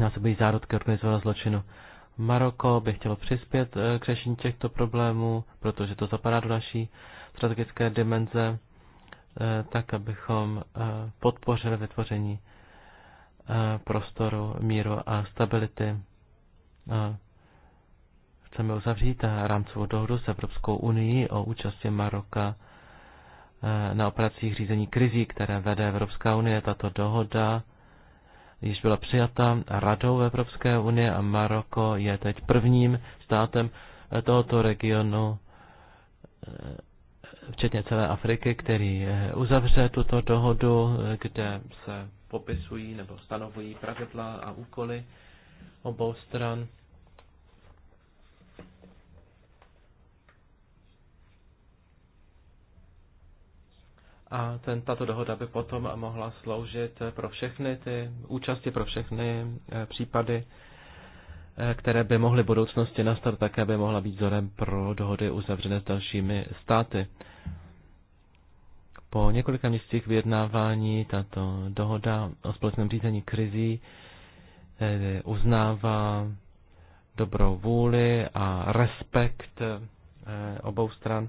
násobují zárodky organizovaného zločinu. Maroko by chtělo přispět eh, k řešení těchto problémů, protože to zapadá do naší strategické dimenze, eh, tak abychom podpořili vytvoření prostoru míru a stability a chceme uzavřít rámcovou dohodu s Evropskou unii o účasti Maroka eh, na operacích řízení krizí, které vede Evropská unie. Tato dohoda již byla přijata Radou Evropské unie a Maroko je teď prvním státem eh, tohoto regionu, eh, včetně celé Afriky, který uzavře tuto dohodu, kde se popisují nebo stanovují pravidla a úkoly obou stran. A ten, tato dohoda by potom mohla sloužit pro všechny ty účasti, pro všechny eh, případy, eh, které by mohly v budoucnosti nastat, také by mohla být vzorem pro dohody uzavřené s dalšími státy. Po několika měsících vyjednávání tato dohoda o společném řízení krizí eh, uznává dobrou vůli a respekt obou stran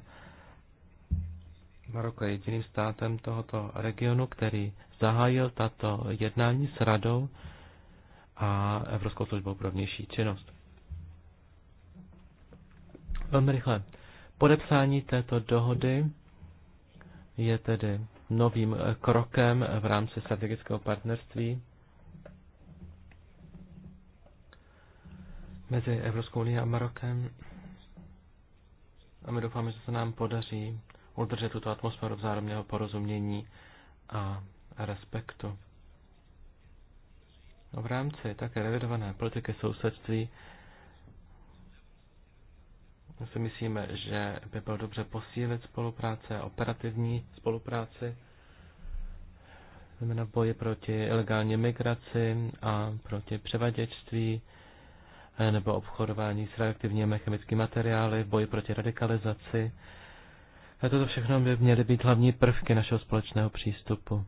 Maroko je jediným státem tohoto regionu, který zahájil tato jednání s radou a Evropskou službou pro vnější činnost. Velmi rychle. Podepsání této dohody je tedy novým krokem v rámci strategického partnerství mezi Evropskou unii a Marokem. A my doufáme, že se nám podaří udržet tuto atmosféru vzájemného porozumění a respektu. V rámci také revidované politiky sousedství si myslíme, že by bylo dobře posílit spolupráce, operativní spolupráci, znamená boje proti ilegální migraci a proti převaděčství nebo obchodování s reaktivními chemickými materiály, boji proti radikalizaci, a toto všechno by měly být hlavní prvky našeho společného přístupu.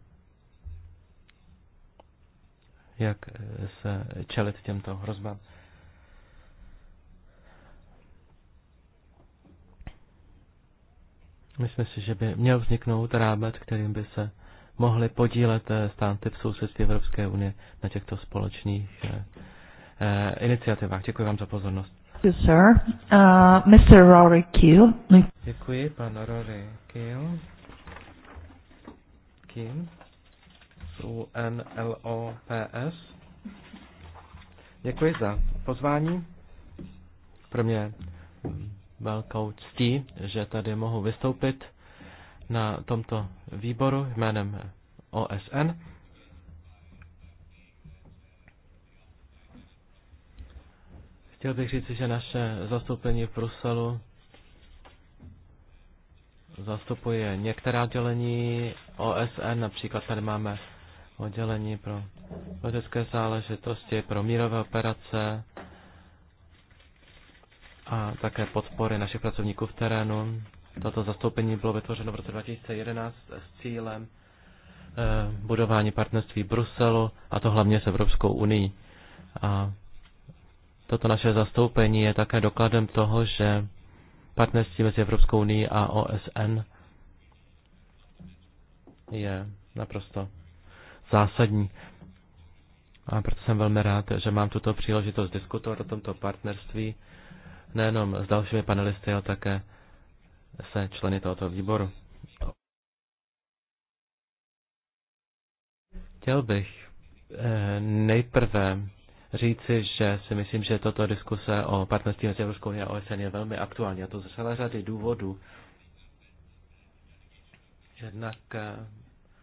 Jak se čelit těmto hrozbám. Myslím si, že by měl vzniknout rámec, kterým by se mohly podílet eh, státy v sousedství Evropské unie na těchto společných eh, eh, iniciativách. Děkuji vám za pozornost you, sir. Uh, Mr. Rory Děkuji, pan Rory Kiel. Keel. U-N-L-O-P-S. Děkuji za pozvání. Pro mě velkou ctí, že tady mohu vystoupit na tomto výboru jménem OSN. Chtěl bych říct, že naše zastoupení v Bruselu zastupuje některá oddělení OSN, například tady máme oddělení pro politické záležitosti, pro mírové operace a také podpory našich pracovníků v terénu. Toto zastoupení bylo vytvořeno v roce 2011 s cílem eh, budování partnerství Bruselu, a to hlavně s Evropskou unii. A Toto naše zastoupení je také dokladem toho, že partnerství mezi Evropskou unii a OSN je naprosto zásadní. A proto jsem velmi rád, že mám tuto příležitost diskutovat o tomto partnerství nejenom s dalšími panelisty, ale také se členy tohoto výboru. Chtěl bych eh, nejprve říci, že si myslím, že toto diskuse o partnerství mezi Evropskou unii a OSN je velmi aktuální a to z celé řady důvodů. Jednak eh,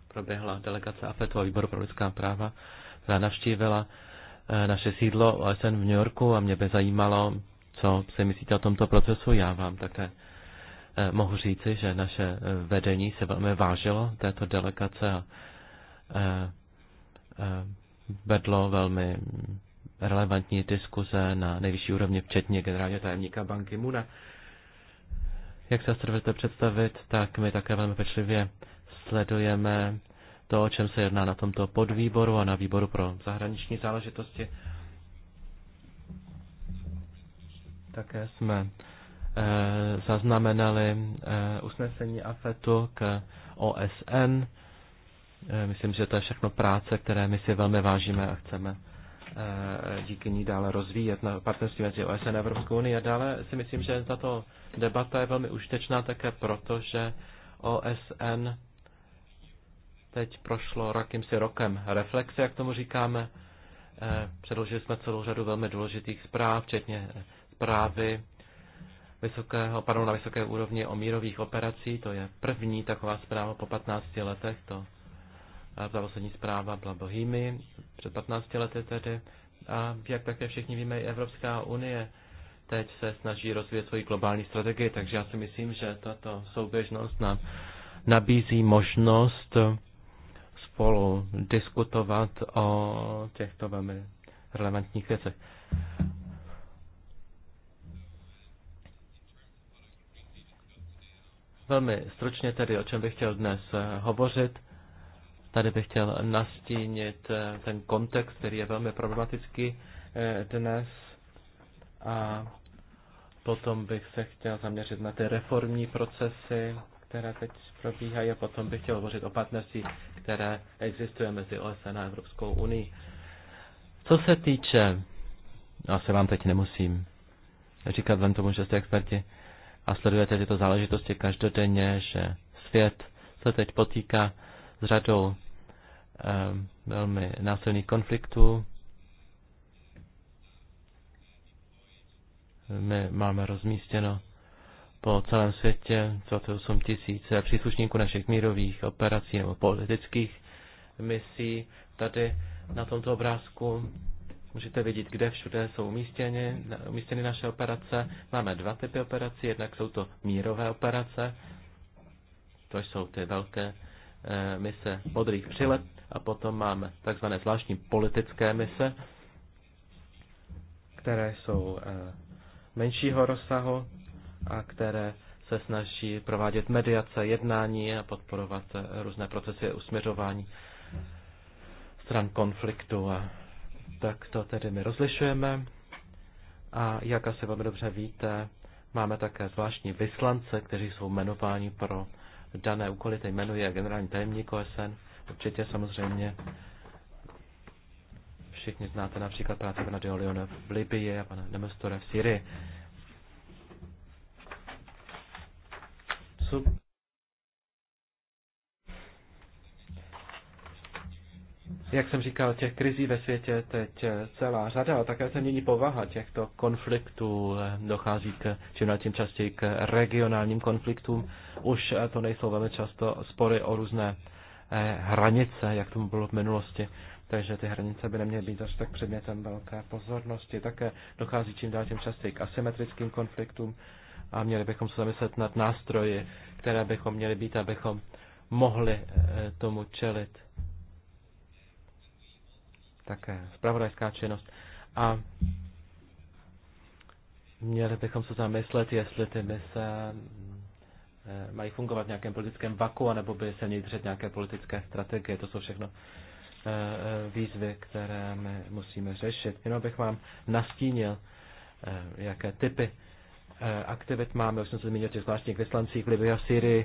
proběhla delegace AFETu a e výboru pro lidská práva, která navštívila eh, naše sídlo OSN v New Yorku a mě by zajímalo, co si myslíte o tomto procesu. Já vám také eh, mohu říci, že naše vedení se velmi vážilo této delegace a vedlo velmi relevantní diskuze na nejvyšší úrovni, včetně generálního tajemníka banky Muna. Jak se dovedete představit, tak my také velmi pečlivě sledujeme to, o čem se jedná na tomto podvýboru a na výboru pro zahraniční záležitosti. Také jsme e, zaznamenali e, usnesení AFETu k OSN. E, eh, myslím, že to je všechno práce, které my si velmi vážíme a chceme Eh, díky ní dále rozvíjet na partnerství mezi OSN a Evropskou unii. A dále si myslím, že tato debata je velmi užitečná také proto, že OSN teď prošlo si rokem reflexe, jak tomu říkáme. Eh, předložili jsme celou řadu velmi důležitých zpráv, včetně zprávy vysokého, pardon, na vysoké úrovni o mírových operacích. To je první taková zpráva po 15 letech. To ta poslední zpráva byla Bohými před 15 lety tedy. A jak také všichni víme, i Evropská unie teď se snaží rozvíjet svoji globální strategii, takže já si myslím, že tato souběžnost nám nabízí možnost spolu diskutovat o těchto velmi relevantních věcech. Velmi stručně tedy, o čem bych chtěl dnes hovořit Tady bych chtěl nastínit eh, ten kontext, který je velmi problematický eh, dnes. A potom bych se chtěl zaměřit na ty reformní procesy, které teď probíhají a potom bych chtěl hovořit o partnerství, které existuje mezi OSN a Evropskou unii. Co se týče, já se vám teď nemusím říkat vám tomu, že jste experti a sledujete tyto záležitosti každodenně, že svět se teď potýká s řadou eh, velmi násilných konfliktů. My máme rozmístěno po celém světě 28 tisíc příslušníků našich mírových operací nebo politických misí. Tady na tomto obrázku můžete vidět, kde všude jsou umístěny, umístěny naše operace. Máme dva typy operací, jednak jsou to mírové operace, to jsou ty velké Eh, mise Modrých přilep a potom máme takzvané zvláštní politické mise, které jsou eh, menšího rozsahu a které se snaží provádět mediace, jednání a podporovat eh, různé procesy usměřování stran konfliktu. A tak to tedy my rozlišujeme. A jak asi velmi dobře víte, máme také zvláštní vyslance, kteří jsou jmenováni pro dané úkoly, teď jmenuje generální tajemník OSN. Určitě samozřejmě všichni znáte například práci pana Diolione v Libii a pana Nemestore v Syrii. Sub jak jsem říkal, těch krizí ve světě teď celá řada, a také se mění povaha těchto konfliktů. Dochází k čím dál tím častěji k regionálním konfliktům. Už to nejsou velmi často spory o různé eh, hranice, jak tomu bylo v minulosti. Takže ty hranice by neměly být až tak předmětem velké pozornosti. Také dochází čím dál tím častěji k asymetrickým konfliktům a měli bychom se zamyslet nad nástroji, které bychom měli být, abychom mohli eh, tomu čelit také spravodajská činnost. A měli bychom se zamyslet, jestli ty mise eh, mají fungovat v nějakém politickém vaku, anebo by se měly držet nějaké politické strategie. To jsou všechno eh, eh, výzvy, které my musíme řešit. Jenom bych vám nastínil, jaké typy aktivit máme. Už jsem se zmínil těch zvláštních vyslancích v Libii a Syrii.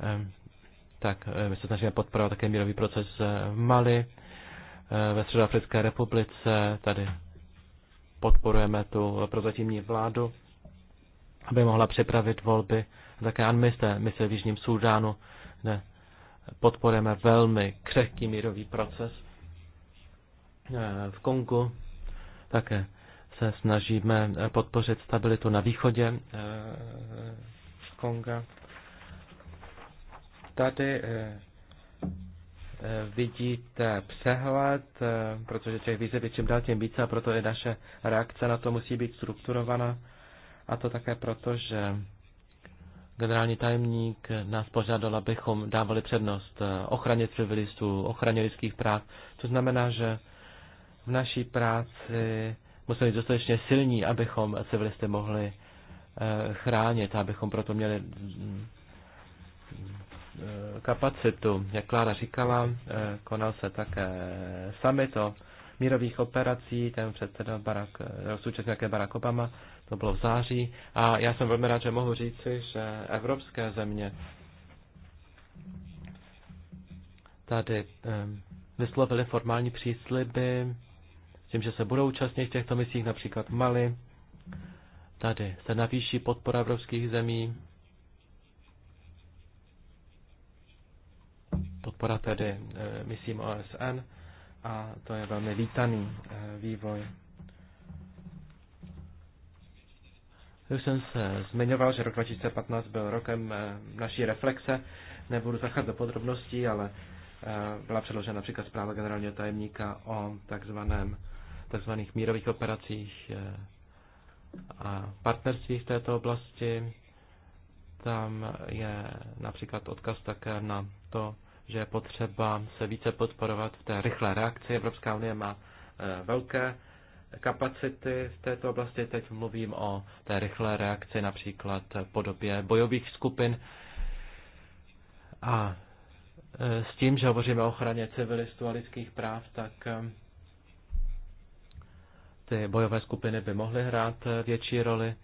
Ehm, tak my se snažíme podporovat také mírový proces v Mali. Eh, ve Středoafrické republice. Tady podporujeme tu prozatímní vládu, aby mohla připravit volby. Také my se v Jižním Súdánu, kde podporujeme velmi křehký mírový proces. Eh, v Kongu také se snažíme eh, podpořit stabilitu na východě Konga. Tady Eh, vidíte přehled, eh, protože těch výzev je čím dál tím více a proto i naše reakce na to musí být strukturovaná. A to také proto, že generální tajemník nás požádal, abychom dávali přednost eh, ochraně civilistů, ochraně lidských práv. To znamená, že v naší práci museli být dostatečně silní, abychom civilisty mohli chránit, abychom proto měli mm, Eh, kapacitu. Jak Klára říkala, eh, konal se také summit o mírových operací, ten předseda Barack, eh, současně také Barack Obama, to bylo v září. A já jsem velmi rád, že mohu říci, že evropské země tady vyslovili formální přísliby s tím, že se budou účastnit v těchto misích, například Mali. Tady se navýší podpora evropských zemí podpora tedy eh, misím OSN a to je velmi vítaný eh, vývoj. Už jsem se zmiňoval, že rok 2015 byl rokem eh, naší reflexe. Nebudu zacházet do podrobností, ale byla předložena například zpráva generálního tajemníka o takzvaném, takzvaných mírových operacích a partnerství v této oblasti. Tam je například odkaz také na to, že je potřeba se více podporovat v té rychlé reakci. Evropská unie má eh, velké kapacity v této oblasti. Teď mluvím o té rychlé reakci například v podobě bojových skupin a eh, s tím, že hovoříme o ochraně civilistů a lidských práv, tak eh, ty bojové skupiny by mohly hrát větší roli.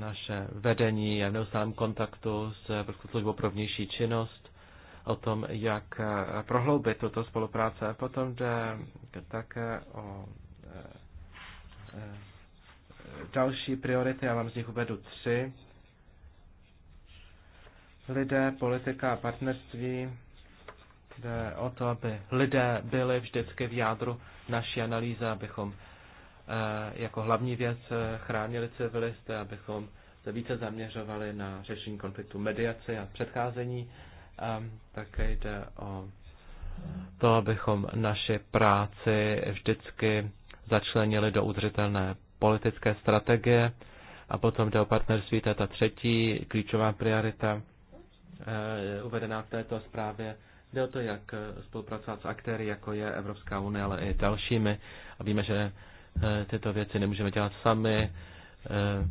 Naše vedení je v neustálém kontaktu s Evropskou službou pro vnější činnost o tom, jak eh, prohloubit tuto spolupráce. Potom jde také o eh, eh, další priority, já vám z nich uvedu tři. Lidé, politika a partnerství. Jde o to, aby lidé byli vždycky v jádru naší analýzy, abychom jako hlavní věc eh, chránili civilisty, abychom se více zaměřovali na řešení konfliktu mediaci a předcházení. Ehm, také jde o to, abychom naši práci vždycky začlenili do udržitelné politické strategie a potom jde o partnerství, to je ta třetí klíčová priorita eh, uvedená v této zprávě. Jde o to, jak eh, spolupracovat s aktéry, jako je Evropská unie, ale i dalšími. A víme, že Eh, tyto věci nemůžeme dělat sami eh,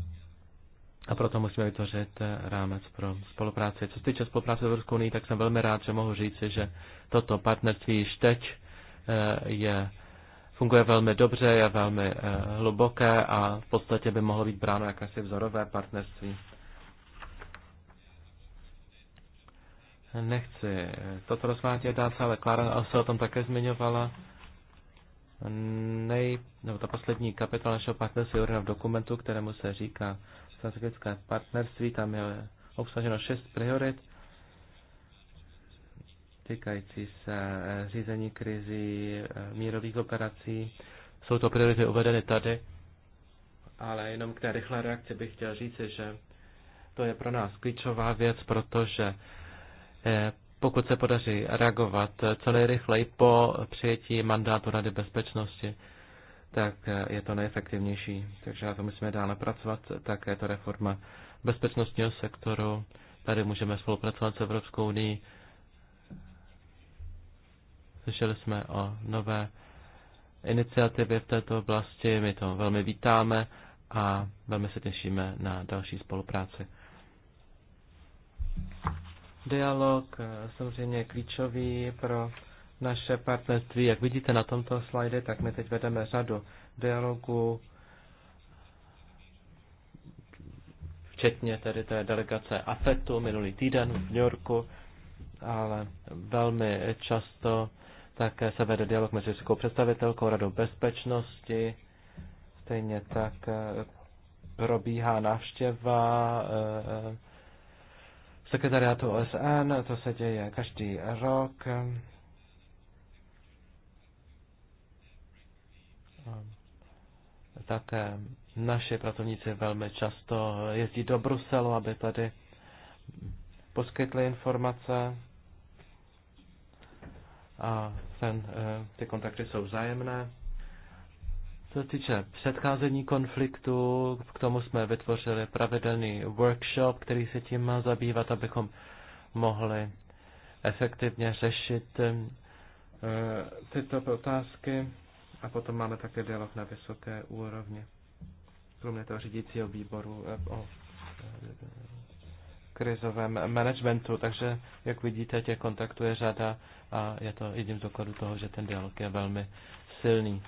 a proto musíme vytvořit eh, rámec pro spolupráci. Co se týče spolupráce s Evropskou unii, tak jsem velmi rád, že mohu říci, že toto partnerství již teď je, funguje velmi dobře, je velmi hluboké a v podstatě by mohlo být bráno jakési vzorové partnerství. Nechci toto rozvádět dát, ale Klára se o tom také zmiňovala nej, nebo ta poslední kapitola našeho partnerství je v dokumentu, kterému se říká strategické partnerství. Tam je obsaženo šest priorit týkající se eh, řízení krizí, eh, mírových operací. Jsou to priority uvedeny tady, ale jenom k té rychlé reakci bych chtěl říci, že to je pro nás klíčová věc, protože eh, pokud se podaří reagovat eh, co nejrychleji po přijetí mandátu Rady bezpečnosti, tak eh, je to nejefektivnější. Takže na to musíme dále pracovat. Také je to reforma bezpečnostního sektoru. Tady můžeme spolupracovat s Evropskou unii. Slyšeli jsme o nové iniciativě v této oblasti. My to velmi vítáme a velmi se těšíme na další spolupráci. Dialog eh, samozřejmě klíčový pro naše partnerství. Jak vidíte na tomto slajdu, tak my teď vedeme řadu dialogů, včetně tedy té delegace AFETu minulý týden v New Yorku, ale velmi často také se vede dialog mezi českou představitelkou, radou bezpečnosti, stejně tak eh, probíhá návštěva eh, sekretariátu OSN, to se děje každý rok. Také naši pracovníci velmi často jezdí do Bruselu, aby tady poskytli informace a ten, eh, ty kontakty jsou vzájemné. Co se týče předcházení konfliktu, k tomu jsme vytvořili pravidelný workshop, který se tím má zabývat, abychom mohli efektivně řešit eh, tyto otázky. A potom máme také dialog na vysoké úrovni, kromě toho řídícího výboru eh, o eh, krizovém managementu. Takže, jak vidíte, těch kontaktů je řada a je to jedním z dokladů toho, že ten dialog je velmi silný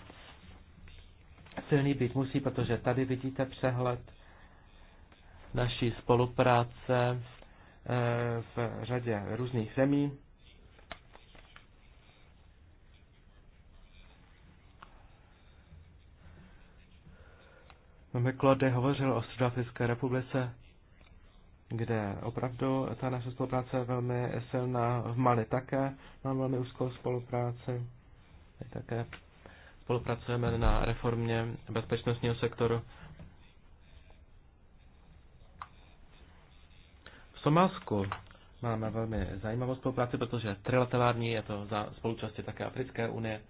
silný být musí, protože tady vidíte přehled naší spolupráce eh, v řadě různých zemí. McClody hovořil o Sudafrické republice, kde opravdu ta naše spolupráce je velmi silná. V Mali také mám velmi úzkou spolupráci. Je také Spolupracujeme na reformě bezpečnostního sektoru. V Somálsku máme velmi zajímavou spolupráci, protože trilaterální je to za spolúčasti také Africké unie.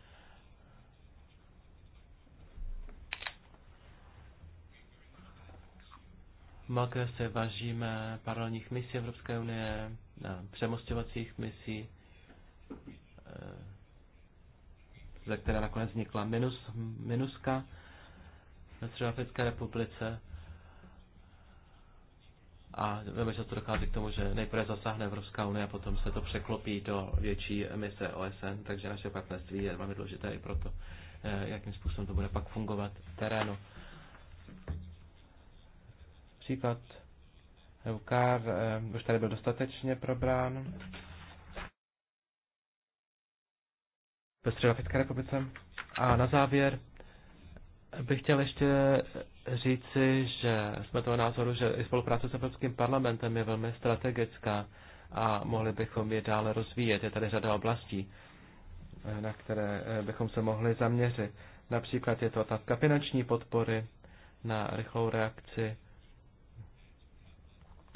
Malké se vážíme paralelních misí Evropské unie, přemostovacích misí, ze které nakonec vznikla minus, Minuska ve Středoafrické republice. A velmi často dochází k tomu, že nejprve zasáhne Evropská unie a potom se to překlopí do větší emise OSN, takže naše partnerství je velmi důležité i proto, eh, jakým způsobem to bude pak fungovat v terénu. Příklad Eukar eh, už tady byl dostatečně probrán. ve Středoafrické republice. A na závěr bych chtěl ještě říci, že jsme toho názoru, že i spolupráce s Evropským parlamentem je velmi strategická a mohli bychom je dále rozvíjet. Je tady řada oblastí, na které eh, bychom se mohli zaměřit. Například je to otázka finanční podpory na rychlou reakci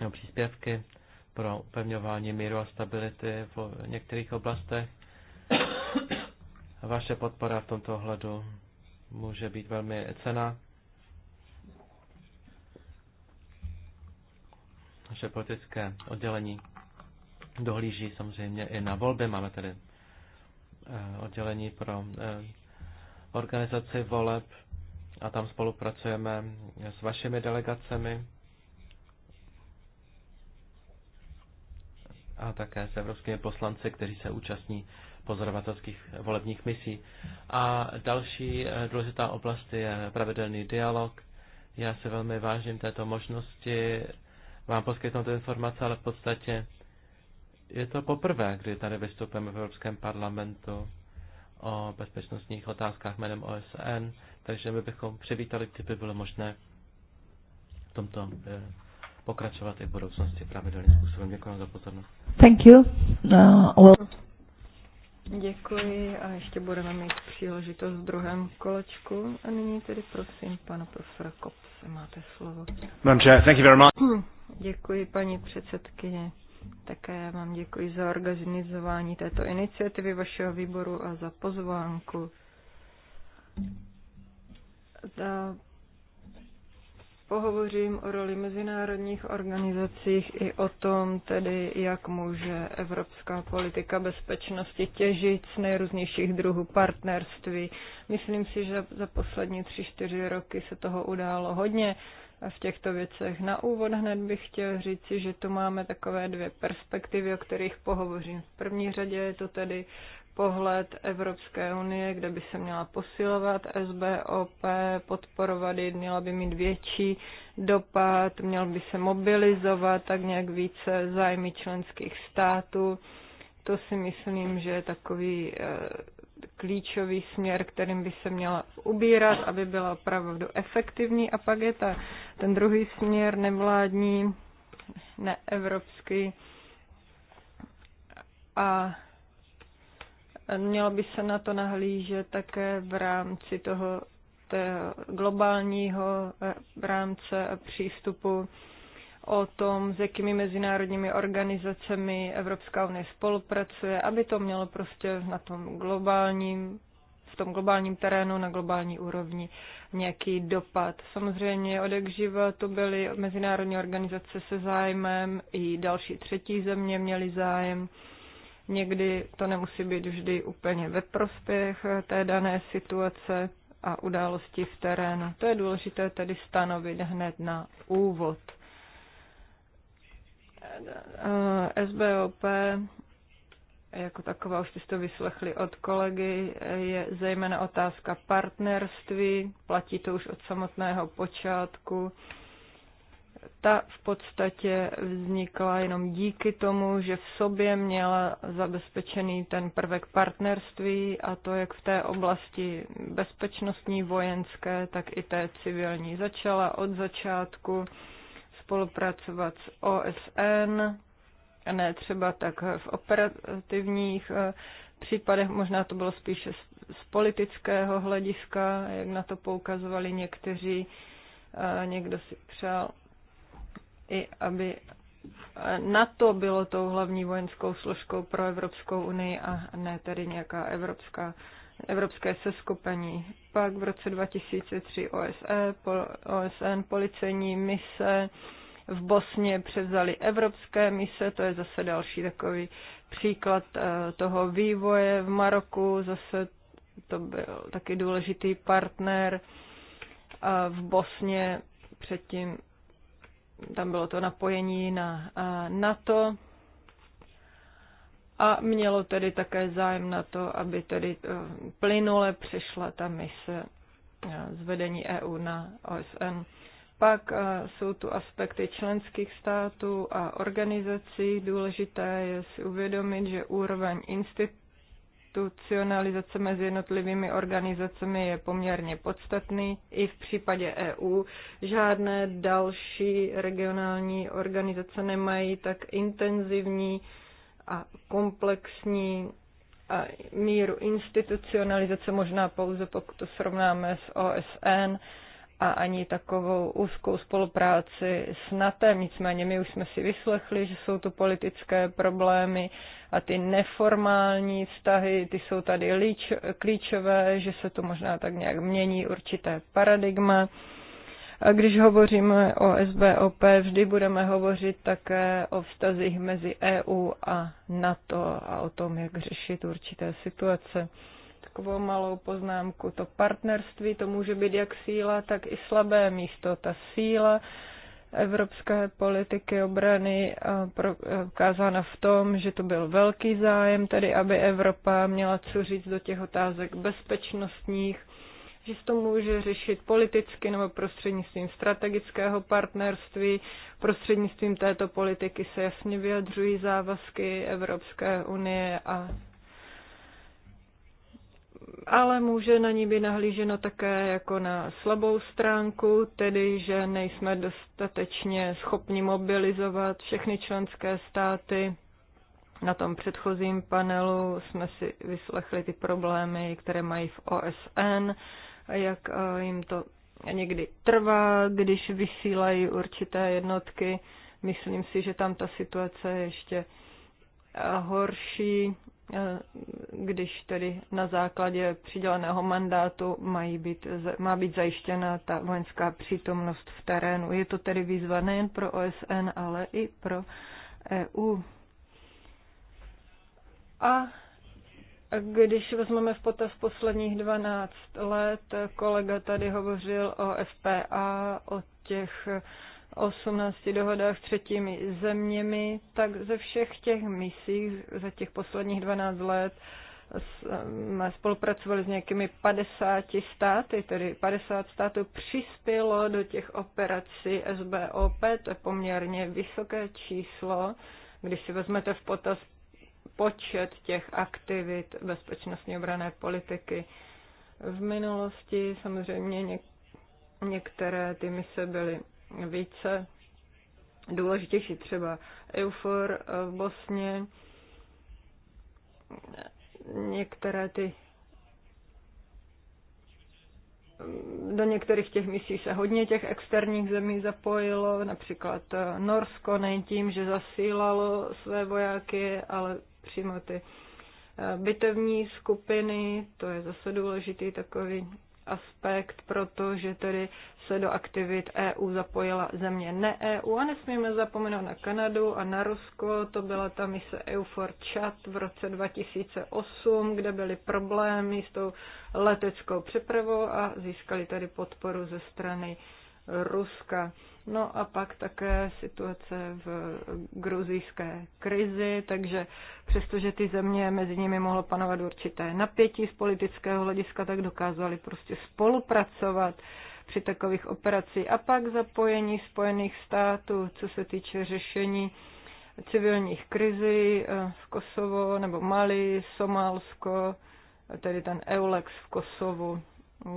na příspěvky pro upevňování míru a stability v některých oblastech vaše podpora v tomto ohledu může být velmi cena. Naše politické oddělení dohlíží samozřejmě i na volby. Máme tedy eh, oddělení pro eh, organizaci voleb a tam spolupracujeme s vašimi delegacemi a také s evropskými poslanci, kteří se účastní pozorovatelských volebních misí. A další eh, důležitá oblast je pravidelný dialog. Já se velmi vážím této možnosti vám poskytnout informace, ale v podstatě je to poprvé, kdy tady vystupujeme v Evropském parlamentu o bezpečnostních otázkách jménem OSN, takže my bychom přivítali, kdyby bylo možné v tomto eh, pokračovat i v budoucnosti pravidelným způsobem. Děkuji za pozornost. Thank you. Uh, well... Děkuji a ještě budeme mít příležitost v druhém kolečku. A nyní tedy prosím pana profesora Kopse, máte slovo. thank you very much. Děkuji paní předsedkyně. Také vám děkuji za organizování této iniciativy vašeho výboru a za pozvánku. Za pohovořím o roli mezinárodních organizacích i o tom, tedy jak může evropská politika bezpečnosti těžit z nejrůznějších druhů partnerství. Myslím si, že za poslední tři, čtyři roky se toho událo hodně v těchto věcech. Na úvod hned bych chtěl říci, že tu máme takové dvě perspektivy, o kterých pohovořím. V první řadě je to tedy pohled Evropské unie, kde by se měla posilovat SBOP, podporovat ji, měla by mít větší dopad, měl by se mobilizovat tak nějak více zájmy členských států. To si myslím, že je takový eh, klíčový směr, kterým by se měla ubírat, aby byla opravdu efektivní. A pak je ta, ten druhý směr nevládní, neevropský. A Mělo by se na to nahlížet také v rámci toho globálního eh, rámce přístupu o tom, s jakými mezinárodními organizacemi Evropská unie spolupracuje, aby to mělo prostě na tom globálním v tom globálním terénu, na globální úrovni nějaký dopad. Samozřejmě od živa to byly mezinárodní organizace se zájmem, i další třetí země měly zájem. Někdy to nemusí být vždy úplně ve prospěch eh, té dané situace a události v terénu. To je důležité tedy stanovit hned na úvod. Eh, SBOP jako taková, už jste to vyslechli od kolegy, je zejména otázka partnerství, platí to už od samotného počátku ta v podstatě vznikla jenom díky tomu, že v sobě měla zabezpečený ten prvek partnerství a to jak v té oblasti bezpečnostní, vojenské, tak i té civilní. Začala od začátku spolupracovat s OSN, a ne třeba tak v operativních eh, případech, možná to bylo spíše z politického hlediska, jak na to poukazovali někteří, eh, někdo si přál i aby e, NATO bylo tou hlavní vojenskou složkou pro Evropskou unii a ne tedy nějaká evropská, evropské seskupení. Pak v roce 2003 OSE, OSN, policejní mise v Bosně převzali evropské mise, to je zase další takový příklad e, toho vývoje v Maroku, zase to byl taky důležitý partner v Bosně předtím tam bylo to napojení na NATO a mělo tedy také zájem na to, aby tedy e, plynule přešla ta mise e, z vedení EU na OSN. Pak e, jsou tu aspekty členských států a organizací. Důležité je si uvědomit, že úroveň institucí, institucionalizace mezi jednotlivými organizacemi je poměrně podstatný. I v případě EU žádné další regionální organizace nemají tak intenzivní a komplexní a míru institucionalizace, možná pouze pokud to srovnáme s OSN a ani takovou úzkou spolupráci s NATO. Nicméně my už jsme si vyslechli, že jsou tu politické problémy a ty neformální vztahy, ty jsou tady líč, klíčové, že se to možná tak nějak mění určité paradigma. A když hovoříme o SBOP, vždy budeme hovořit také o vztazích mezi EU a NATO a o tom, jak řešit určité situace takovou malou poznámku. To partnerství, to může být jak síla, tak i slabé místo. Ta síla evropské politiky obrany eh, prokázána eh, v tom, že to byl velký zájem, tedy aby Evropa měla co říct do těch otázek bezpečnostních, že se to může řešit politicky nebo prostřednictvím strategického partnerství. Prostřednictvím této politiky se jasně vyjadřují závazky Evropské unie a ale může na ní být nahlíženo také jako na slabou stránku, tedy že nejsme dostatečně schopni mobilizovat všechny členské státy. Na tom předchozím panelu jsme si vyslechli ty problémy, které mají v OSN, a jak eh, jim to někdy trvá, když vysílají určité jednotky. Myslím si, že tam ta situace je ještě eh, horší Eh, když tedy na základě přiděleného mandátu mají být, má být zajištěna ta vojenská přítomnost v terénu. Je to tedy výzva nejen pro OSN, ale i pro EU. A když vezmeme v potaz posledních 12 let, kolega tady hovořil o FPA, o těch 18 dohodách s třetími zeměmi, tak ze všech těch misí za těch posledních 12 let jsme eh, spolupracovali s nějakými 50 státy, tedy 50 států přispělo do těch operací SBOP, to je poměrně vysoké číslo, když si vezmete v potaz počet těch aktivit bezpečnostní obrané politiky. V minulosti samozřejmě některé ty mise byly více důležitější, třeba EUFOR v Bosně, některé ty do některých těch misí se hodně těch externích zemí zapojilo, například eh, Norsko, nejen tím, že zasílalo své vojáky, ale přímo ty eh, bitevní skupiny, to je zase důležitý takový aspekt, protože tedy se do aktivit EU zapojila země ne EU a nesmíme zapomenout na Kanadu a na Rusko. To byla ta mise EUFOR Chat v roce 2008, kde byly problémy s tou leteckou přepravou a získali tady podporu ze strany Ruska. No a pak také situace v gruzijské krizi, takže přestože ty země mezi nimi mohlo panovat určité napětí z politického hlediska, tak dokázali prostě spolupracovat při takových operacích. A pak zapojení Spojených států, co se týče řešení civilních krizi eh, v Kosovo nebo Mali, Somálsko, tedy ten EULEX v Kosovu,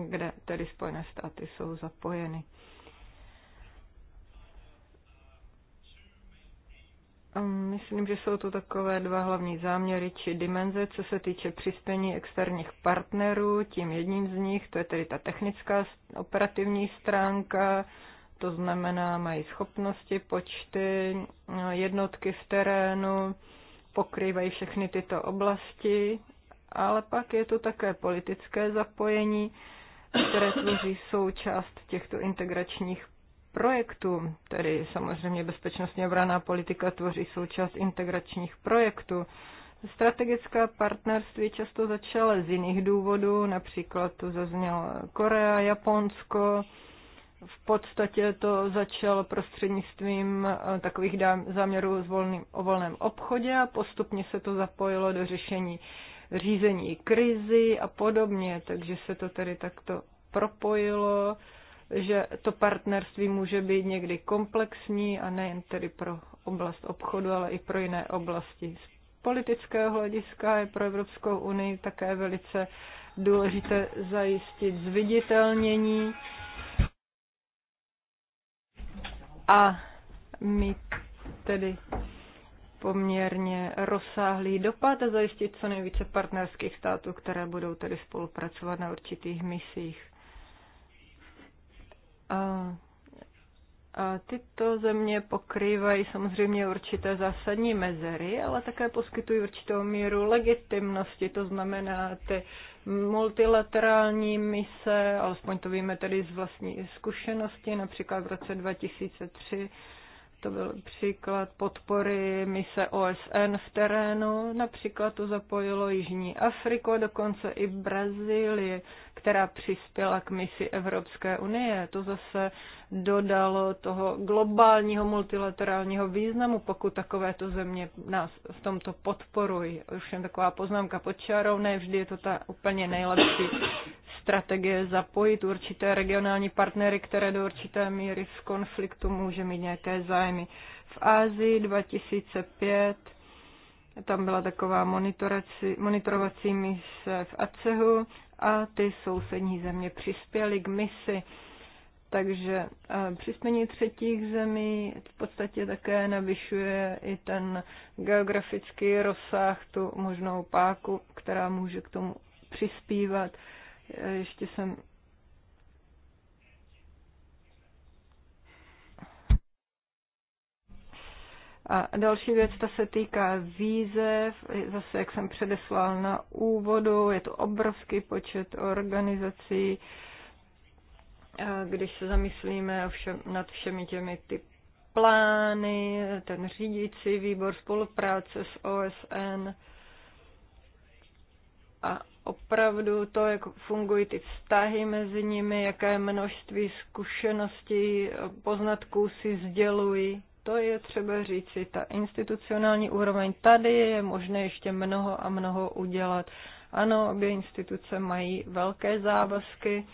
kde tedy Spojené státy jsou zapojeny. Myslím, že jsou to takové dva hlavní záměry či dimenze, co se týče přispění externích partnerů. Tím jedním z nich, to je tedy ta technická operativní stránka, to znamená, mají schopnosti, počty, no, jednotky v terénu, pokrývají všechny tyto oblasti, ale pak je to také politické zapojení, které tvoří součást těchto integračních projektu, tedy samozřejmě bezpečnostně obraná politika tvoří součást integračních projektů. Strategická partnerství často začala z jiných důvodů, například to zazněla Korea, Japonsko. V podstatě to začalo prostřednictvím eh, takových záměrů s volným, o volném obchodě a postupně se to zapojilo do řešení řízení krizi a podobně, takže se to tedy takto propojilo že to partnerství může být někdy komplexní a nejen tedy pro oblast obchodu, ale i pro jiné oblasti. Z politického hlediska je pro Evropskou unii také velice důležité zajistit zviditelnění a mít tedy poměrně rozsáhlý dopad a zajistit co nejvíce partnerských států, které budou tedy spolupracovat na určitých misích. A a tyto země pokrývají samozřejmě určité zásadní mezery, ale také poskytují určitou míru legitimnosti, to znamená ty multilaterální mise, alespoň to víme tedy z vlastní zkušenosti, například v roce 2003 to byl příklad podpory mise OSN v terénu. Například to zapojilo Jižní Afriku, dokonce i Brazílii, která přispěla k misi Evropské unie. To zase dodal toho globálního multilaterálního významu, pokud takovéto země nás v tomto podporují. Už jen taková poznámka pod čarou, ne vždy je to ta úplně nejlepší strategie zapojit určité regionální partnery, které do určité míry z konfliktu může mít nějaké zájmy. V Ázii 2005 tam byla taková monitorovací mise v ACEHu a ty sousední země přispěly k misi takže eh, přispění třetích zemí v podstatě také navyšuje i ten geografický rozsah, tu možnou páku, která může k tomu přispívat. Eh, ještě jsem A další věc, ta se týká výzev, zase jak jsem předeslal na úvodu, je to obrovský počet organizací, když se zamyslíme ovšem nad všemi těmi ty plány, ten řídící výbor spolupráce s OSN a opravdu to, jak fungují ty vztahy mezi nimi, jaké množství zkušeností, poznatků si sdělují. To je třeba říci, ta institucionální úroveň tady je možné ještě mnoho a mnoho udělat. Ano, obě instituce mají velké závazky,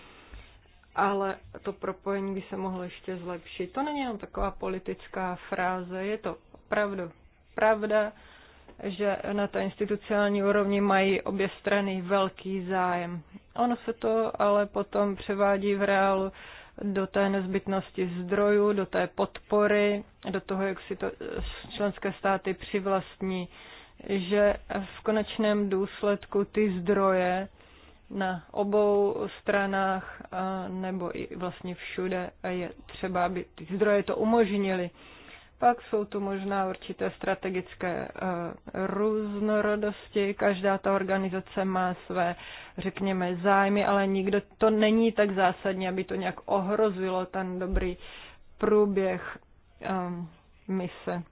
ale to propojení by se mohlo ještě zlepšit. To není jenom taková politická fráze, je to opravdu pravda, že na té institucionální úrovni mají obě strany velký zájem. Ono se to ale potom převádí v reálu do té nezbytnosti zdrojů, do té podpory, do toho, jak si to eh, členské státy přivlastní, že v konečném důsledku ty zdroje na obou stranách nebo i vlastně všude a je třeba, aby ty zdroje to umožnili. Pak jsou tu možná určité strategické eh, různorodosti. Každá ta organizace má své, řekněme, zájmy, ale nikdo to není tak zásadní, aby to nějak ohrozilo ten dobrý průběh eh, mise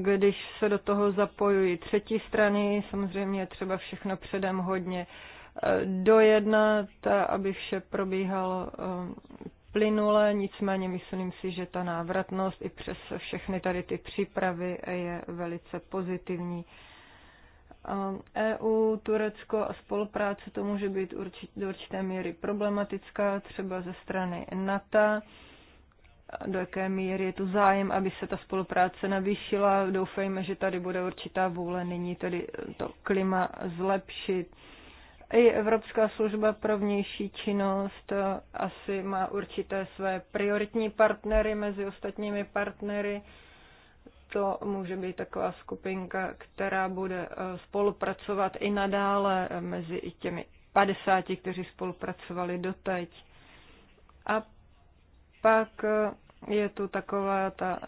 když se do toho zapojují třetí strany, samozřejmě je třeba všechno předem hodně eh, dojednat, aby vše probíhalo eh, plynule, nicméně myslím si, že ta návratnost i přes všechny tady ty přípravy je velice pozitivní. EU, eh, e Turecko a spolupráce to může být do určité míry problematická, třeba ze strany NATO do jaké míry je tu zájem, aby se ta spolupráce navýšila. Doufejme, že tady bude určitá vůle nyní tedy to klima zlepšit. I Evropská služba pro vnější činnost eh, asi má určité své prioritní partnery mezi ostatními partnery. To může být taková skupinka, která bude eh, spolupracovat i nadále eh, mezi i těmi 50, kteří spolupracovali doteď. A pak je tu taková ta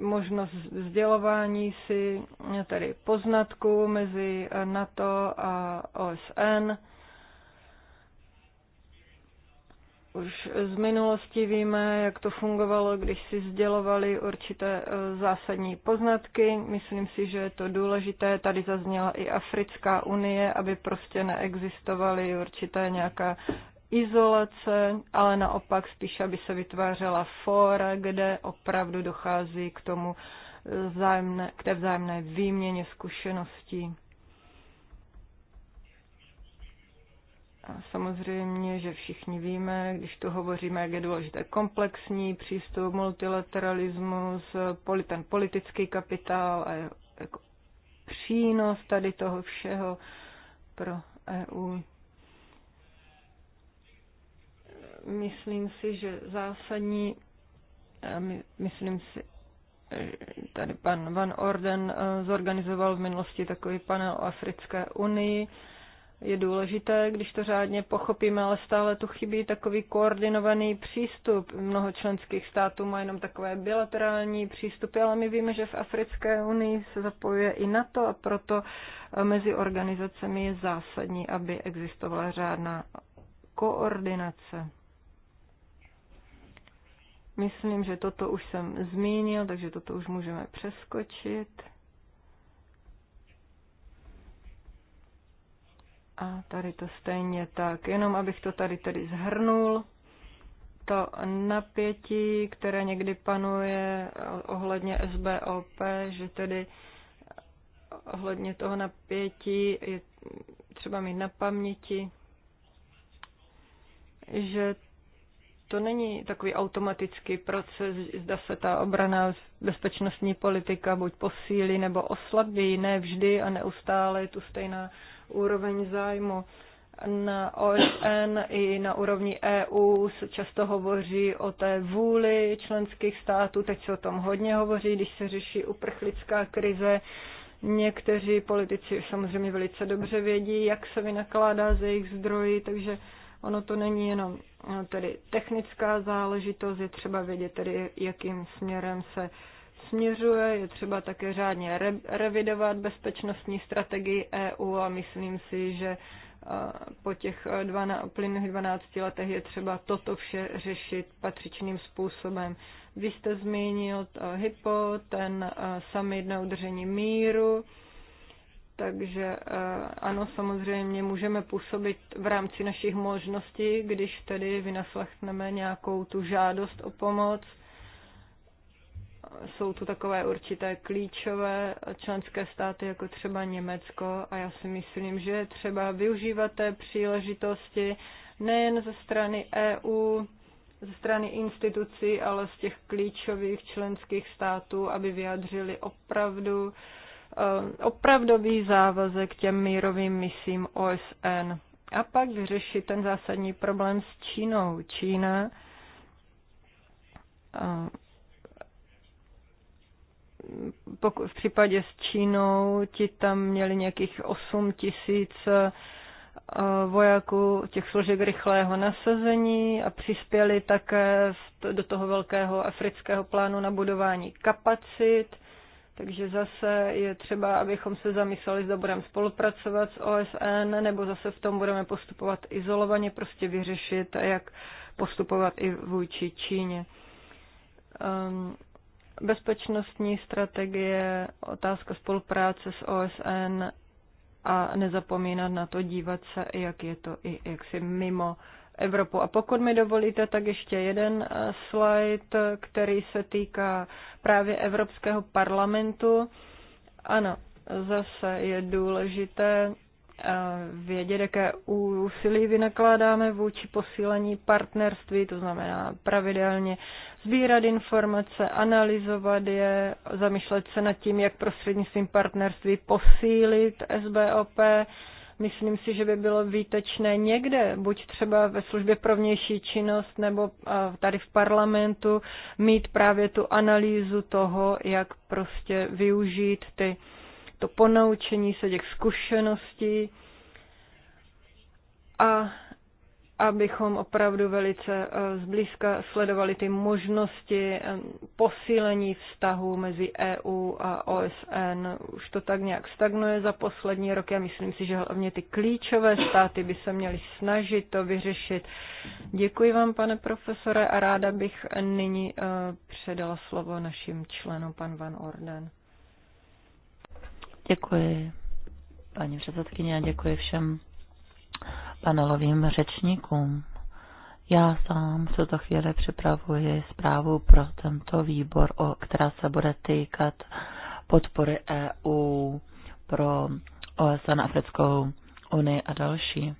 možnost sdělování si tedy poznatků mezi NATO a OSN. Už z minulosti víme, jak to fungovalo, když si sdělovali určité e, zásadní poznatky. Myslím si, že je to důležité. Tady zazněla i Africká unie, aby prostě neexistovaly určité nějaká izolace, ale naopak spíš, aby se vytvářela fóra, kde opravdu dochází k tomu vzájemné, k té vzájemné výměně zkušeností. A samozřejmě, že všichni víme, když tu hovoříme, jak je důležité komplexní přístup, multilateralismus, ten politický kapitál a jako přínos tady toho všeho pro EU. myslím si, že zásadní, eh, myslím si, eh, tady pan Van Orden eh, zorganizoval v minulosti takový panel o Africké unii. Je důležité, když to řádně pochopíme, ale stále tu chybí takový koordinovaný přístup. Mnoho členských států má jenom takové bilaterální přístupy, ale my víme, že v Africké unii se zapojuje i NATO a proto mezi organizacemi je zásadní, aby existovala řádná koordinace. Myslím, že toto už jsem zmínil, takže toto už můžeme přeskočit. A tady to stejně tak. Jenom abych to tady tedy zhrnul, to napětí, které někdy panuje ohledně SBOP, že tedy ohledně toho napětí je třeba mít na paměti, že to není takový automatický proces, zda se ta obraná bezpečnostní politika buď posílí nebo oslabí, ne vždy a neustále je tu stejná úroveň zájmu. Na OSN i na úrovni EU se často hovoří o té vůli členských států, teď se o tom hodně hovoří, když se řeší uprchlická krize. Někteří politici samozřejmě velice dobře vědí, jak se vynakládá ze jejich zdroji, takže Ono to není jenom eh, tedy technická záležitost, je třeba vědět tedy, jakým směrem se směřuje, je třeba také řádně re- revidovat bezpečnostní strategii EU a myslím si, že eh, po těch eh, dvana, plynných 12 letech je třeba toto vše řešit patřičným způsobem. Vy jste zmínil HIPO, ten summit na udržení míru, takže eh, ano, samozřejmě můžeme působit v rámci našich možností, když tedy vynaslechneme nějakou tu žádost o pomoc. Jsou tu takové určité klíčové členské státy, jako třeba Německo, a já si myslím, že je třeba využívat té příležitosti nejen ze strany EU, ze strany institucí, ale z těch klíčových členských států, aby vyjadřili opravdu uh, Eh, opravdový závazek těm mírovým misím OSN. A pak vyřešit ten zásadní problém s Čínou. Čína eh, pokud v případě s Čínou, ti tam měli nějakých 8 tisíc eh, vojáků těch složek rychlého nasazení a přispěli také do toho velkého afrického plánu na budování kapacit takže zase je třeba, abychom se zamysleli, zda budeme spolupracovat s OSN, nebo zase v tom budeme postupovat izolovaně, prostě vyřešit, jak postupovat i vůči Číně. Um, bezpečnostní strategie, otázka spolupráce s OSN a nezapomínat na to dívat se, jak je to i jaksi mimo uh, Evropu. A pokud mi dovolíte, tak ještě jeden eh, slide, který se týká právě Evropského parlamentu. Ano, zase je důležité eh, vědět, jaké úsilí vynakládáme vůči posílení partnerství, to znamená pravidelně sbírat informace, analyzovat je, zamýšlet se nad tím, jak prostřednictvím partnerství posílit SBOP, Myslím si, že by bylo výtečné někde, buď třeba ve službě pro vnější činnost nebo tady v parlamentu, mít právě tu analýzu toho, jak prostě využít ty, to ponaučení se těch zkušeností a abychom opravdu velice eh, zblízka sledovali ty možnosti eh, posílení vztahu mezi EU a OSN. Už to tak nějak stagnuje za poslední roky a myslím si, že hlavně ty klíčové státy by se měly snažit to vyřešit. Děkuji vám, pane profesore, a ráda bych nyní eh, předala slovo našim členům, pan Van Orden. Děkuji, paní předsedkyně, a děkuji všem panelovým řečníkům. Já sám v tuto chvíli připravuji zprávu pro tento výbor, o, která se bude týkat podpory EU pro OSN, Africkou unii a další.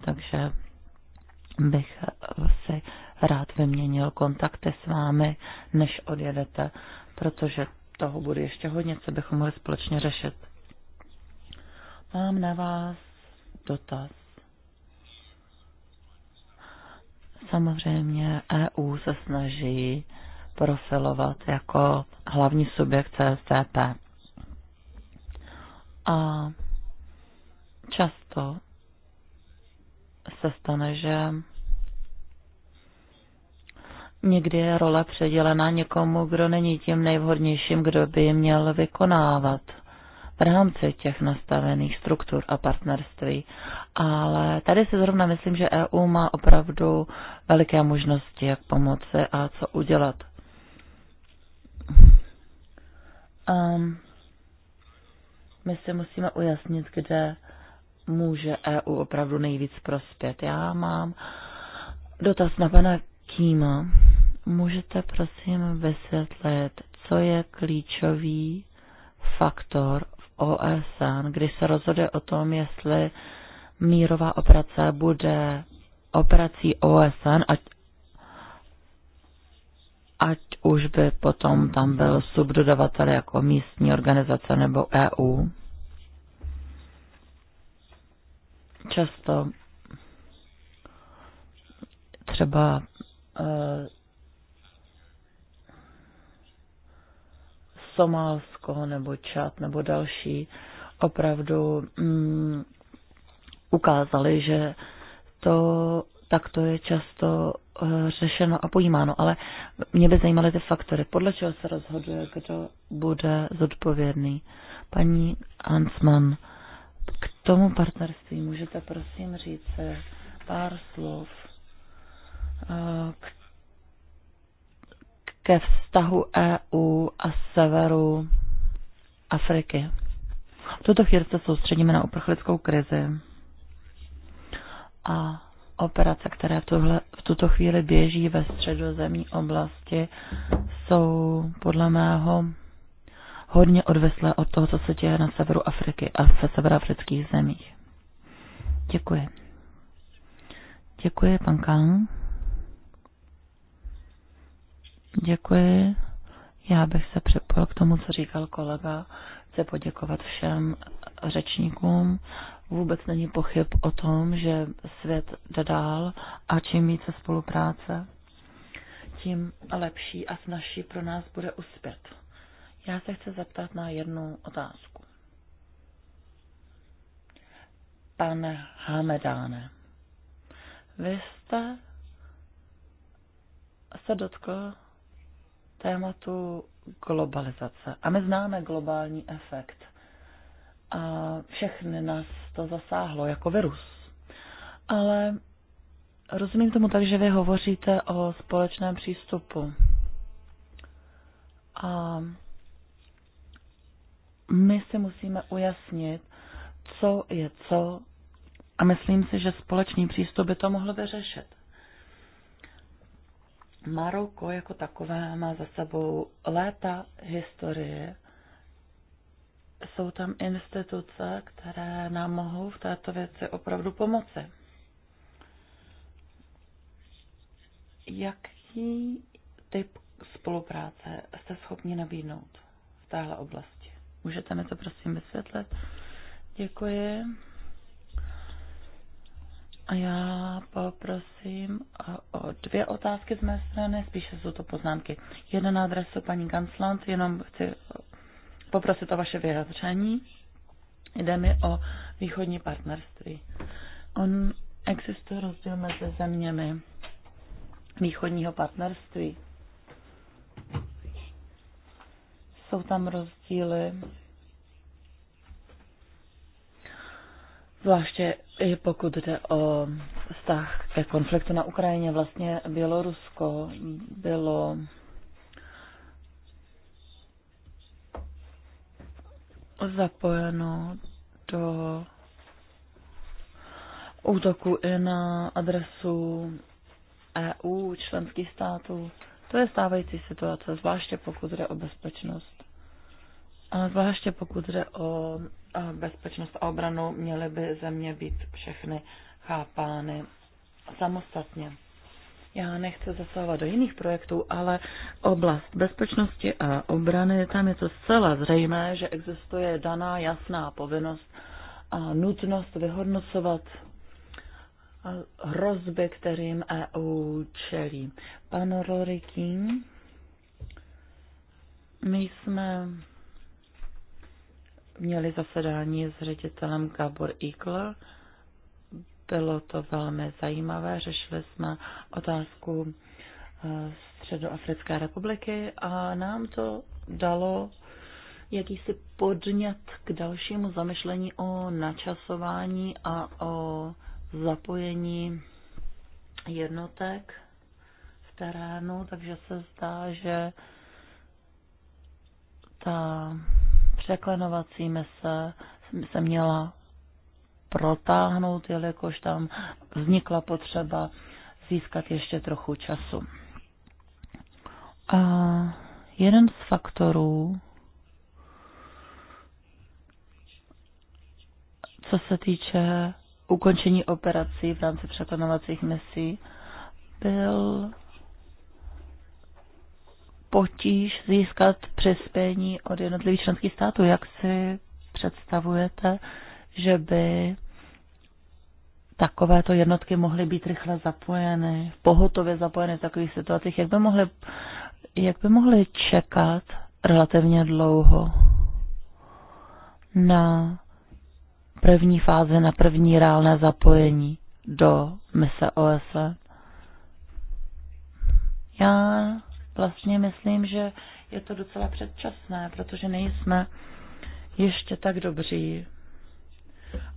Takže bych si rád vyměnil kontakty s vámi, než odjedete, protože toho bude ještě hodně, co bychom mohli společně řešit. Mám na vás dotaz. Samozřejmě EU se snaží profilovat jako hlavní subjekt CSTP. A často se stane, že někdy je role předělená někomu, kdo není tím nejvhodnějším, kdo by ji měl vykonávat v rámci těch nastavených struktur a partnerství ale tady si zrovna myslím, že EU má opravdu veliké možnosti, jak pomoci a co udělat. Um, my si musíme ujasnit, kde může EU opravdu nejvíc prospět. Já mám dotaz na pana Kýma. Můžete prosím vysvětlit, co je klíčový faktor v OSN, když se rozhoduje o tom, jestli mírová operace bude operací OSN, ať, ať už by potom tam byl subdodavatel jako místní organizace nebo EU. Často třeba eh, Somálsko nebo Čad nebo další opravdu mm, ukázali, že to takto je často eh, řešeno a pojímáno, ale mě by zajímaly ty faktory. Podle čeho se rozhoduje, kdo bude zodpovědný? Paní Ansman, k tomu partnerství můžete prosím říct pár slov eh, k, ke vztahu EU a severu Afriky. V tuto chvíli se soustředíme na uprchlickou krizi a operace, které v, tuhle, v tuto chvíli běží ve středozemní oblasti, jsou podle mého hodně odveslé od toho, co se děje na severu Afriky a ve severoafrických zemích. Děkuji. Děkuji, pan Kang. Děkuji. Já bych se připojil k tomu, co říkal kolega. Chci poděkovat všem řečníkům Vůbec není pochyb o tom, že svět jde dál a čím více spolupráce, tím lepší a snažší pro nás bude uspět. Já se chci zeptat na jednu otázku. Pane Hamedáne, vy jste se dotkl tématu globalizace. A my známe globální efekt a všechny nás to zasáhlo jako virus. Ale rozumím tomu tak, že vy hovoříte o společném přístupu. A my si musíme ujasnit, co je co a myslím si, že společný přístup by to mohl vyřešit. Maroko jako takové má za sebou léta historie jsou tam instituce, které nám mohou v této věci opravdu pomoci. Jaký typ spolupráce jste schopni nabídnout v téhle oblasti? Můžete mi to prosím vysvětlit? Děkuji. A já poprosím o dvě otázky z mé strany, spíše jsou to poznámky. Jedna na adresu paní Kanclant, jenom chci poprosit o vaše vyjádření. Jde mi o východní partnerství. On existuje rozdíl mezi zeměmi východního partnerství. Jsou tam rozdíly, zvláště i pokud jde o vztah ke konfliktu na Ukrajině. Vlastně Bělorusko bylo zapojeno do útoku i na adresu EU, členských států. To je stávající situace, zvláště pokud jde o bezpečnost. A zvláště pokud jde o bezpečnost a obranu, měly by země být všechny chápány samostatně. Já nechci zasahovat do jiných projektů, ale oblast bezpečnosti a obrany, tam je to zcela zřejmé, že existuje daná jasná povinnost a nutnost vyhodnocovat hrozby, kterým EU čelí. Pan Rorikín, my jsme měli zasedání s ředitelem Gabor Eagle, bylo to velmi zajímavé. Řešili jsme otázku eh, Středoafrické republiky a nám to dalo jakýsi podnět k dalšímu zamyšlení o načasování a o zapojení jednotek v terénu, takže se zdá, že ta překlenovací mise se měla protáhnout, jelikož tam vznikla potřeba získat ještě trochu času. A jeden z faktorů, co se týče ukončení operací v rámci překonovacích misí, byl potíž získat přispění od jednotlivých členských států. Jak si představujete že by takovéto jednotky mohly být rychle zapojeny, pohotově zapojeny v takových situacích, jak by mohly, jak by mohly čekat relativně dlouho na první fázi, na první reálné zapojení do mise OSN. Já vlastně myslím, že je to docela předčasné, protože nejsme ještě tak dobří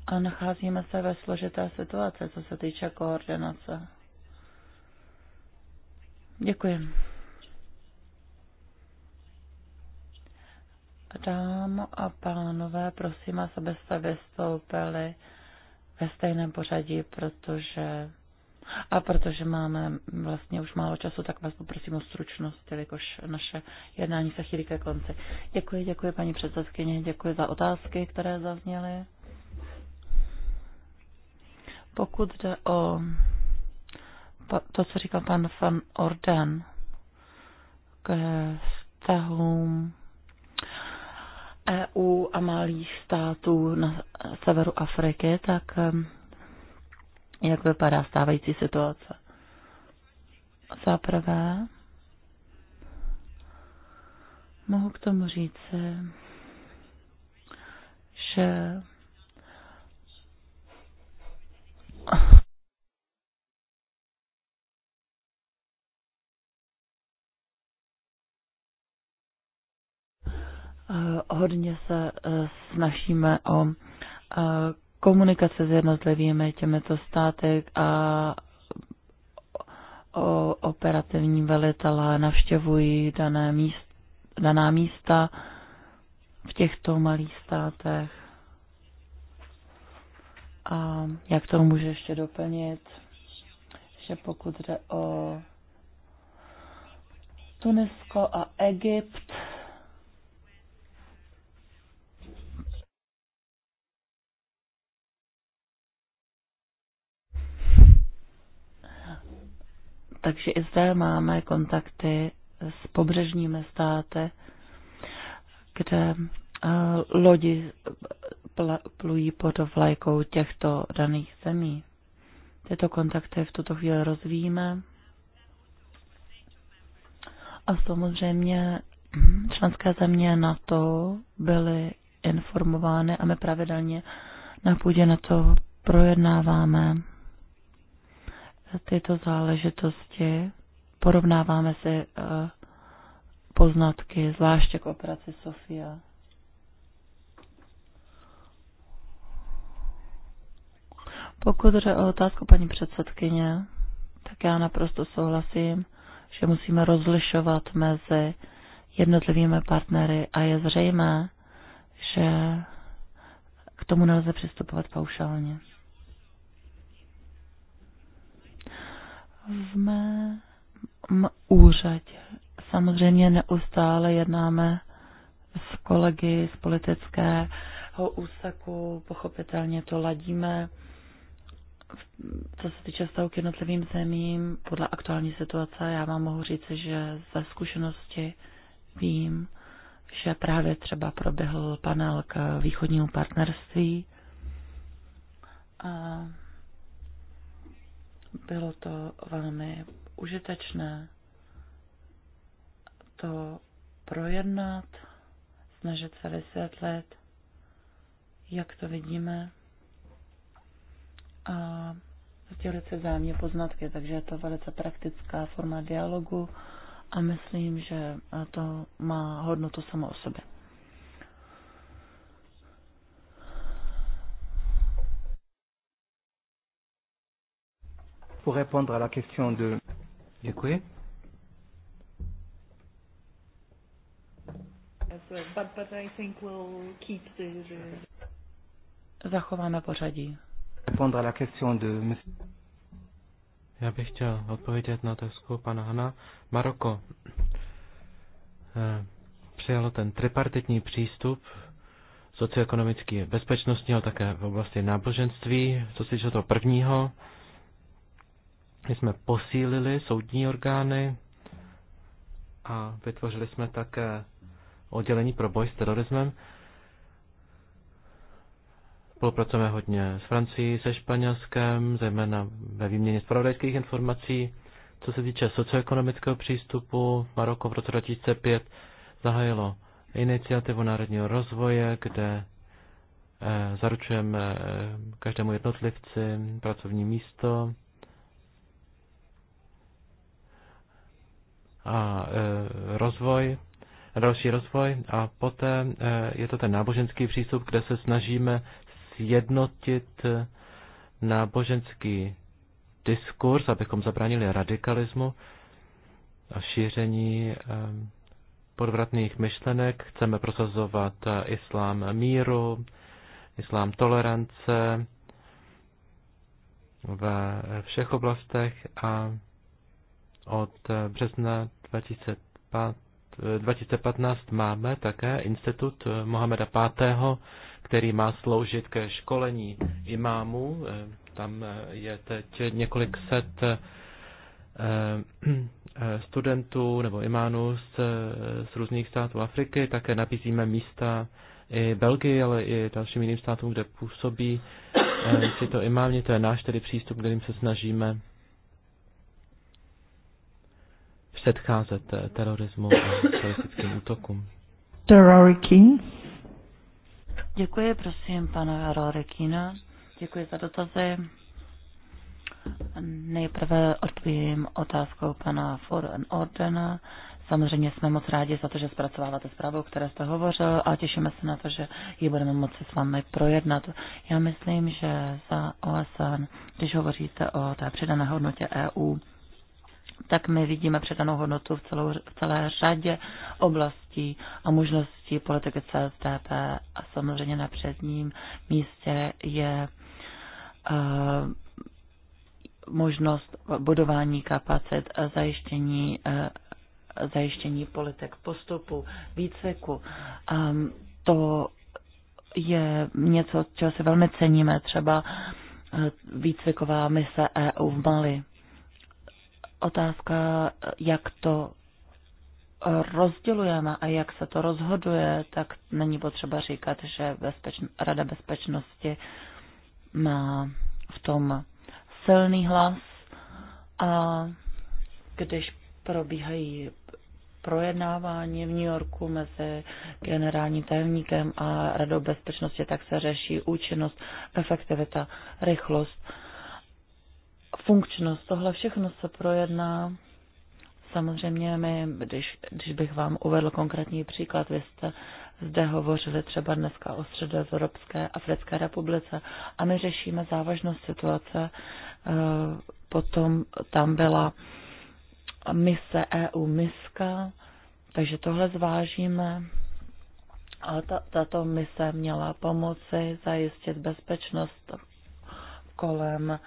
a nacházíme se ve složité situaci, co se týče koordinace. Děkuji. Dám a pánové, prosím vás, abyste vystoupili ve stejném pořadí, protože a protože máme vlastně už málo času, tak vás poprosím o stručnost, jelikož naše jednání se chýlí ke konci. Děkuji, děkuji paní předsedkyně, děkuji za otázky, které zazněly. Pokud jde o to, co říkal pan Van Orden k vztahům EU a malých států na severu Afriky, tak jak vypadá stávající situace? Za prvé, mohu k tomu říct, že Eh, hodně se eh, snažíme o eh, komunikace s jednotlivými těmito státy a o operativní velitelé navštěvují dané míst, daná místa v těchto malých státech a jak to můžu ještě doplnit, že pokud jde o Tunisko a Egypt, Takže i zde máme kontakty s pobřežními státy, kde eh, lodi plují pod vlajkou těchto daných zemí. Tyto kontakty v tuto chvíli rozvíjíme. A samozřejmě členské země na to byly informovány a my pravidelně na půdě to projednáváme tyto záležitosti, porovnáváme si eh, poznatky, zvláště k operaci Sofia. Pokud jde o otázku paní předsedkyně, tak já naprosto souhlasím, že musíme rozlišovat mezi jednotlivými partnery a je zřejmé, že k tomu nelze přistupovat paušálně. V mém úřadě samozřejmě neustále jednáme s kolegy z politického úseku, pochopitelně to ladíme co se týče stavu k jednotlivým zemím, podle aktuální situace, já vám mohu říct, že ze zkušenosti vím, že právě třeba proběhl panel k východnímu partnerství. A bylo to velmi užitečné to projednat, snažit se vysvětlit, jak to vidíme a sdělit si vzájemně poznatky, takže je to velice praktická forma dialogu a myslím, že to má hodnotu samo o sobě. Pour répondre à la question de... Děkuji. Zachováme pořadí. Já bych chtěl odpovědět na otázku pana Hana. Maroko eh, přijalo ten tripartitní přístup socioekonomický bezpečnostní, ale také v oblasti náboženství. Co se týče toho prvního, my jsme posílili soudní orgány a vytvořili jsme také oddělení pro boj s terorismem. Spolupracujeme hodně s Francií, se Španělskem, zejména ve výměně spravodajských informací. Co se týče socioekonomického přístupu, Maroko v roce 2005 zahájilo iniciativu národního rozvoje, kde eh, zaručujeme eh, každému jednotlivci pracovní místo a eh, rozvoj, další rozvoj. A poté je to ten náboženský přístup, kde se snažíme sjednotit náboženský diskurs, abychom zabránili radikalismu a šíření podvratných myšlenek. Chceme prosazovat eh, islám míru, islám tolerance ve všech oblastech a od eh, března 2015 eh, máme také institut Mohameda V který má sloužit ke školení imámů. Eh, tam eh, je teď několik set eh, studentů nebo imánů z, z různých států Afriky. Také nabízíme místa i Belgii, ale i dalším jiným státům, kde působí tyto imámě. To je náš tedy přístup, kterým se snažíme předcházet terorismu a teroristickým útokům. Terror Děkuji, prosím, pana Rorekina. Děkuji za dotazy. Nejprve odpovím otázkou pana Foren Ordena. Samozřejmě jsme moc rádi za to, že zpracováváte zprávu, o které jste hovořil a těšíme se na to, že ji budeme moci s vámi projednat. Já myslím, že za OSN, když hovoříte o té přidané hodnotě EU, tak my vidíme předanou hodnotu v, celou, v celé řadě oblastí a možnost součástí politiky CSDP a samozřejmě na předním místě je uh, možnost budování kapacit a zajištění, uh, zajištění politik postupu, výcviku. Um, to je něco, čeho si velmi ceníme, třeba eh, výcviková mise EU v Mali. Otázka, jak to rozdělujeme a jak se to rozhoduje, tak není potřeba říkat, že bezpečn- Rada bezpečnosti má v tom silný hlas a když probíhají projednávání v New Yorku mezi generálním tajemníkem a Radou bezpečnosti, tak se řeší účinnost, efektivita, rychlost, funkčnost. Tohle všechno se projedná Samozřejmě my, když, když bych vám uvedl konkrétní příklad, vy jste zde hovořili třeba dneska o středoevropské Africké republice a my řešíme závažnost situace. Eh, potom tam byla mise EU MISKA, takže tohle zvážíme. Ale ta, tato mise měla pomoci zajistit bezpečnost kolem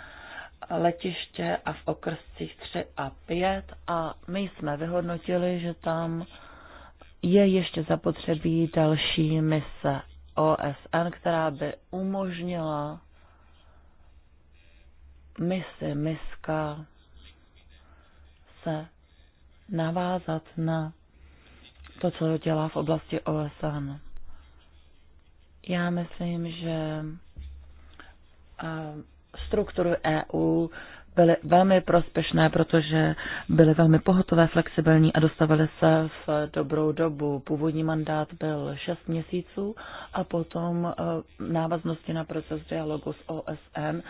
letiště a v okrscích 3 a 5 a my jsme vyhodnotili, že tam je ještě zapotřebí další mise OSN, která by umožnila misi miska se navázat na to, co dělá v oblasti OSN. Já myslím, že eh, struktury EU byly velmi prospěšné, protože byly velmi pohotové, flexibilní a dostavily se v dobrou dobu. Původní mandát byl 6 měsíců a potom eh, návaznosti na proces dialogu s OSN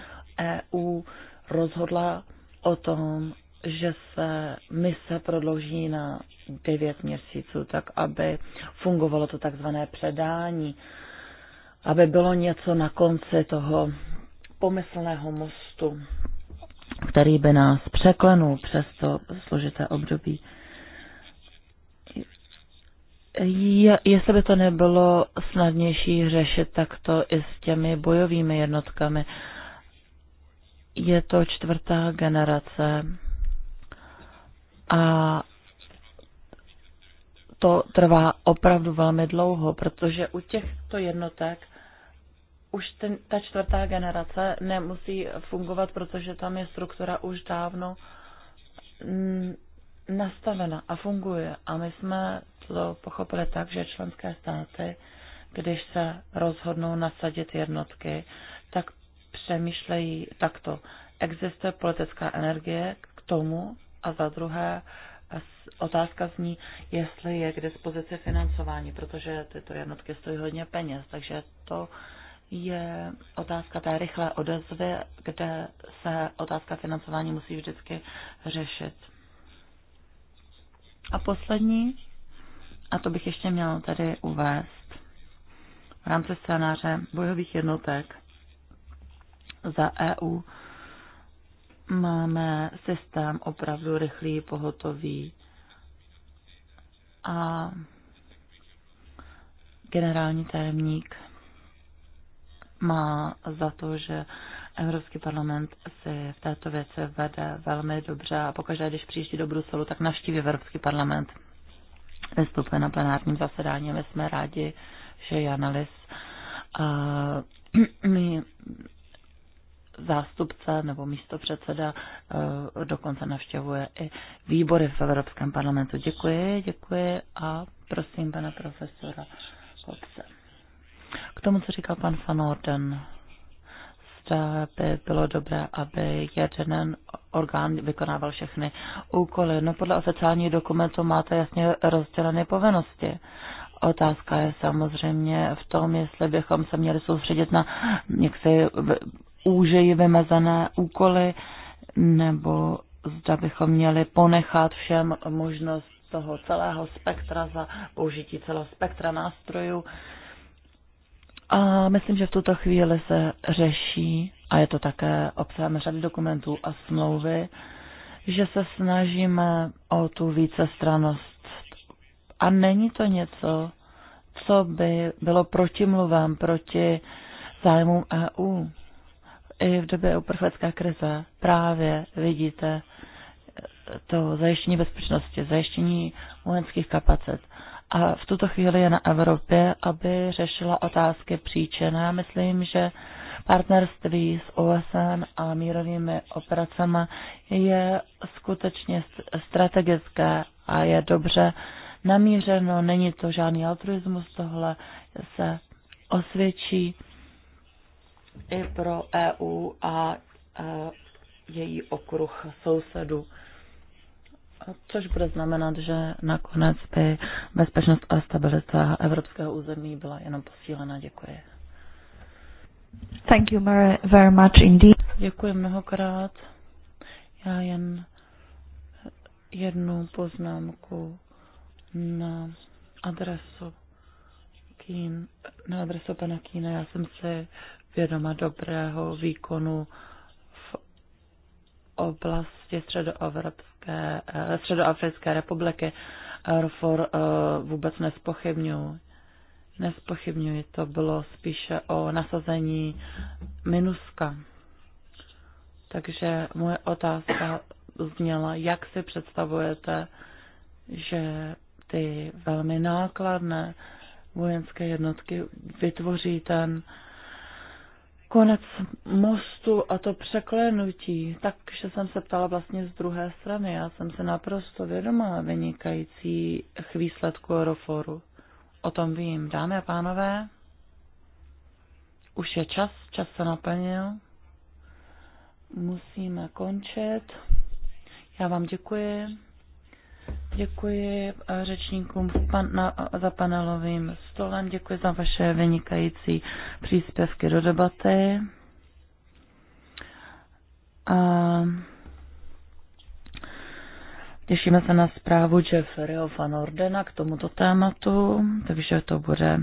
EU rozhodla o tom, že se mise prodlouží na 9 měsíců, tak aby fungovalo to takzvané předání, aby bylo něco na konci toho pomyslného mostu, který by nás překlenul přes to složité období. Je, jestli by to nebylo snadnější řešit takto i s těmi bojovými jednotkami. Je to čtvrtá generace a to trvá opravdu velmi dlouho, protože u těchto jednotek už ten, ta čtvrtá generace nemusí fungovat, protože tam je struktura už dávno mm, nastavena a funguje. A my jsme to pochopili tak, že členské státy, když se rozhodnou nasadit jednotky, tak přemýšlejí takto. Existuje politická energie k tomu a za druhé otázka zní, jestli je k dispozici financování, protože tyto jednotky stojí hodně peněz, takže to je otázka té rychlé odezvy, kde se otázka financování musí vždycky řešit. A poslední, a to bych ještě měla tady uvést, v rámci scénáře bojových jednotek za EU máme systém opravdu rychlý, pohotový a generální tajemník má za to, že Evropský parlament si v této věci vede velmi dobře a pokaždé, když přijíždí do Bruselu, tak navštíví Evropský parlament. Vystupuje na plenárním zasedání. My jsme rádi, že Janalis My zástupce nebo místo předseda eh, dokonce navštěvuje i výbory v Evropském parlamentu. Děkuji, děkuji a prosím pana profesora Kopse tomu, co říkal pan Van Orden, zda by bylo dobré, aby jeden orgán vykonával všechny úkoly. No podle oficiálních dokumentů máte jasně rozdělené povinnosti. Otázka je samozřejmě v tom, jestli bychom se měli soustředit na někdy úžeji vymezené úkoly, nebo zda bychom měli ponechat všem možnost toho celého spektra za použití celého spektra nástrojů. Uh, a myslím, že v tuto chvíli se řeší, a je to také obsahem řady dokumentů a smlouvy, že se snažíme o tu vícestranost A není to něco, co by bylo protimluvem proti zájmům EU. I v době uprchlické krize právě vidíte to zajištění bezpečnosti, zajištění vojenských kapacit. A v tuto chvíli je na Evropě, aby řešila otázky příčin. Já myslím, že partnerství s OSN a mírovými operacemi je skutečně strategické a je dobře namířeno. Není to žádný altruismus, tohle se osvědčí i pro EU a e, její okruh sousedů což bude znamenat, že nakonec by bezpečnost a stabilita evropského území byla jenom posílena. Děkuji. Thank you very much indeed. Děkuji mnohokrát. Já jen jednu poznámku na adresu Kín, na adresu pana Kína. Já jsem si vědoma dobrého výkonu v oblasti středoevropské Africké, eh, Středoafrické republiky. RFOR eh, vůbec nespochybňuji. Nespochybňuji, to bylo spíše o nasazení minuska. Takže moje otázka zněla, jak si představujete, že ty velmi nákladné vojenské jednotky vytvoří ten konec mostu a to překlenutí. Takže jsem se ptala vlastně z druhé strany. Já jsem se naprosto vědomá vynikající výsledku Euroforu. O tom vím. Dámy a pánové, už je čas, čas se naplnil. Musíme končit. Já vám děkuji. Děkuji eh, řečníkům pan, na, eh, za panelovým stolem, děkuji za vaše vynikající příspěvky do debaty. A těšíme se na zprávu Jeffreyho van Ordena k tomuto tématu, takže to bude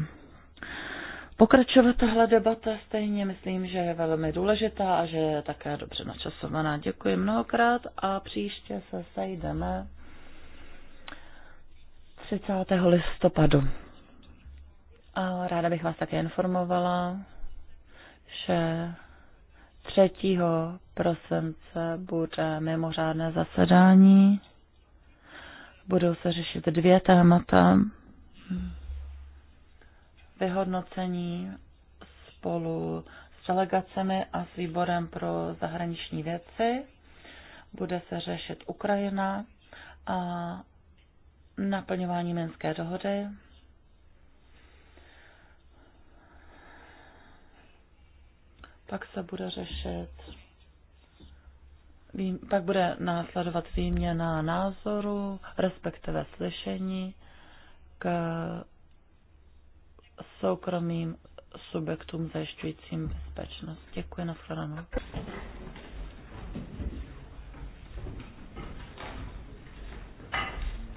pokračovat tahle debata stejně. Myslím, že je velmi důležitá a že je také dobře načasovaná. Děkuji mnohokrát a příště se sejdeme. 30. listopadu. A ráda bych vás také informovala, že 3. prosince bude mimořádné zasedání. Budou se řešit dvě témata. Vyhodnocení spolu s delegacemi a s výborem pro zahraniční věci. Bude se řešit Ukrajina a naplňování Minské dohody. Pak se bude řešit, pak bude následovat výměna názoru, respektive slyšení k soukromým subjektům zajišťujícím bezpečnost. Děkuji, na shledanou.